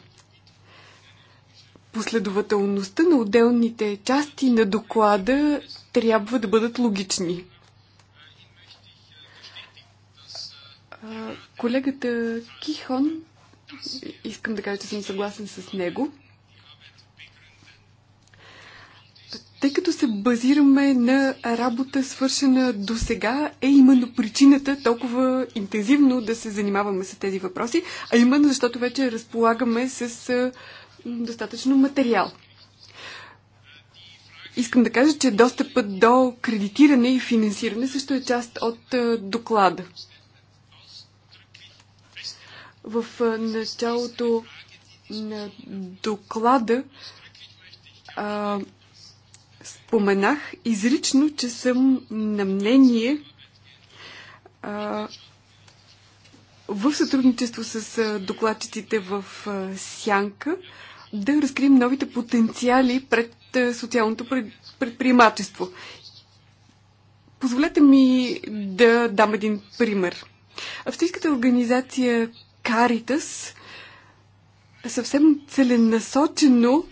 Последователността на отделните части на доклада трябва да бъдат логични. Колегата Кихон, искам да кажа, че съм съгласен с него. Тъй като се базираме на работа свършена до сега, е именно причината толкова интензивно да се занимаваме с тези въпроси, а именно защото вече разполагаме с достатъчно материал. Искам да кажа, че достъпът до кредитиране и финансиране също е част от доклада. В началото на доклада а, Споменах изрично, че съм на мнение а, в сътрудничество с докладчиците в Сянка да разкрием новите потенциали пред социалното предприемачество. Позволете ми да дам един пример. Австрийската организация Caritas съвсем целенасочено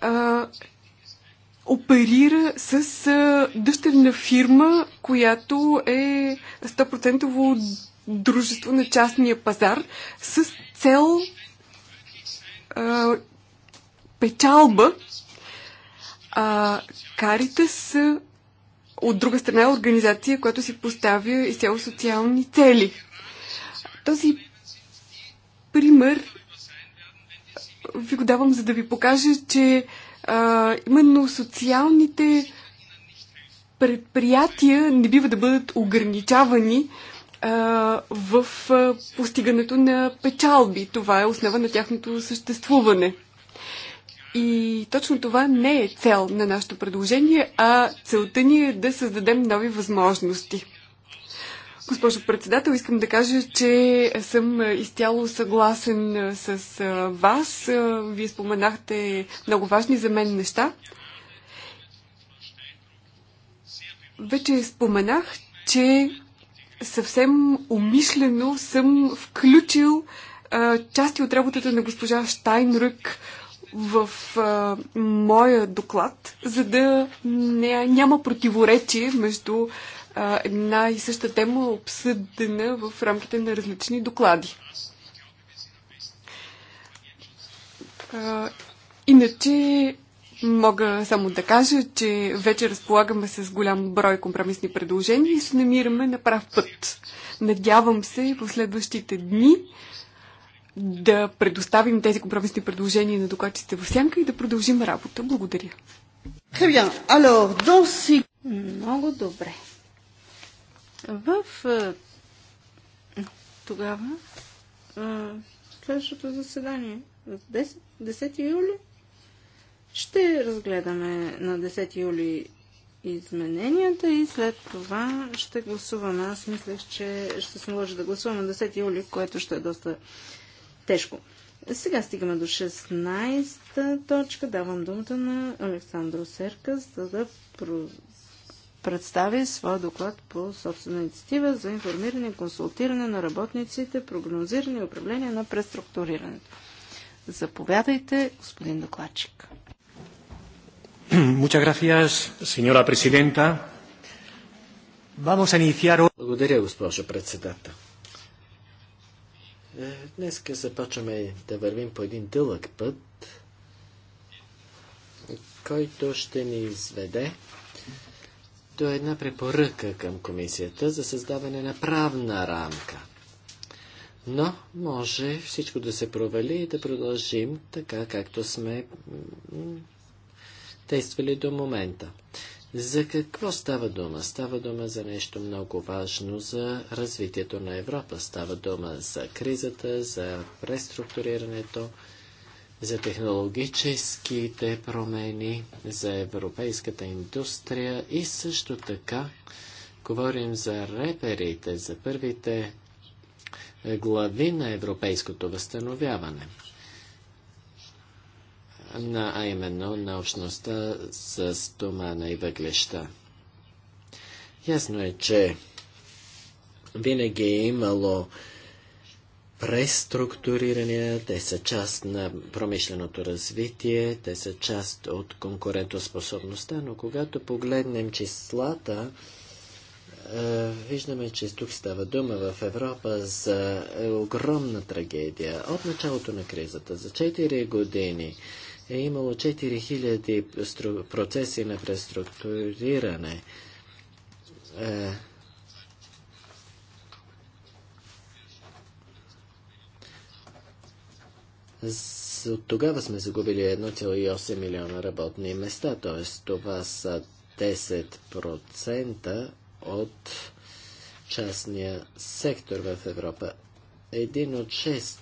а, оперира с а, дъщерна фирма, която е 100% дружество на частния пазар с цел а, печалба. А, карите с от друга страна организация, която си поставя изцяло социални цели. Този пример ви го давам, за да ви покажа, че а, именно социалните предприятия не бива да бъдат ограничавани а, в а, постигането на печалби. Това е основа на тяхното съществуване. И точно това не е цел на нашето предложение, а целта ни е да създадем нови възможности. Госпожо председател, искам да кажа, че съм изцяло съгласен с вас. Вие споменахте много важни за мен неща. Вече споменах, че съвсем умишлено съм включил а, части от работата на госпожа Штайнрък в а, моя доклад, за да не, няма противоречие между една и съща тема обсъдена в рамките на различни доклади. Иначе мога само да кажа, че вече разполагаме с голям брой компромисни предложения и се намираме на прав път. Надявам се в следващите дни да предоставим тези компромисни предложения на докладчите в сянка и да продължим работа. Благодаря. Много добре. В тогава следващото заседание 10, 10 юли ще разгледаме на 10 юли измененията и след това ще гласуваме. Аз мисля, че ще се наложи да гласуваме на 10 юли, което ще е доста тежко. Сега стигаме до 16-та точка. Давам думата на Александро Серкас, за да представи своя доклад по собствена инициатива за информиране и консултиране на работниците, прогнозиране и управление на преструктурирането. Заповядайте, господин докладчик. Muchas gracias, señora presidenta. Vamos a iniciar... Благодаря, госпожо председател. Е, Днес започваме да вървим по един дълъг път, който ще ни изведе то е една препоръка към комисията за създаване на правна рамка. Но може всичко да се провали и да продължим така, както сме действали до момента. За какво става дума? Става дума за нещо много важно за развитието на Европа. Става дума за кризата, за преструктурирането за технологическите промени, за европейската индустрия и също така говорим за реперите, за първите е, глави на европейското възстановяване. На, а именно на общността с тумана и въглеща. Ясно е, че винаги е имало преструктурирания, те са част на промишленото развитие, те са част от конкурентоспособността, но когато погледнем числата, е, виждаме, че тук става дума в Европа за огромна трагедия. От началото на кризата, за 4 години, е имало 4000 процеси на преструктуриране. Е, От тогава сме загубили 1,8 милиона работни места, т.е. това са 10% от частния сектор в Европа. Един от 6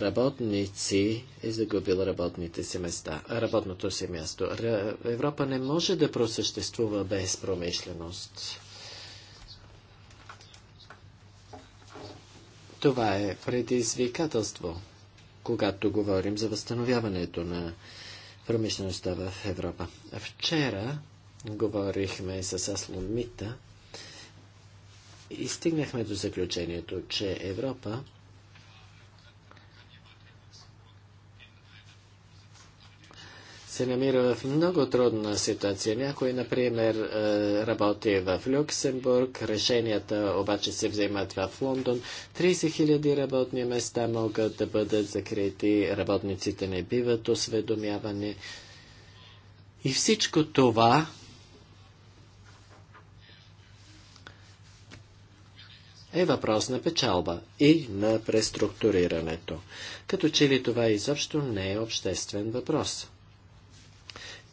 работници е загубил работните си места, работното си място. Европа не може да просъществува без промишленост. Това е предизвикателство, когато говорим за възстановяването на промишлеността в Европа. Вчера говорихме с Асломита и стигнахме до заключението, че Европа се намира в много трудна ситуация. Някой, например, е, работи в Люксембург, решенията обаче се вземат в Лондон. 30 000 работни места могат да бъдат закрити, работниците не биват осведомявани. И всичко това е въпрос на печалба и на преструктурирането. Като че ли това изобщо не е обществен въпрос?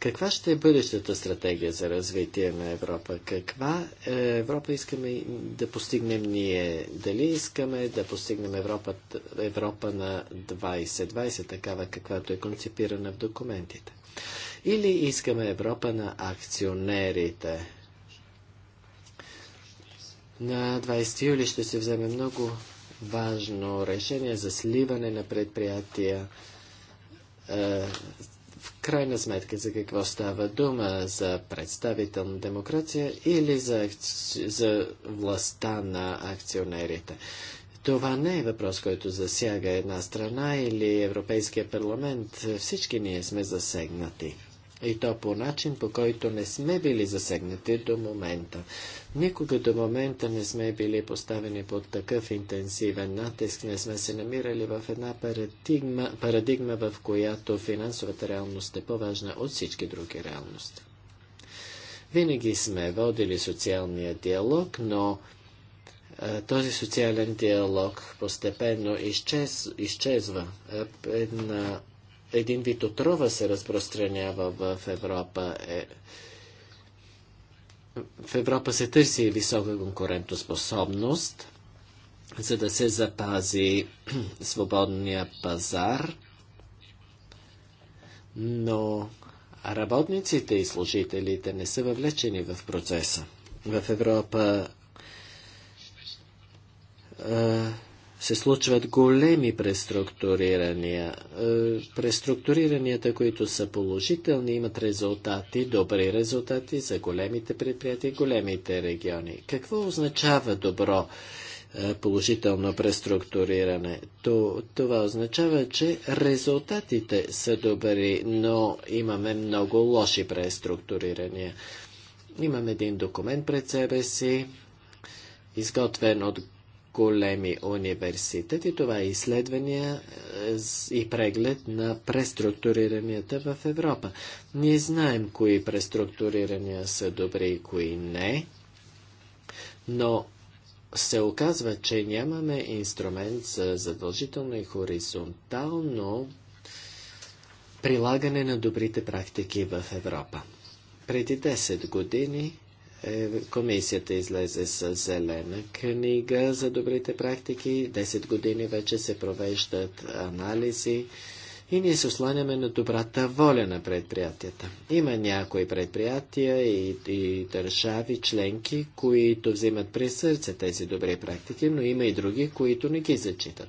Каква ще е бъдещата стратегия за развитие на Европа? Каква е, Европа искаме да постигнем ние? Дали искаме да постигнем Европа, Европа на 2020, такава каквато е концепирана в документите? Или искаме Европа на акционерите? На 20 юли ще се вземе много важно решение за сливане на предприятия е, крайна сметка за какво става дума? За представителна демокрация или за, за властта на акционерите? Това не е въпрос, който засяга една страна или Европейския парламент. Всички ние сме засегнати. И то по начин, по който не сме били засегнати до момента. Никога до момента не сме били поставени под такъв интенсивен натиск, не сме се намирали в една парадигма, парадигма в която финансовата реалност е по-важна от всички други реалности. Винаги сме водили социалния диалог, но този социален диалог постепенно изчез, изчезва. Е, една един вид отрова се разпространява в Европа. Е, в Европа се търси висока конкурентоспособност, за да се запази свободния пазар, но работниците и служителите не са въвлечени в процеса. В Европа е, се случват големи преструктурирания. Е, преструктуриранията, които са положителни, имат резултати, добри резултати за големите предприятия и големите региони. Какво означава добро е, положително преструктуриране? това означава, че резултатите са добри, но имаме много лоши преструктурирания. Имам един документ пред себе си, изготвен от големи университети. Това е изследвания е, и преглед на преструктуриранията в Европа. Ние знаем кои преструктурирания са добри и кои не, но се оказва, че нямаме инструмент за задължително и хоризонтално прилагане на добрите практики в Европа. Преди 10 години е, комисията излезе с зелена книга за добрите практики. Десет години вече се провеждат анализи и ние се осланяме на добрата воля на предприятията. Има някои предприятия и, и държави, членки, които взимат при сърце тези добри практики, но има и други, които не ги зачитат.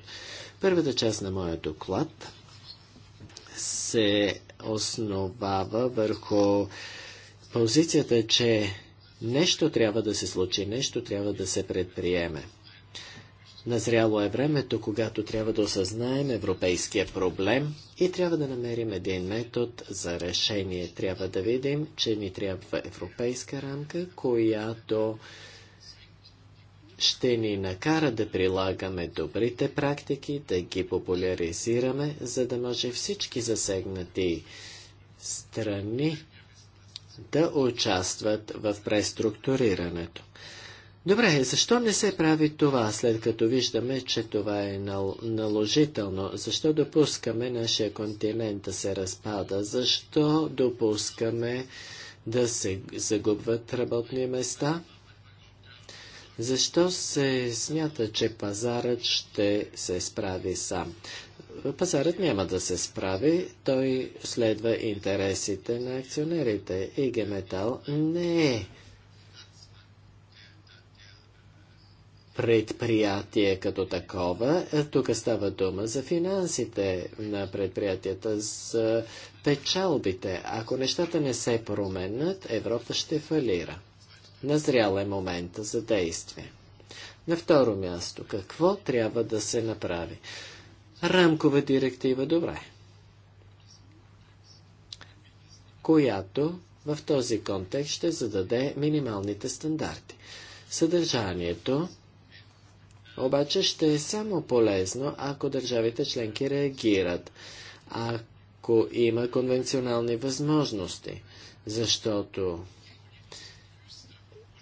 Първата част на моя доклад се основава върху позицията, че Нещо трябва да се случи, нещо трябва да се предприеме. Назряло е времето, когато трябва да осъзнаем европейския проблем и трябва да намерим един метод за решение. Трябва да видим, че ни трябва европейска рамка, която ще ни накара да прилагаме добрите практики, да ги популяризираме, за да може всички засегнати страни да участват в преструктурирането. Добре, защо не се прави това, след като виждаме, че това е нал наложително? Защо допускаме нашия континент да се разпада? Защо допускаме да се загубват работни места? Защо се смята, че пазарът ще се справи сам? пазарът няма да се справи, той следва интересите на акционерите. ИГ Метал не е предприятие като такова. Тук става дума за финансите на предприятията, за печалбите. Ако нещата не се променят, Европа ще фалира. Назрял е момента за действие. На второ място, какво трябва да се направи? Рамкова директива, добре. Която в този контекст ще зададе минималните стандарти. Съдържанието обаче ще е само полезно, ако държавите членки реагират, ако има конвенционални възможности, защото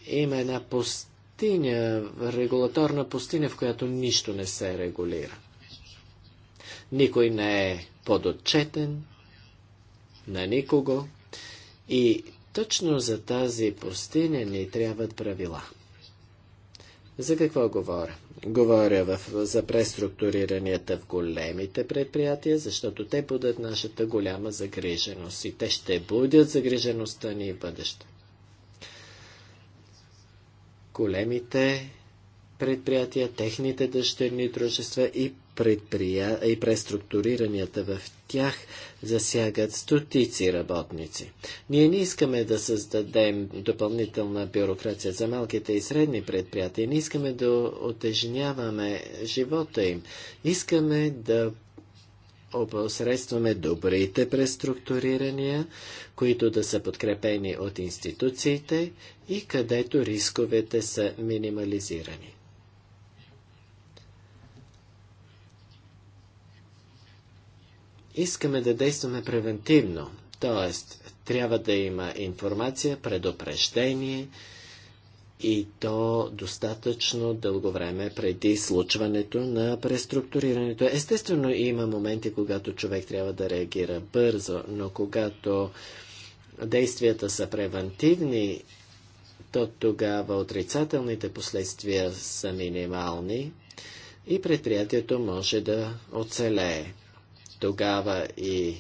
има една пустиня, регулаторна пустиня, в която нищо не се регулира никой не е подотчетен на никого и точно за тази пустиня ни трябват правила. За какво говоря? Говоря в, за преструктурирането в големите предприятия, защото те будат нашата голяма загриженост и те ще будят загрижеността ни в бъдеще. Големите предприятия, техните дъщерни дружества и предприя... и преструктурирането в тях засягат стотици работници. Ние не искаме да създадем допълнителна бюрокрация за малките и средни предприятия, не искаме да отежняваме живота им. Искаме да обосредстваме добрите преструктурирания, които да са подкрепени от институциите и където рисковете са минимализирани. искаме да действаме превентивно, т.е. трябва да има информация, предупреждение и то достатъчно дълго време преди случването на преструктурирането. Естествено има моменти, когато човек трябва да реагира бързо, но когато действията са превентивни, то тогава отрицателните последствия са минимални и предприятието може да оцелее. Тогава и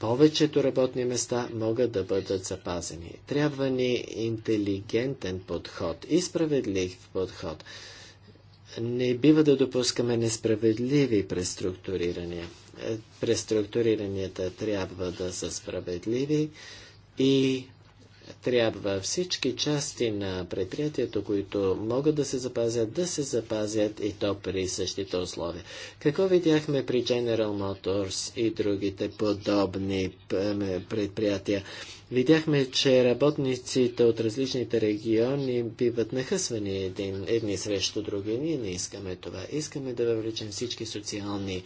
повечето работни места могат да бъдат запазени. Трябва ни интелигентен подход и справедлив подход. Не бива да допускаме несправедливи преструктурирания. Преструктуриранията трябва да са справедливи и трябва всички части на предприятието, които могат да се запазят, да се запазят и то при същите условия. Какво видяхме при General Motors и другите подобни предприятия? Видяхме, че работниците от различните региони биват нахъсвани един, едни срещу други. Ние не искаме това. Искаме да въвлечем всички социални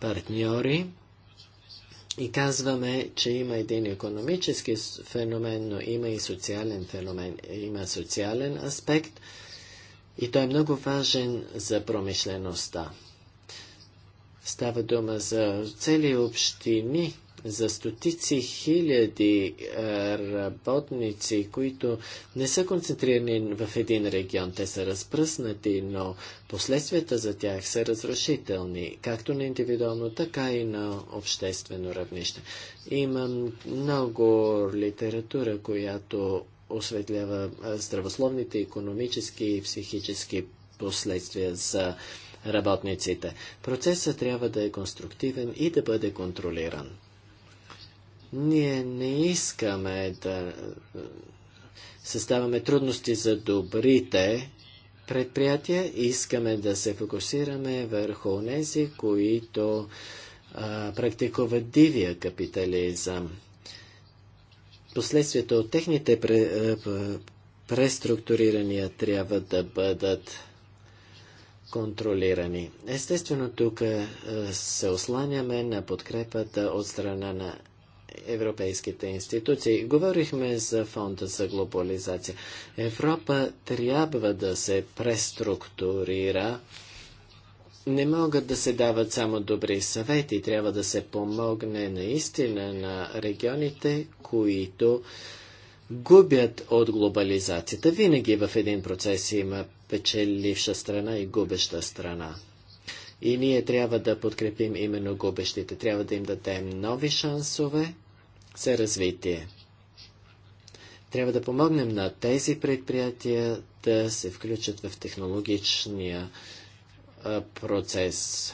партньори, и казваме, че има един економически феномен, но има и социален феномен. Има социален аспект и той е много важен за промишлеността. Става дума за цели общини, за стотици хиляди е, работници, които не са концентрирани в един регион. Те са разпръснати, но последствията за тях са разрушителни, както на индивидуално, така и на обществено равнище. Имам много литература, която осветлява е, здравословните, економически и психически последствия за работниците. Процесът трябва да е конструктивен и да бъде контролиран. Ние не искаме да е, създаваме трудности за добрите предприятия, искаме да се фокусираме върху тези, които а, практикуват дивия капитализъм. Последствията от техните пре, е, преструктурирания трябва да бъдат контролирани. Естествено, тук е, се осланяме на подкрепата от страна на европейските институции. Говорихме за фонда за глобализация. Европа трябва да се преструктурира. Не могат да се дават само добри съвети. Трябва да се помогне наистина на регионите, които губят от глобализацията. Винаги в един процес има печеливша страна и губеща страна. И ние трябва да подкрепим именно губещите. Трябва да им дадем нови шансове за развитие. Трябва да помогнем на тези предприятия да се включат в технологичния процес.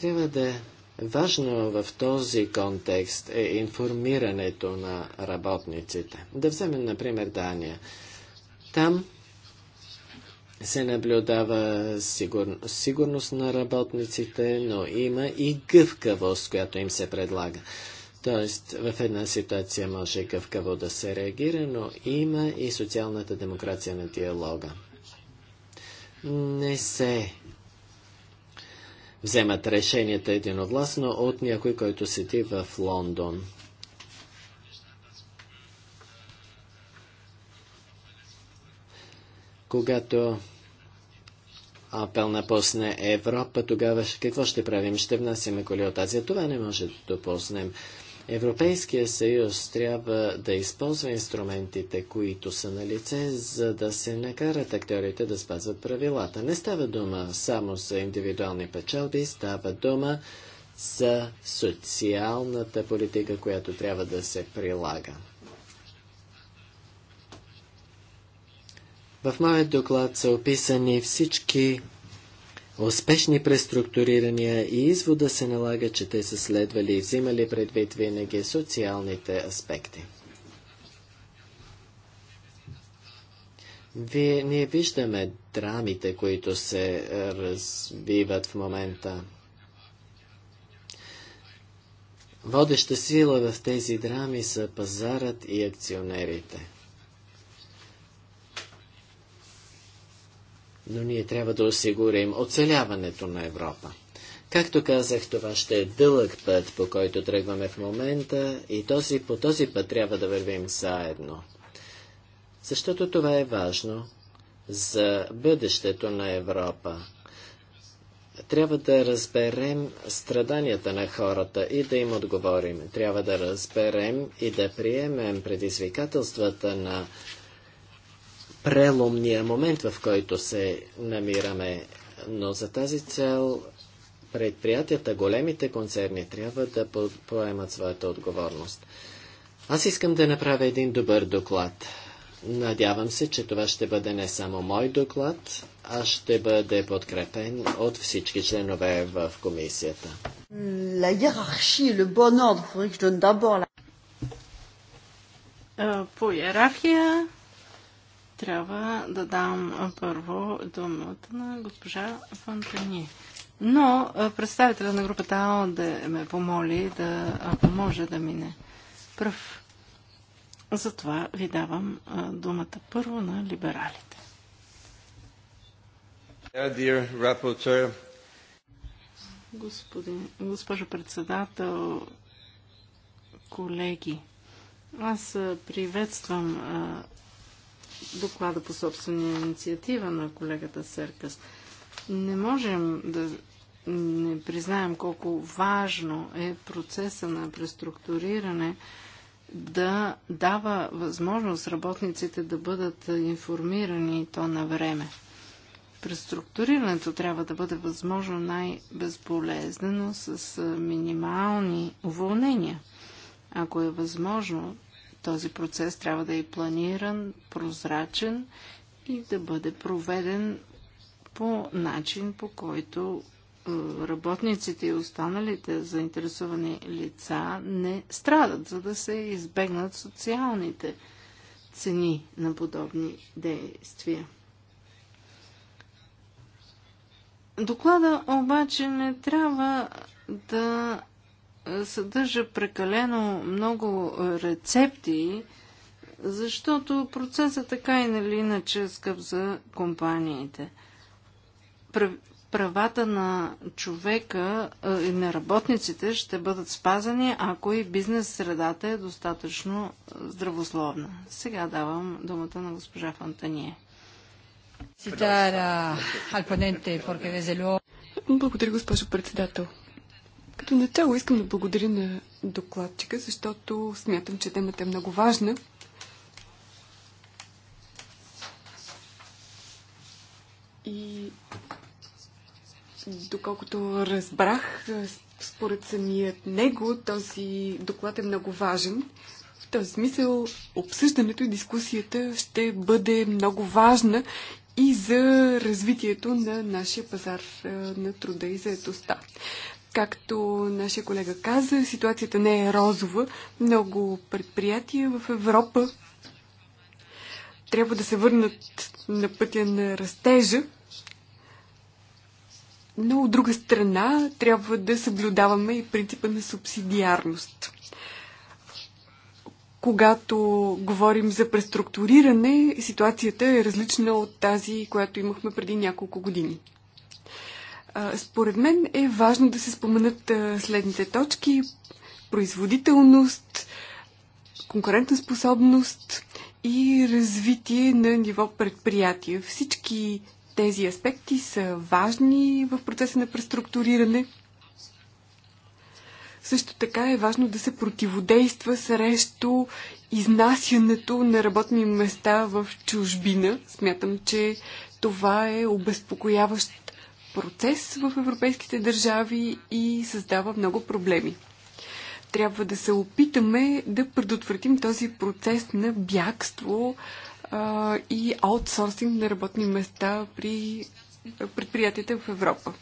Трябва да е Важно в този контекст е информирането на работниците. Да вземем, например, Дания. Там се наблюдава сигур... сигурност на работниците, но има и гъвкавост, която им се предлага. Тоест, в една ситуация може гъвкаво да се реагира, но има и социалната демокрация на диалога. Не се вземат решенията единовластно от някой, който седи в Лондон. Когато Апел напусне Европа, тогава какво ще правим? Ще внасяме коли от Азия. Това не може да допуснем. Европейския съюз трябва да използва инструментите, които са на лице, за да се накарат актьорите да спазват правилата. Не става дума само за индивидуални печалби, става дума за социалната политика, която трябва да се прилага. В моя доклад са описани всички успешни преструктурирания и извода се налага, че те са следвали и взимали предвид винаги социалните аспекти. Вие, ние виждаме драмите, които се е, развиват в момента. Водеща сила в тези драми са пазарът и акционерите. но ние трябва да осигурим оцеляването на Европа. Както казах, това ще е дълъг път, по който тръгваме в момента и този, по този път трябва да вървим заедно. Защото това е важно за бъдещето на Европа. Трябва да разберем страданията на хората и да им отговорим. Трябва да разберем и да приемем предизвикателствата на преломния момент, в който се намираме. Но за тази цел предприятията, големите концерни трябва да поемат своята отговорност. Аз искам да направя един добър доклад. Надявам се, че това ще бъде не само мой доклад, а ще бъде подкрепен от всички членове в комисията. По иерархия трябва да дам първо думата на госпожа Фонтани. Но представителя на групата АО да ме помоли да, може, да мине пръв. Затова ви давам думата първо на либералите. Господин, госпожо председател, колеги, аз приветствам доклада по собствена инициатива на колегата Серкас. Не можем да не признаем колко важно е процеса на преструктуриране да дава възможност работниците да бъдат информирани и то на време. Преструктурирането трябва да бъде възможно най-безболезнено с минимални уволнения. Ако е възможно, този процес трябва да е планиран, прозрачен и да бъде проведен по начин, по който е, работниците и останалите заинтересовани лица не страдат, за да се избегнат социалните цени на подобни действия. Доклада обаче не трябва да съдържа прекалено много рецепти, защото процесът е така и нали иначе е скъп за компаниите. Правата на човека и на работниците ще бъдат спазани, ако и бизнес средата е достатъчно здравословна. Сега давам думата на госпожа Фантание. Благодаря, госпожо председател. Като начало искам да благодаря на докладчика, защото смятам, че темата е много важна. И доколкото разбрах, според самият него, този доклад е много важен. В този смисъл обсъждането и дискусията ще бъде много важна и за развитието на нашия пазар е, на труда и заетостта. Както нашия колега каза, ситуацията не е розова. Много предприятия в Европа трябва да се върнат на пътя на растежа, но от друга страна трябва да съблюдаваме и принципа на субсидиарност. Когато говорим за преструктуриране, ситуацията е различна от тази, която имахме преди няколко години. Според мен е важно да се споменат следните точки. Производителност, способност и развитие на ниво предприятие. Всички тези аспекти са важни в процеса на преструктуриране. Също така е важно да се противодейства срещу изнасянето на работни места в чужбина. Смятам, че това е обезпокояващ процес в европейските държави и създава много проблеми. Трябва да се опитаме да предотвратим този процес на бягство а, и аутсорсинг на работни места при предприятията в Европа.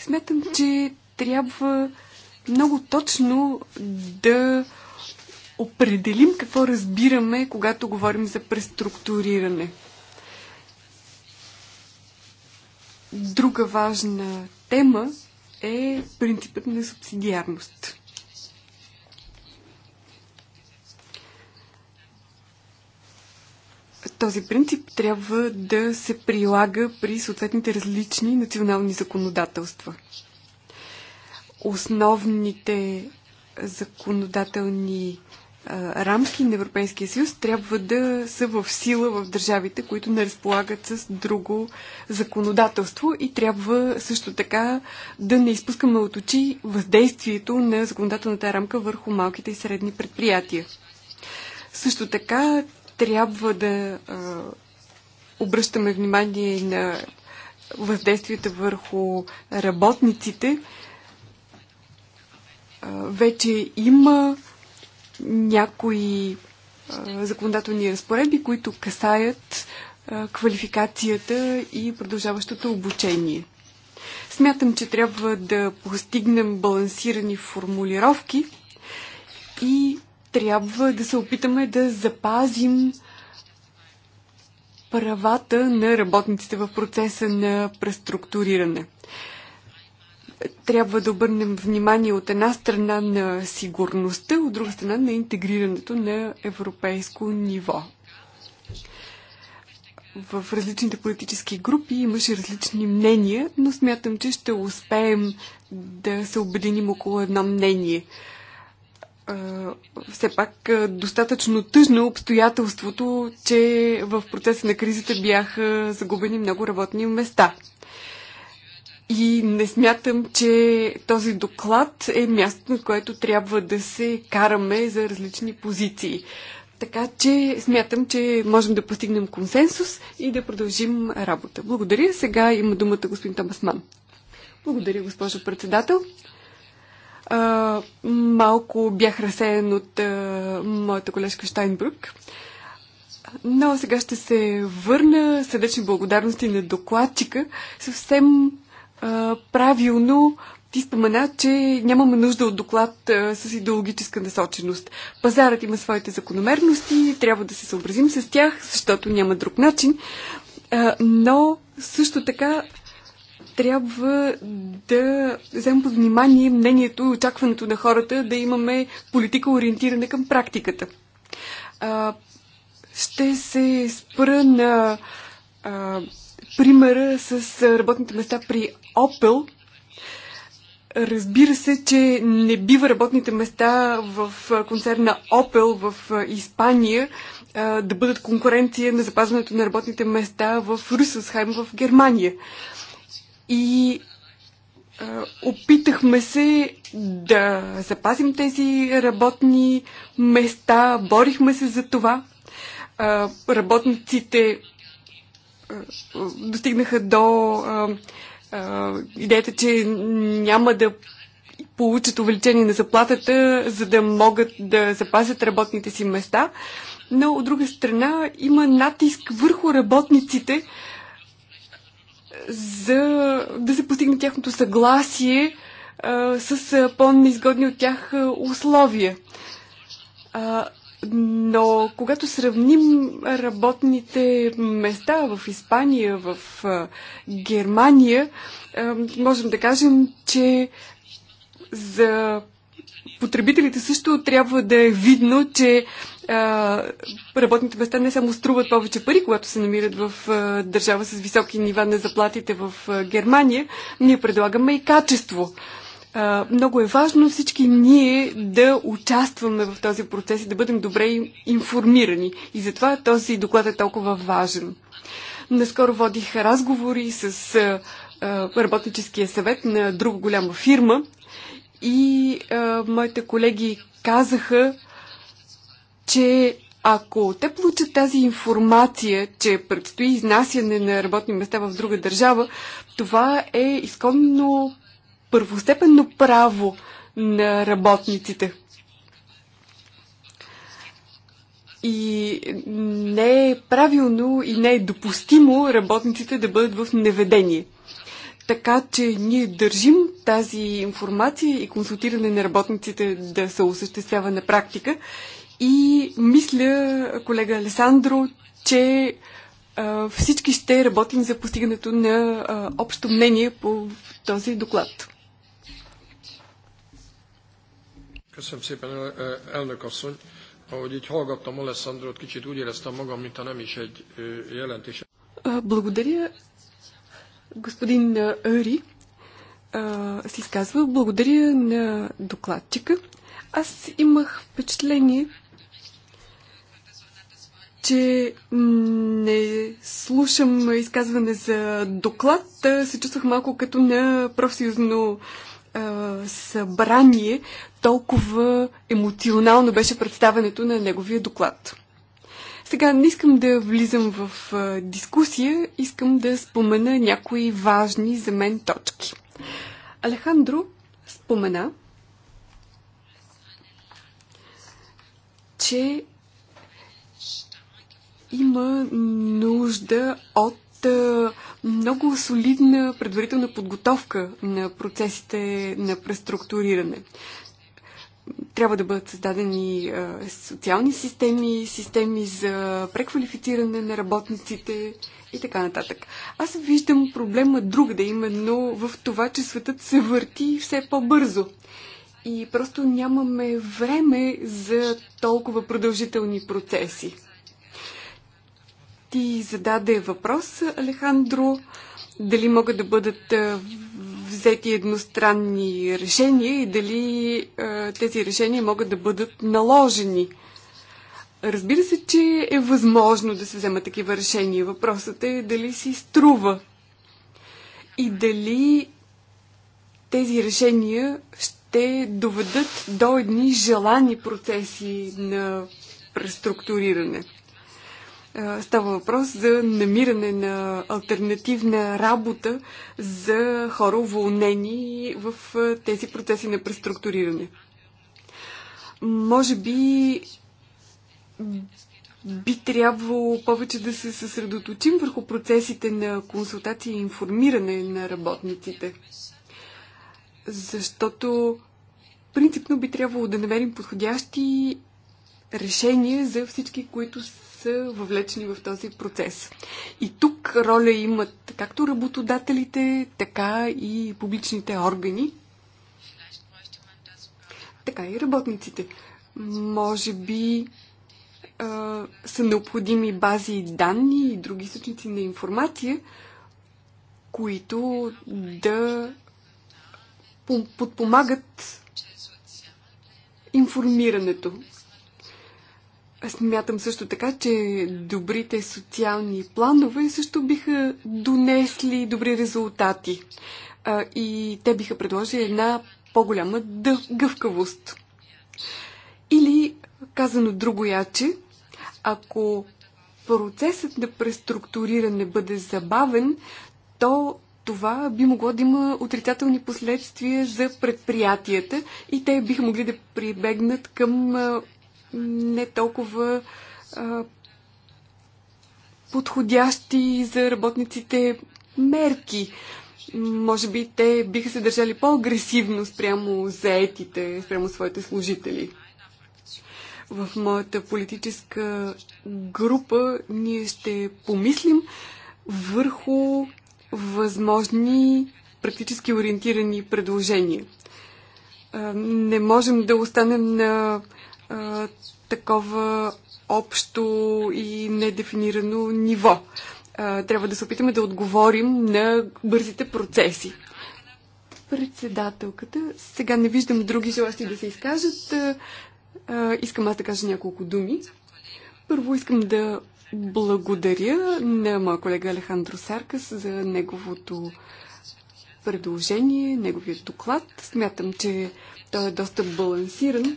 Смятам, че трябва много точно да определим какво разбираме, когато говорим за преструктуриране. Друга важна тема е принципът на субсидиарност. Този принцип трябва да се прилага при съответните различни национални законодателства. Основните законодателни рамки на Европейския съюз трябва да са в сила в държавите, които не разполагат с друго законодателство и трябва също така да не изпускаме от очи въздействието на законодателната рамка върху малките и средни предприятия. Също така трябва да обръщаме внимание на въздействията върху работниците. вече има някои законодателни разпоредби, които касаят квалификацията и продължаващото обучение. Смятам, че трябва да постигнем балансирани формулировки и трябва да се опитаме да запазим правата на работниците в процеса на преструктуриране трябва да обърнем внимание от една страна на сигурността, от друга страна на интегрирането на европейско ниво. В различните политически групи имаше различни мнения, но смятам, че ще успеем да се обединим около едно мнение. Все пак достатъчно тъжно е обстоятелството, че в процеса на кризата бяха загубени много работни места – и не смятам, че този доклад е място, на което трябва да се караме за различни позиции. Така че смятам, че можем да постигнем консенсус и да продължим работа. Благодаря. Сега има думата господин Тамасман. Благодаря, госпожо председател. А, малко бях разсеян от а, моята колежка Штайнбрук. Но сега ще се върна сърдечни благодарности на докладчика. Съвсем правилно ти спомена, че нямаме нужда от доклад а, с идеологическа насоченост. Пазарът има своите закономерности, трябва да се съобразим с тях, защото няма друг начин. А, но също така трябва да вземем под внимание мнението и очакването на хората да имаме политика ориентирана към практиката. А, ще се спра на а, примера с работните места при Opel, разбира се, че не бива работните места в концерна Opel в Испания да бъдат конкуренция на запазването на работните места в Русълсхайм в Германия. И опитахме се да запазим тези работни места, борихме се за това. Работниците е, достигнаха до а, а, идеята, че няма да получат увеличение на заплатата, за да могат да запазят работните си места. Но от друга страна има натиск върху работниците е, за да се постигне тяхното съгласие а, е, с по-неизгодни от тях условия. А, но когато сравним работните места в Испания, в Германия, можем да кажем, че за потребителите също трябва да е видно, че работните места не само струват повече пари, когато се намират в държава с високи нива на заплатите в Германия, ние предлагаме и качество много е важно всички ние да участваме в този процес и да бъдем добре информирани. И затова този доклад е толкова важен. Наскоро водих разговори с работническия съвет на друга голяма фирма и а, моите колеги казаха, че ако те получат тази информация, че предстои изнасяне на работни места в друга държава, това е изконно първостепенно право на работниците. И не е правилно и не е допустимо работниците да бъдат в неведение. Така че ние държим тази информация и консултиране на работниците да се осъществява на практика. И мисля, колега Алесандро, че всички ще работим за постигането на общо мнение по този доклад. Köszönöm szépen, eh, elnök asszony. Ahogy így hallgattam Alessandrot, kicsit úgy éreztem magam, mintha nem is egy eh, jelentés. Благодаря, господин э, Ри. Се э, изказва. Благодаря на докладчика. Аз имах впечатление, че не слушам изказване за доклад. Се чувствах малко като на профсъюзно э, събрание, толкова емоционално беше представенето на неговия доклад. Сега не искам да влизам в дискусия, искам да спомена някои важни за мен точки. Алехандро спомена, че има нужда от много солидна предварителна подготовка на процесите на преструктуриране трябва да бъдат създадени социални системи, системи за преквалифициране на работниците и така нататък. Аз виждам проблема другаде, именно в това, че светът се върти все по-бързо. И просто нямаме време за толкова продължителни процеси. Ти зададе въпрос, Алехандро, дали могат да бъдат взети едностранни решения и дали а, тези решения могат да бъдат наложени. Разбира се, че е възможно да се вземат такива решения. Въпросът е дали си струва и дали тези решения ще доведат до едни желани процеси на преструктуриране. Е, става въпрос за намиране на альтернативна работа за хора уволнени в е, тези процеси на преструктуриране. Може би би трябвало повече да се съсредоточим върху процесите на консултация и информиране на работниците. Защото принципно би трябвало да намерим подходящи решения за всички, които са въвлечени в този процес. И тук роля имат както работодателите, така и публичните органи, така и работниците. Може би а, са необходими бази данни и други източници на информация, които да подпомагат информирането. Смятам също така, че добрите социални планове също биха донесли добри резултати а, и те биха предложили една по-голяма гъвкавост. Или, казано другояче, ако процесът на преструктуриране бъде забавен, то това би могло да има отрицателни последствия за предприятията и те биха могли да прибегнат към не толкова а, подходящи за работниците мерки. Може би те биха се държали по-агресивно спрямо заетите, спрямо своите служители. В моята политическа група ние ще помислим върху възможни практически ориентирани предложения. Не можем да останем на такова общо и недефинирано ниво. А, трябва да се опитаме да отговорим на бързите процеси. Председателката, сега не виждам други желащи да се изкажат. А, искам аз да кажа няколко думи. Първо искам да благодаря на моя колега Алехандро Саркас за неговото предложение, неговият доклад. Смятам, че той е доста балансиран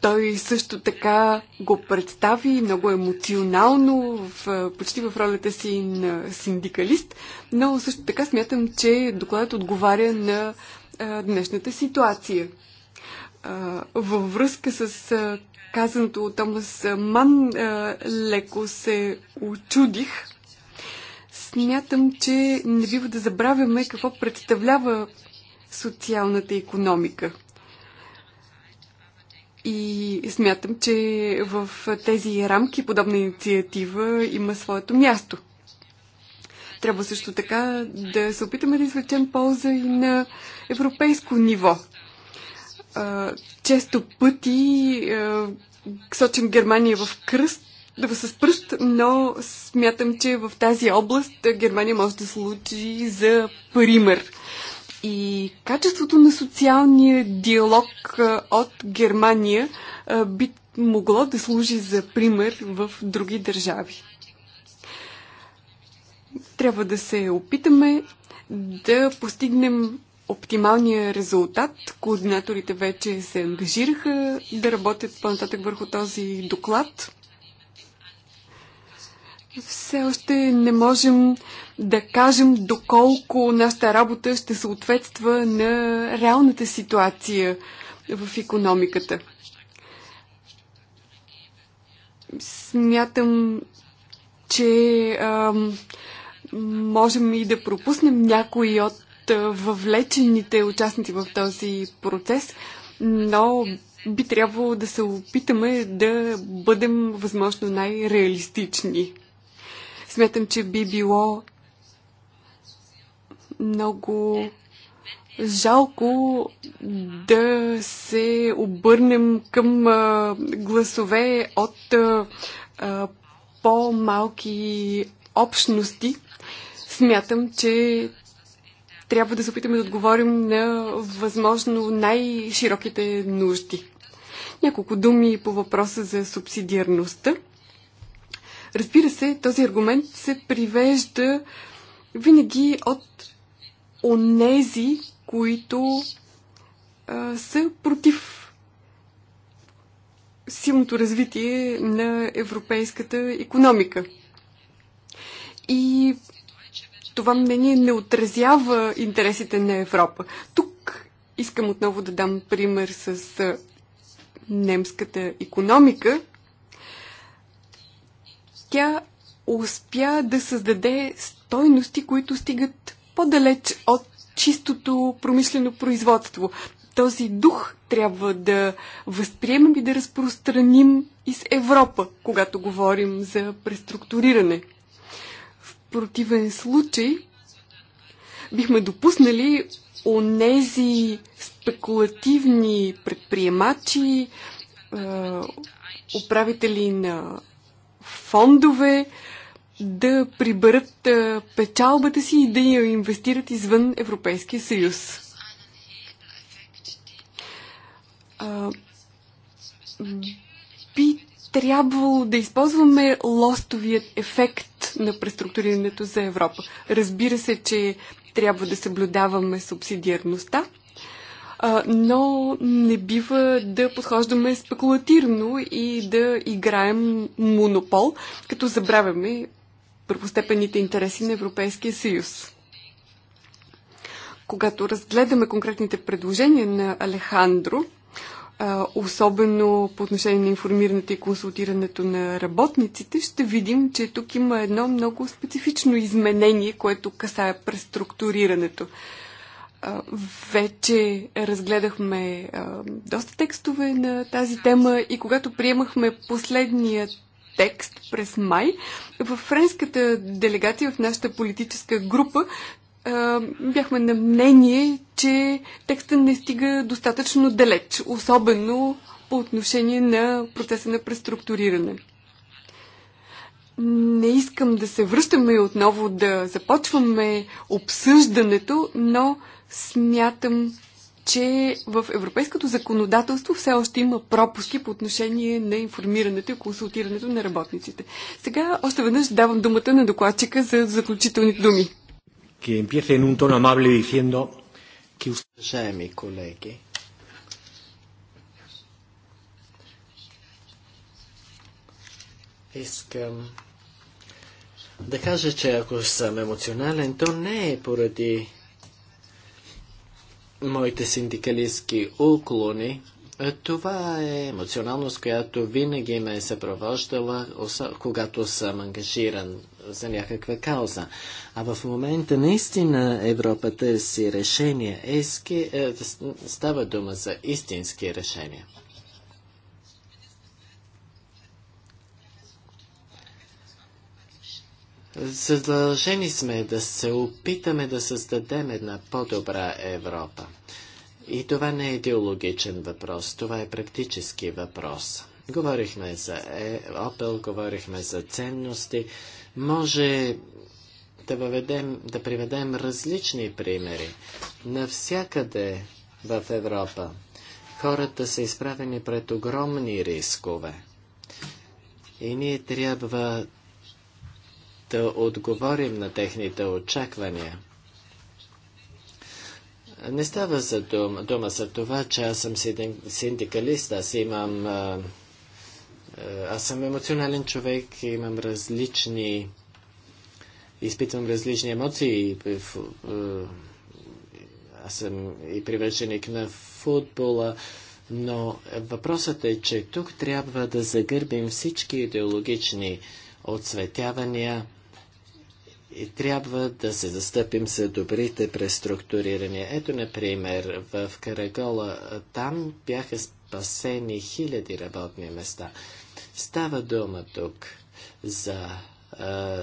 той също така го представи много емоционално, в, почти в ролята си на синдикалист, но също така смятам, че докладът отговаря на а, днешната ситуация. А, във връзка с а, казаното от Томас Ман, а, леко се очудих. Смятам, че не бива да забравяме какво представлява социалната економика – и смятам, че в тези рамки подобна инициатива има своето място. Трябва също така да се опитаме да извлечем полза и на европейско ниво. Често пъти сочим Германия в кръст, да с пръст, но смятам, че в тази област Германия може да случи за пример и качеството на социалния диалог от Германия би могло да служи за пример в други държави. Трябва да се опитаме да постигнем оптималния резултат. Координаторите вече се ангажираха да работят по-нататък върху този доклад все още не можем да кажем доколко нашата работа ще съответства на реалната ситуация в економиката. Смятам, че а, можем и да пропуснем някои от въвлечените участници в този процес, но би трябвало да се опитаме да бъдем възможно най-реалистични. Смятам, че би било много жалко да се обърнем към гласове от по-малки общности. Смятам, че трябва да се опитаме да отговорим на възможно най-широките нужди. Няколко думи по въпроса за субсидиарността. Разбира се, този аргумент се привежда винаги от онези, които а, са против силното развитие на европейската економика. И това мнение не отразява интересите на Европа. Тук искам отново да дам пример с немската економика, тя успя да създаде стойности, които стигат по-далеч от чистото промишлено производство. Този дух трябва да възприемем и да разпространим из Европа, когато говорим за преструктуриране. В противен случай бихме допуснали онези спекулативни предприемачи, управители на фондове да приберат печалбата си и да я инвестират извън Европейския съюз. Би трябвало да използваме лостовият ефект на преструктурирането за Европа. Разбира се, че трябва да съблюдаваме субсидиарността, но не бива да подхождаме спекулативно и да играем монопол, като забравяме първостепенните интереси на Европейския съюз. Когато разгледаме конкретните предложения на Алехандро, особено по отношение на информирането и консултирането на работниците, ще видим, че тук има едно много специфично изменение, което касае преструктурирането. Вече разгледахме доста текстове на тази тема и когато приемахме последния текст през май, във френската делегация, в нашата политическа група, бяхме на мнение, че текста не стига достатъчно далеч, особено по отношение на процеса на преструктуриране. Не искам да се връщаме отново да започваме обсъждането, но Смятам, че в европейското законодателство все още има пропуски по отношение на информирането и консултирането на работниците. Сега още веднъж давам думата на докладчика за заключителни думи. Уважаеми колеги, искам да кажа, че ако съм емоционален, то не е поради моите синдикалистски уклони. Е, това е емоционалност, която винаги ме е съпровождала, когато съм ангажиран за някаква кауза. А в момента наистина Европа търси решения. Ески, е, става дума за истински решения. Задължени сме да се опитаме да създадем една по-добра Европа. И това не е идеологичен въпрос, това е практически въпрос. Говорихме за е, говорихме за ценности. Може да, въведем, да приведем различни примери. Навсякъде в Европа хората са изправени пред огромни рискове. И ние трябва да отговорим на техните очаквания. Не става за дума, дума за това, че аз съм синдикалист, аз имам. Аз съм емоционален човек, имам различни. Изпитвам различни емоции. Аз съм и привърженик на футбола. Но въпросът е, че тук трябва да загърбим всички идеологични отсветявания, и трябва да се застъпим за добрите преструктурирания. Ето, например, в Карагола, там бяха спасени хиляди работни места. Става дума тук за а,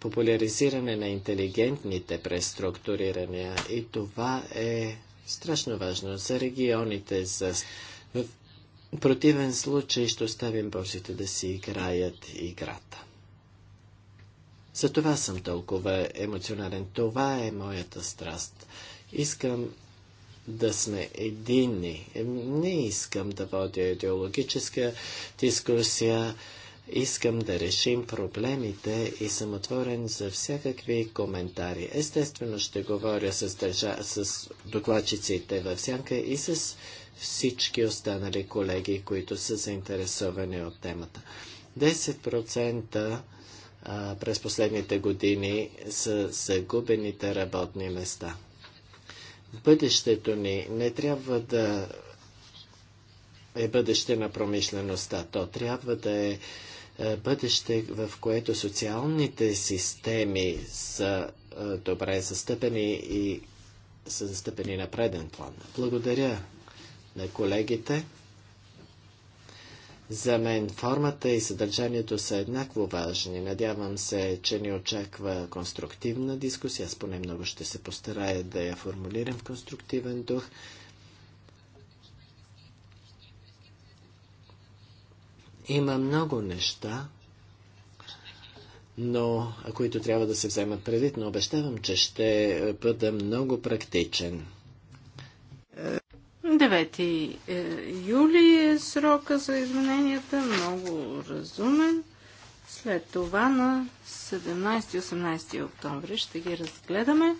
популяризиране на интелигентните преструктурирания и това е страшно важно за регионите, за... В противен случай ще оставим борците да си играят играта. За това съм толкова емоционален. Това е моята страст. Искам да сме единни. Не искам да водя идеологическа дискусия. Искам да решим проблемите и съм отворен за всякакви коментари. Естествено ще говоря с, държа... с докладчиците в сянка и с всички останали колеги, които са заинтересовани от темата. 10% а, през последните години са загубените работни места. Бъдещето ни не трябва да е бъдеще на промишлеността. То трябва да е, е бъдеще, в което социалните системи са е, добре застъпени и са застъпени на преден план. Благодаря на колегите. За мен формата и съдържанието са еднакво важни. Надявам се, че ни очаква конструктивна дискусия. Аз поне много ще се постарая да я формулирам в конструктивен дух. Има много неща, но които трябва да се вземат предвид, но обещавам, че ще бъда много практичен. 9 е, юли е срока за измененията, много разумен. След това на 17-18 октомври ще ги разгледаме.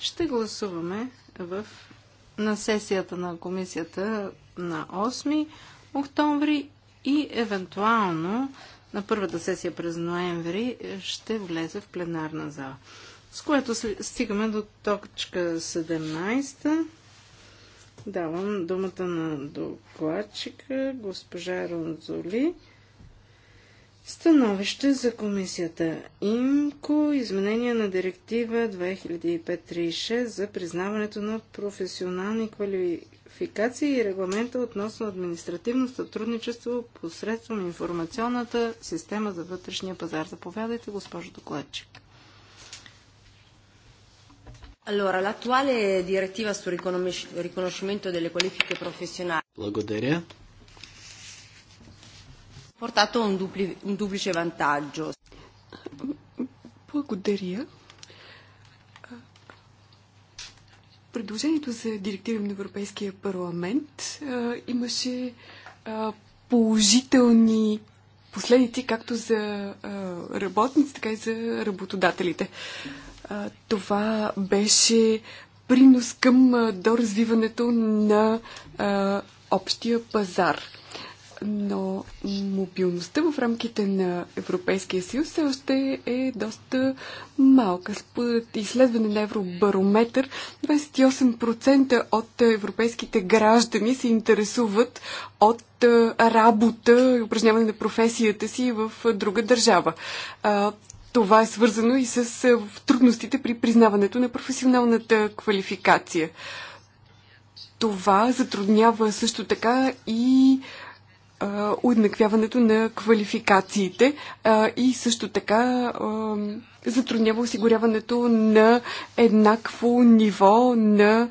Ще гласуваме в, на сесията на комисията на 8 октомври и евентуално на първата сесия през ноември ще влезе в пленарна зала. С което стигаме до точка 17. Давам думата на докладчика, госпожа Ронзоли. Становище за комисията ИМКО, изменение на директива 2536 за признаването на професионални квалификации и регламента относно административно сътрудничество посредством информационната система за вътрешния пазар. Заповядайте, госпожо докладчик. Allora, l'attuale direttiva sul riconoscimento delle qualifiche professionali. Благодаря. Portato un, dupli, un duplice vantaggio. Благодаря. Предложението за директива на Европейския парламент а, имаше а, положителни последици както за а, работници, така и за работодателите това беше принос към доразвиването на а, общия пазар. Но мобилността в рамките на Европейския съюз все още е доста малка. Според изследване на Евробарометър, 28% от европейските граждани се интересуват от работа и упражняване на професията си в друга държава това е свързано и с е, трудностите при признаването на професионалната квалификация. Това затруднява също така и уеднаквяването на квалификациите а, и също така а, затруднява осигуряването на еднакво ниво на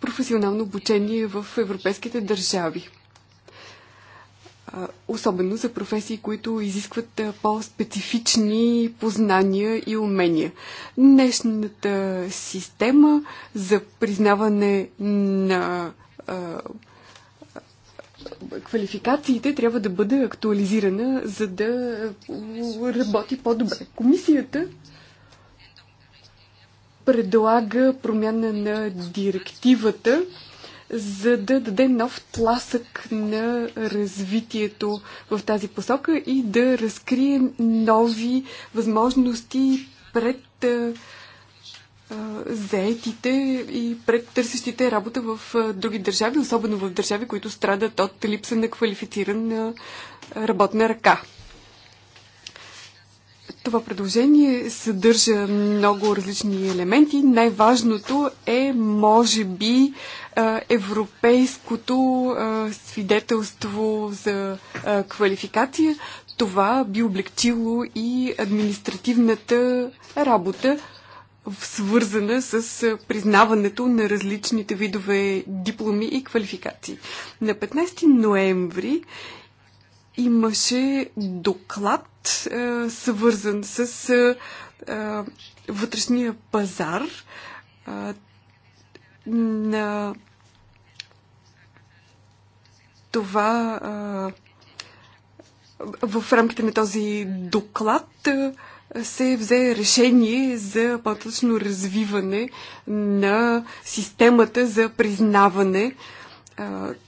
професионално обучение в европейските държави особено за професии, които изискват по-специфични познания и умения. Днешната система за признаване на квалификациите трябва да бъде актуализирана, за да работи по-добре. Комисията предлага промяна на директивата за да даде нов тласък на развитието в тази посока и да разкрие нови възможности пред заетите и пред търсещите работа в други държави, особено в държави, които страдат от липса на квалифицирана работна ръка. Това предложение съдържа много различни елементи. Най-важното е, може би, е, европейското е, свидетелство за е, квалификация. Това би облегчило и административната работа, свързана с признаването на различните видове дипломи и квалификации. На 15 ноември имаше доклад, свързан с вътрешния пазар на това в рамките на този доклад се взе решение за по-точно развиване на системата за признаване.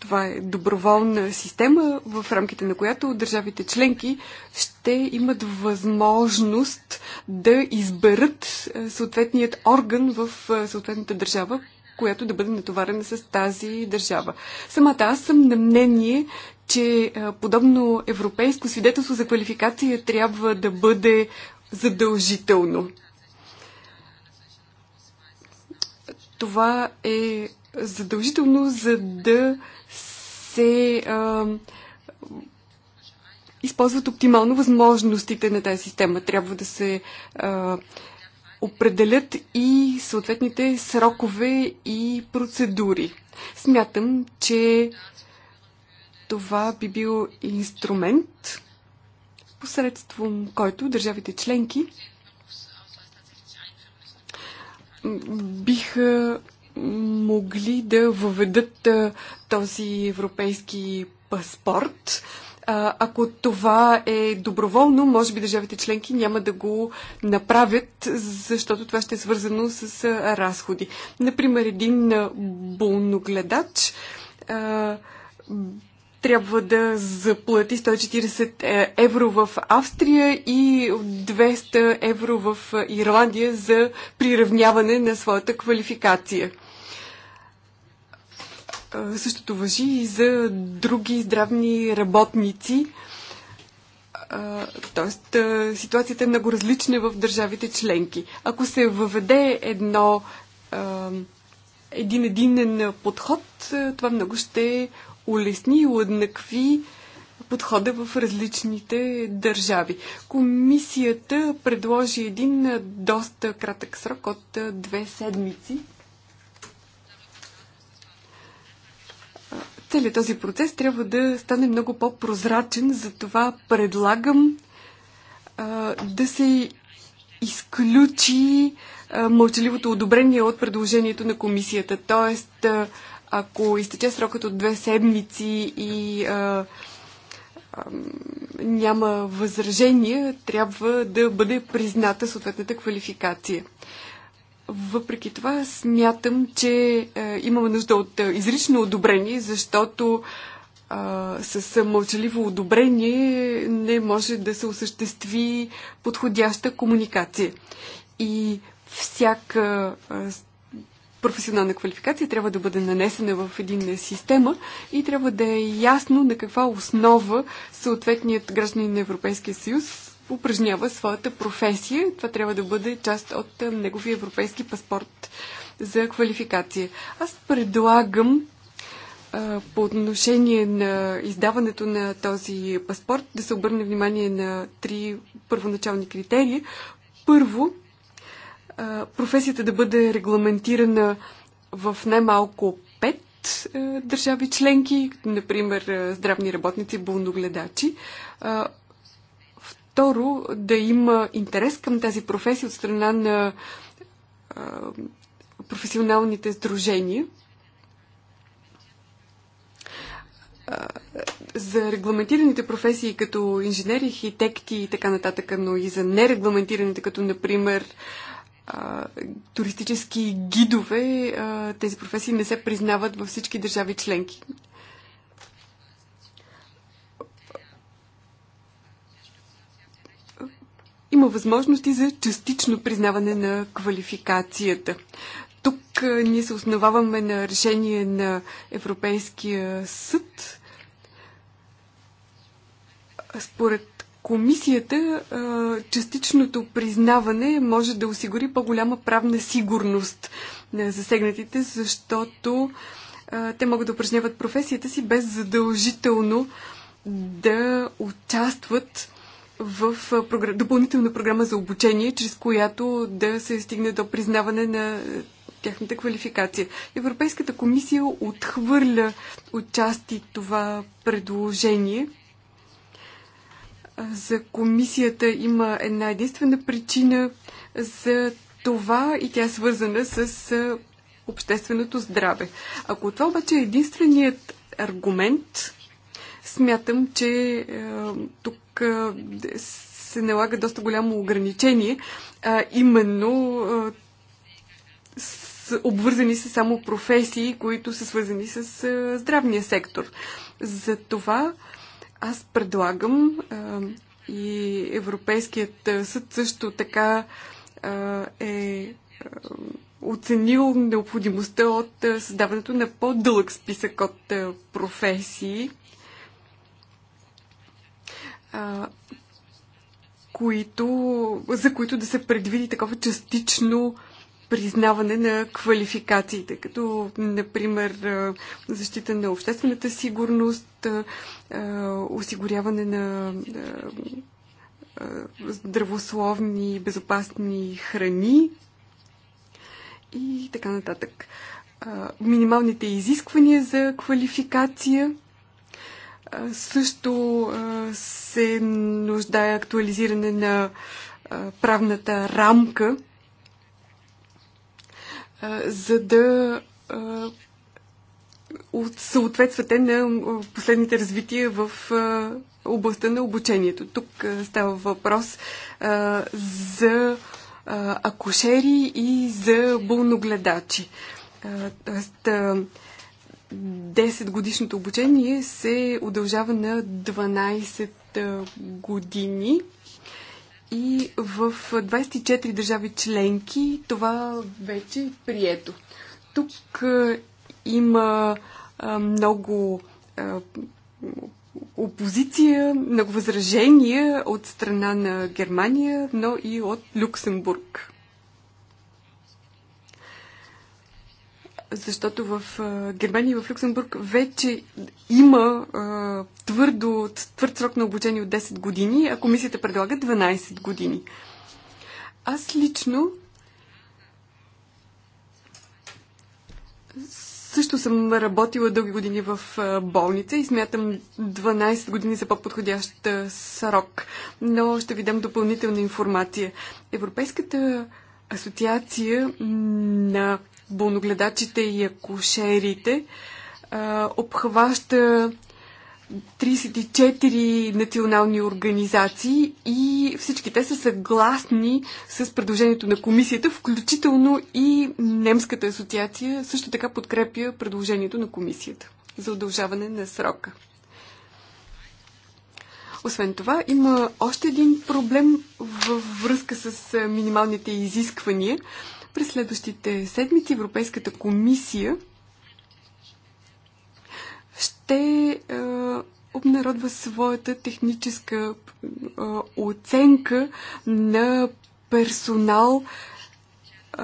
Това е доброволна система, в рамките на която държавите членки ще имат възможност да изберат съответният орган в съответната държава която да бъде натоварена с тази държава. Самата аз съм на мнение, че подобно европейско свидетелство за квалификация трябва да бъде задължително. Това е задължително, за да се а, използват оптимално възможностите на тази система. Трябва да се а, определят и съответните срокове и процедури. Смятам, че това би бил инструмент, посредством който държавите членки биха могли да въведат този европейски паспорт ако това е доброволно, може би държавите членки няма да го направят, защото това ще е свързано с разходи. Например, един болногледач трябва да заплати 140 е, евро в Австрия и 200 евро в Ирландия за приравняване на своята квалификация. Същото въжи и за други здравни работници. Тоест, ситуацията е много различна в държавите членки. Ако се въведе едно, един единен подход, това много ще улесни и уеднакви подхода в различните държави. Комисията предложи един доста кратък срок от две седмици Целият този процес трябва да стане много по-прозрачен, затова предлагам а, да се изключи а, мълчаливото одобрение от предложението на комисията. Тоест, а, ако изтече срокът от две седмици и а, а, няма възражения, трябва да бъде призната съответната квалификация. Въпреки това смятам, че е, имаме нужда от е, изрично одобрение, защото е, с е, мълчаливо одобрение не може да се осъществи подходяща комуникация. И всяка е, професионална квалификация трябва да бъде нанесена в един система и трябва да е ясно на каква основа съответният гражданин на Европейския съюз упражнява своята професия. Това трябва да бъде част от неговия европейски паспорт за квалификация. Аз предлагам по отношение на издаването на този паспорт да се обърне внимание на три първоначални критерии. Първо, професията да бъде регламентирана в най-малко пет държави членки, например здравни работници, болногледачи второ, да има интерес към тази професия от страна на а, професионалните сдружения. за регламентираните професии като инженери, архитекти и така нататък, но и за нерегламентираните, като например туристически гидове, тези професии не се признават във всички държави членки. Има възможности за частично признаване на квалификацията. Тук ние се основаваме на решение на Европейския съд. Според комисията, частичното признаване може да осигури по-голяма правна сигурност на засегнатите, защото те могат да упражняват професията си без задължително да участват в програ... допълнителна програма за обучение, чрез която да се стигне до признаване на тяхната квалификация. Европейската комисия отхвърля отчасти това предложение. За комисията има една единствена причина за това и тя е свързана с общественото здраве. Ако това обаче е единственият аргумент, смятам, че е, тук се налага доста голямо ограничение, а именно с, обвързани са само професии, които са свързани с здравния сектор. Затова аз предлагам и Европейският съд също така е оценил необходимостта от създаването на по-дълъг списък от професии, а, които, за които да се предвиди такова частично признаване на квалификациите, като, например, защита на обществената сигурност, осигуряване на здравословни и безопасни храни и така нататък. Минималните изисквания за квалификация – също се нуждае актуализиране на правната рамка, за да съответствате на последните развития в областта на обучението. Тук става въпрос за акушери и за болногледачи. Тоест, 10 годишното обучение се удължава на 12 години и в 24 държави членки това вече е прието. Тук има много опозиция, много възражения от страна на Германия, но и от Люксембург. защото в Германия и в Люксембург вече има твърдо, твърд срок на обучение от 10 години, а комисията предлага 12 години. Аз лично също съм работила дълги години в болница и смятам 12 години за по-подходящ срок. Но ще ви дам допълнителна информация. Европейската асоциация на болногледачите и акушерите, обхваща 34 национални организации и всички те са съгласни с предложението на комисията, включително и Немската асоциация също така подкрепя предложението на комисията за удължаване на срока. Освен това, има още един проблем във връзка с минималните изисквания – през следващите седмици Европейската комисия ще е, обнародва своята техническа е, оценка на персонал е,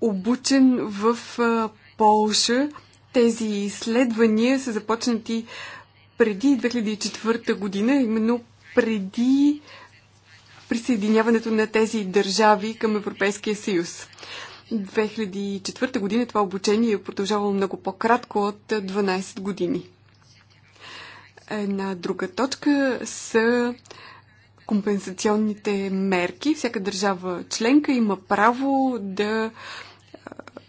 обучен в е, Полша. Тези изследвания са започнати преди 2004 година, именно преди е, присъединяването на тези държави към Европейския съюз. 2004 година това обучение е продължавало много по-кратко от 12 години. Една друга точка са компенсационните мерки. Всяка държава членка има право да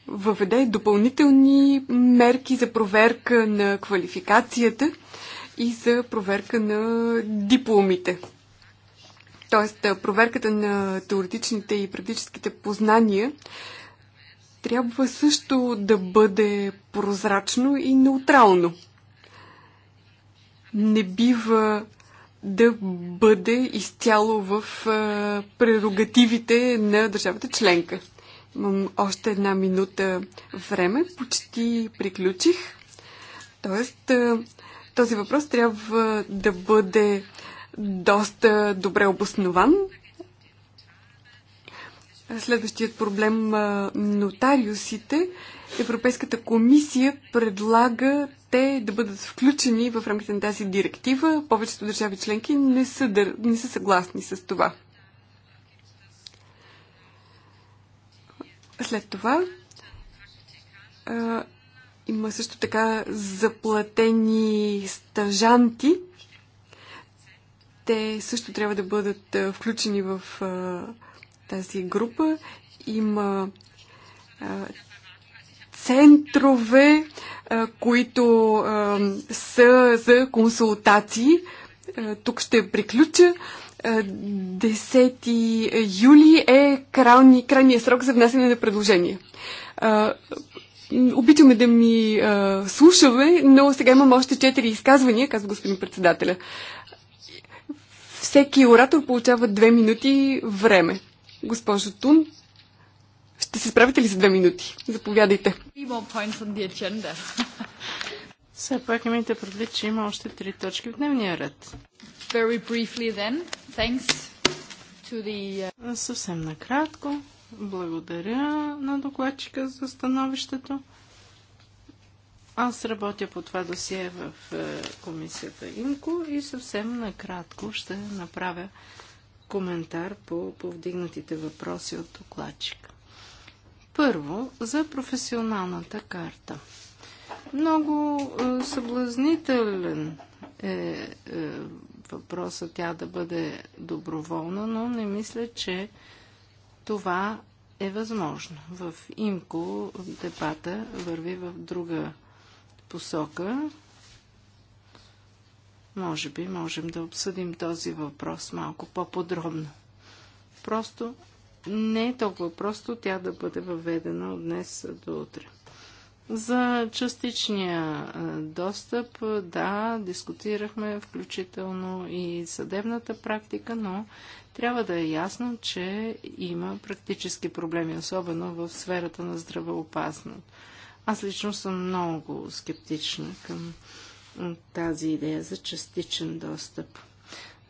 въведе допълнителни мерки за проверка на квалификацията и за проверка на дипломите. Тоест, проверката на теоретичните и практическите познания трябва също да бъде прозрачно и неутрално. Не бива да бъде изцяло в прерогативите на държавата членка. Имам още една минута време, почти приключих. Тоест, този въпрос трябва да бъде доста добре обоснован. Следващият проблем нотариусите. Европейската комисия предлага те да бъдат включени в рамките на тази директива. Повечето държави членки не са, дър... не са съгласни с това. След това има също така заплатени стажанти, те също трябва да бъдат включени в тази група. Има центрове, които са за консултации. Тук ще приключа. 10 юли е крайни, крайният срок за внасяне на предложения. Обичаме да ми слушаме, но сега имам още 4 изказвания, казва господин председателя. Всеки оратор получава две минути време. Госпожо Тун, ще се справите ли за две минути? Заповядайте. Все пак имайте предвид, че има още три точки в дневния ред. Very briefly then, thanks to the... Съвсем накратко, благодаря на докладчика за становището. Аз работя по това досие в е, комисията ИМКО и съвсем накратко ще направя коментар по повдигнатите въпроси от докладчика. Първо, за професионалната карта. Много е, съблазнителен е, е въпроса тя да бъде доброволна, но не мисля, че това е възможно. В ИМКО дебата върви в друга посока. Може би можем да обсъдим този въпрос малко по-подробно. Просто не е толкова просто тя да бъде въведена от днес до утре. За частичния достъп, да, дискутирахме включително и съдебната практика, но трябва да е ясно, че има практически проблеми, особено в сферата на здравеопазването. Аз лично съм много скептична към тази идея за частичен достъп.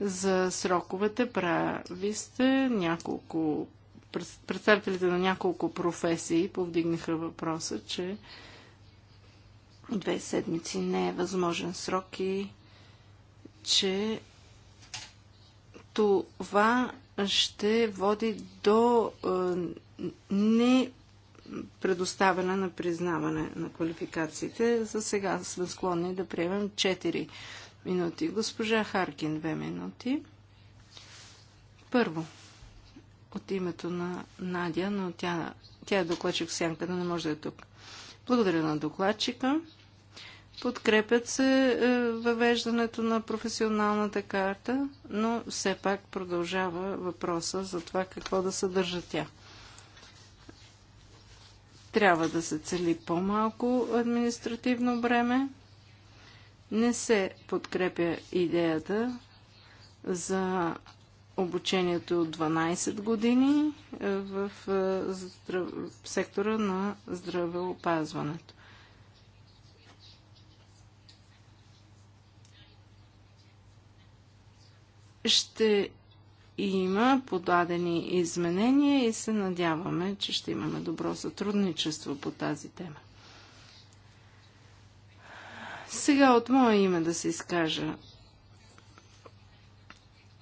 За сроковете прави сте няколко представителите на няколко професии повдигнаха въпроса, че две седмици не е възможен срок и че това ще води до е, не предоставяне на признаване на квалификациите. За сега сме склонни да приемем 4 минути. Госпожа Харкин, 2 минути. Първо, от името на Надя, но тя, тя е докладчик в сянка, да не може да е тук. Благодаря на докладчика. Подкрепят се е, въвеждането на професионалната карта, но все пак продължава въпроса за това какво да съдържа тя. Трябва да се цели по-малко административно бреме. Не се подкрепя идеята за обучението от 12 години е, в е, сектора на здравеопазването. Ще има подадени изменения и се надяваме, че ще имаме добро сътрудничество по тази тема. Сега от мое име да се изкажа.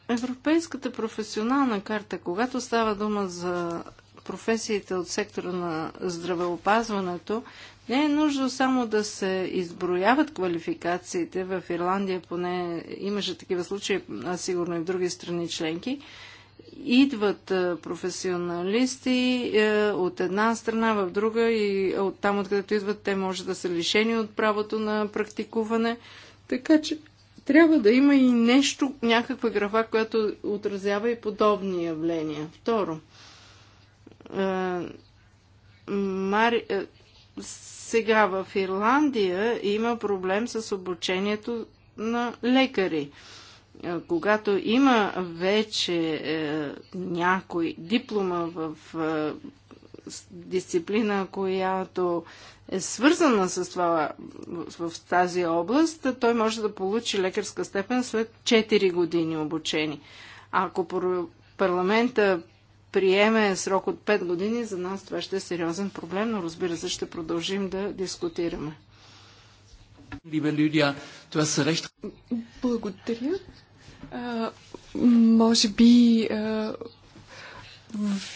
Европейската професионална карта, когато става дума за професиите от сектора на здравеопазването, не е нужно само да се изброяват квалификациите. В Ирландия поне имаше такива случаи, а сигурно и в други страни членки. Идват професионалисти е, от една страна в друга и от там, откъдето идват, те може да са лишени от правото на практикуване. Така че трябва да има и нещо, някаква графа, която отразява и подобни явления. Второ, е, Мари, е, сега в Ирландия има проблем с обучението на лекари. Е, когато има вече е, някой диплома в е, дисциплина, която е свързана с това в, в тази област, той може да получи лекарска степен след 4 години обучение. Ако парламента приеме срок от 5 години, за нас това ще е сериозен проблем, но разбира се, ще продължим да дискутираме. Либе Лидия, това Благодаря. А, може би а,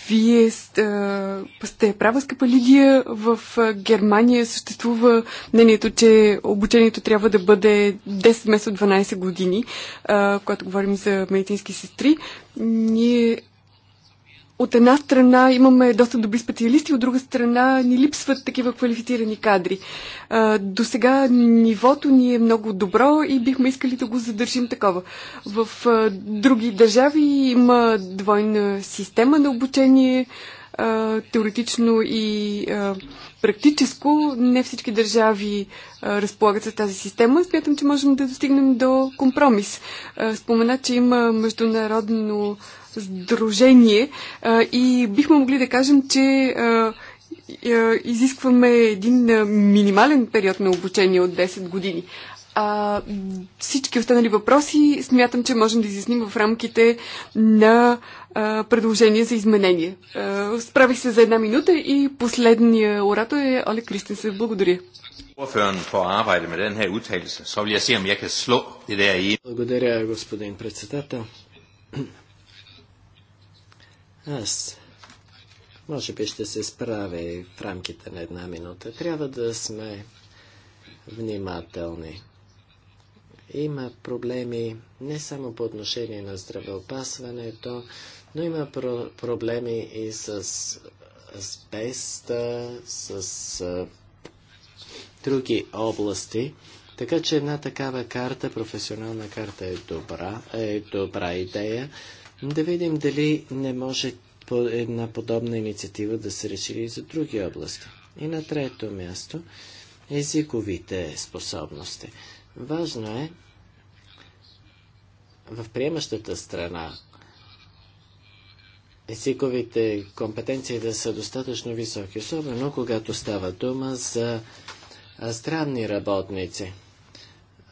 вие а, сте права, скъпа Лидия. В Германия съществува мнението, че обучението трябва да бъде 10 месо от 12 години, а, когато говорим за медицински сестри. Ние от една страна имаме доста добри специалисти, от друга страна ни липсват такива квалифицирани кадри. До сега нивото ни е много добро и бихме искали да го задържим такова. В други държави има двойна система на обучение, теоретично и практическо. Не всички държави разполагат с тази система. Смятам, че можем да достигнем до компромис. Спомена, че има международно сдружение и бихме могли да кажем, че изискваме един минимален период на обучение от 10 години. А, всички останали въпроси смятам, че можем да изясним в рамките на а, предложение за изменение. А, справих се за една минута и последния оратор е Оле Кристенсен. Благодаря. Благодаря, господин председател. Аз може би ще се справя и в рамките на една минута. Трябва да сме внимателни. Има проблеми не само по отношение на здравеопасването, но има про- проблеми и с асбеста, с, с а, други области. Така че една такава карта, професионална карта е добра, е добра идея. Да видим дали не може една подобна инициатива да се реши и за други области. И на трето място езиковите способности. Важно е в приемащата страна езиковите компетенции да са достатъчно високи, особено когато става дума за странни работници.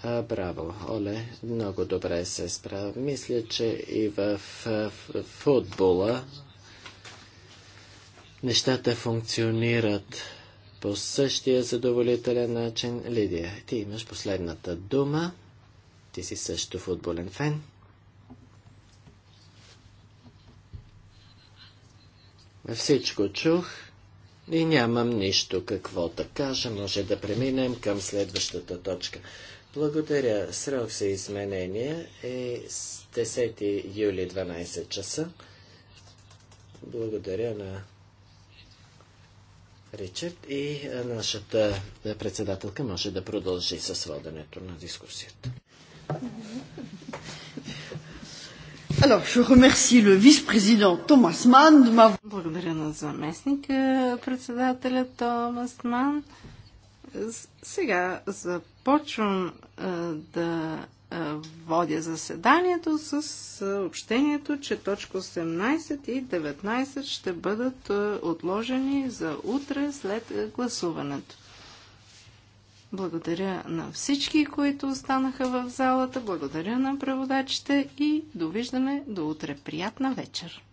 А, браво, Оле, много добре се справя. Мисля, че и в, в, в футбола нещата функционират по същия задоволителен начин. Лидия, ти имаш последната дума. Ти си също футболен фен. Всичко чух и нямам нищо какво да кажа. Може да преминем към следващата точка. Благодаря. Срок за изменение е 10 юли 12 часа. Благодаря на Ричард и нашата председателка може да продължи с воденето на дискусията. Alors, je remercie le vice-président Thomas Mann de m'avoir... Благодаря на заместника председателя Томас Ман. Сега за започвам да водя заседанието с съобщението, че точка 18 и 19 ще бъдат отложени за утре след гласуването. Благодаря на всички, които останаха в залата, благодаря на преводачите и довиждане до утре. Приятна вечер!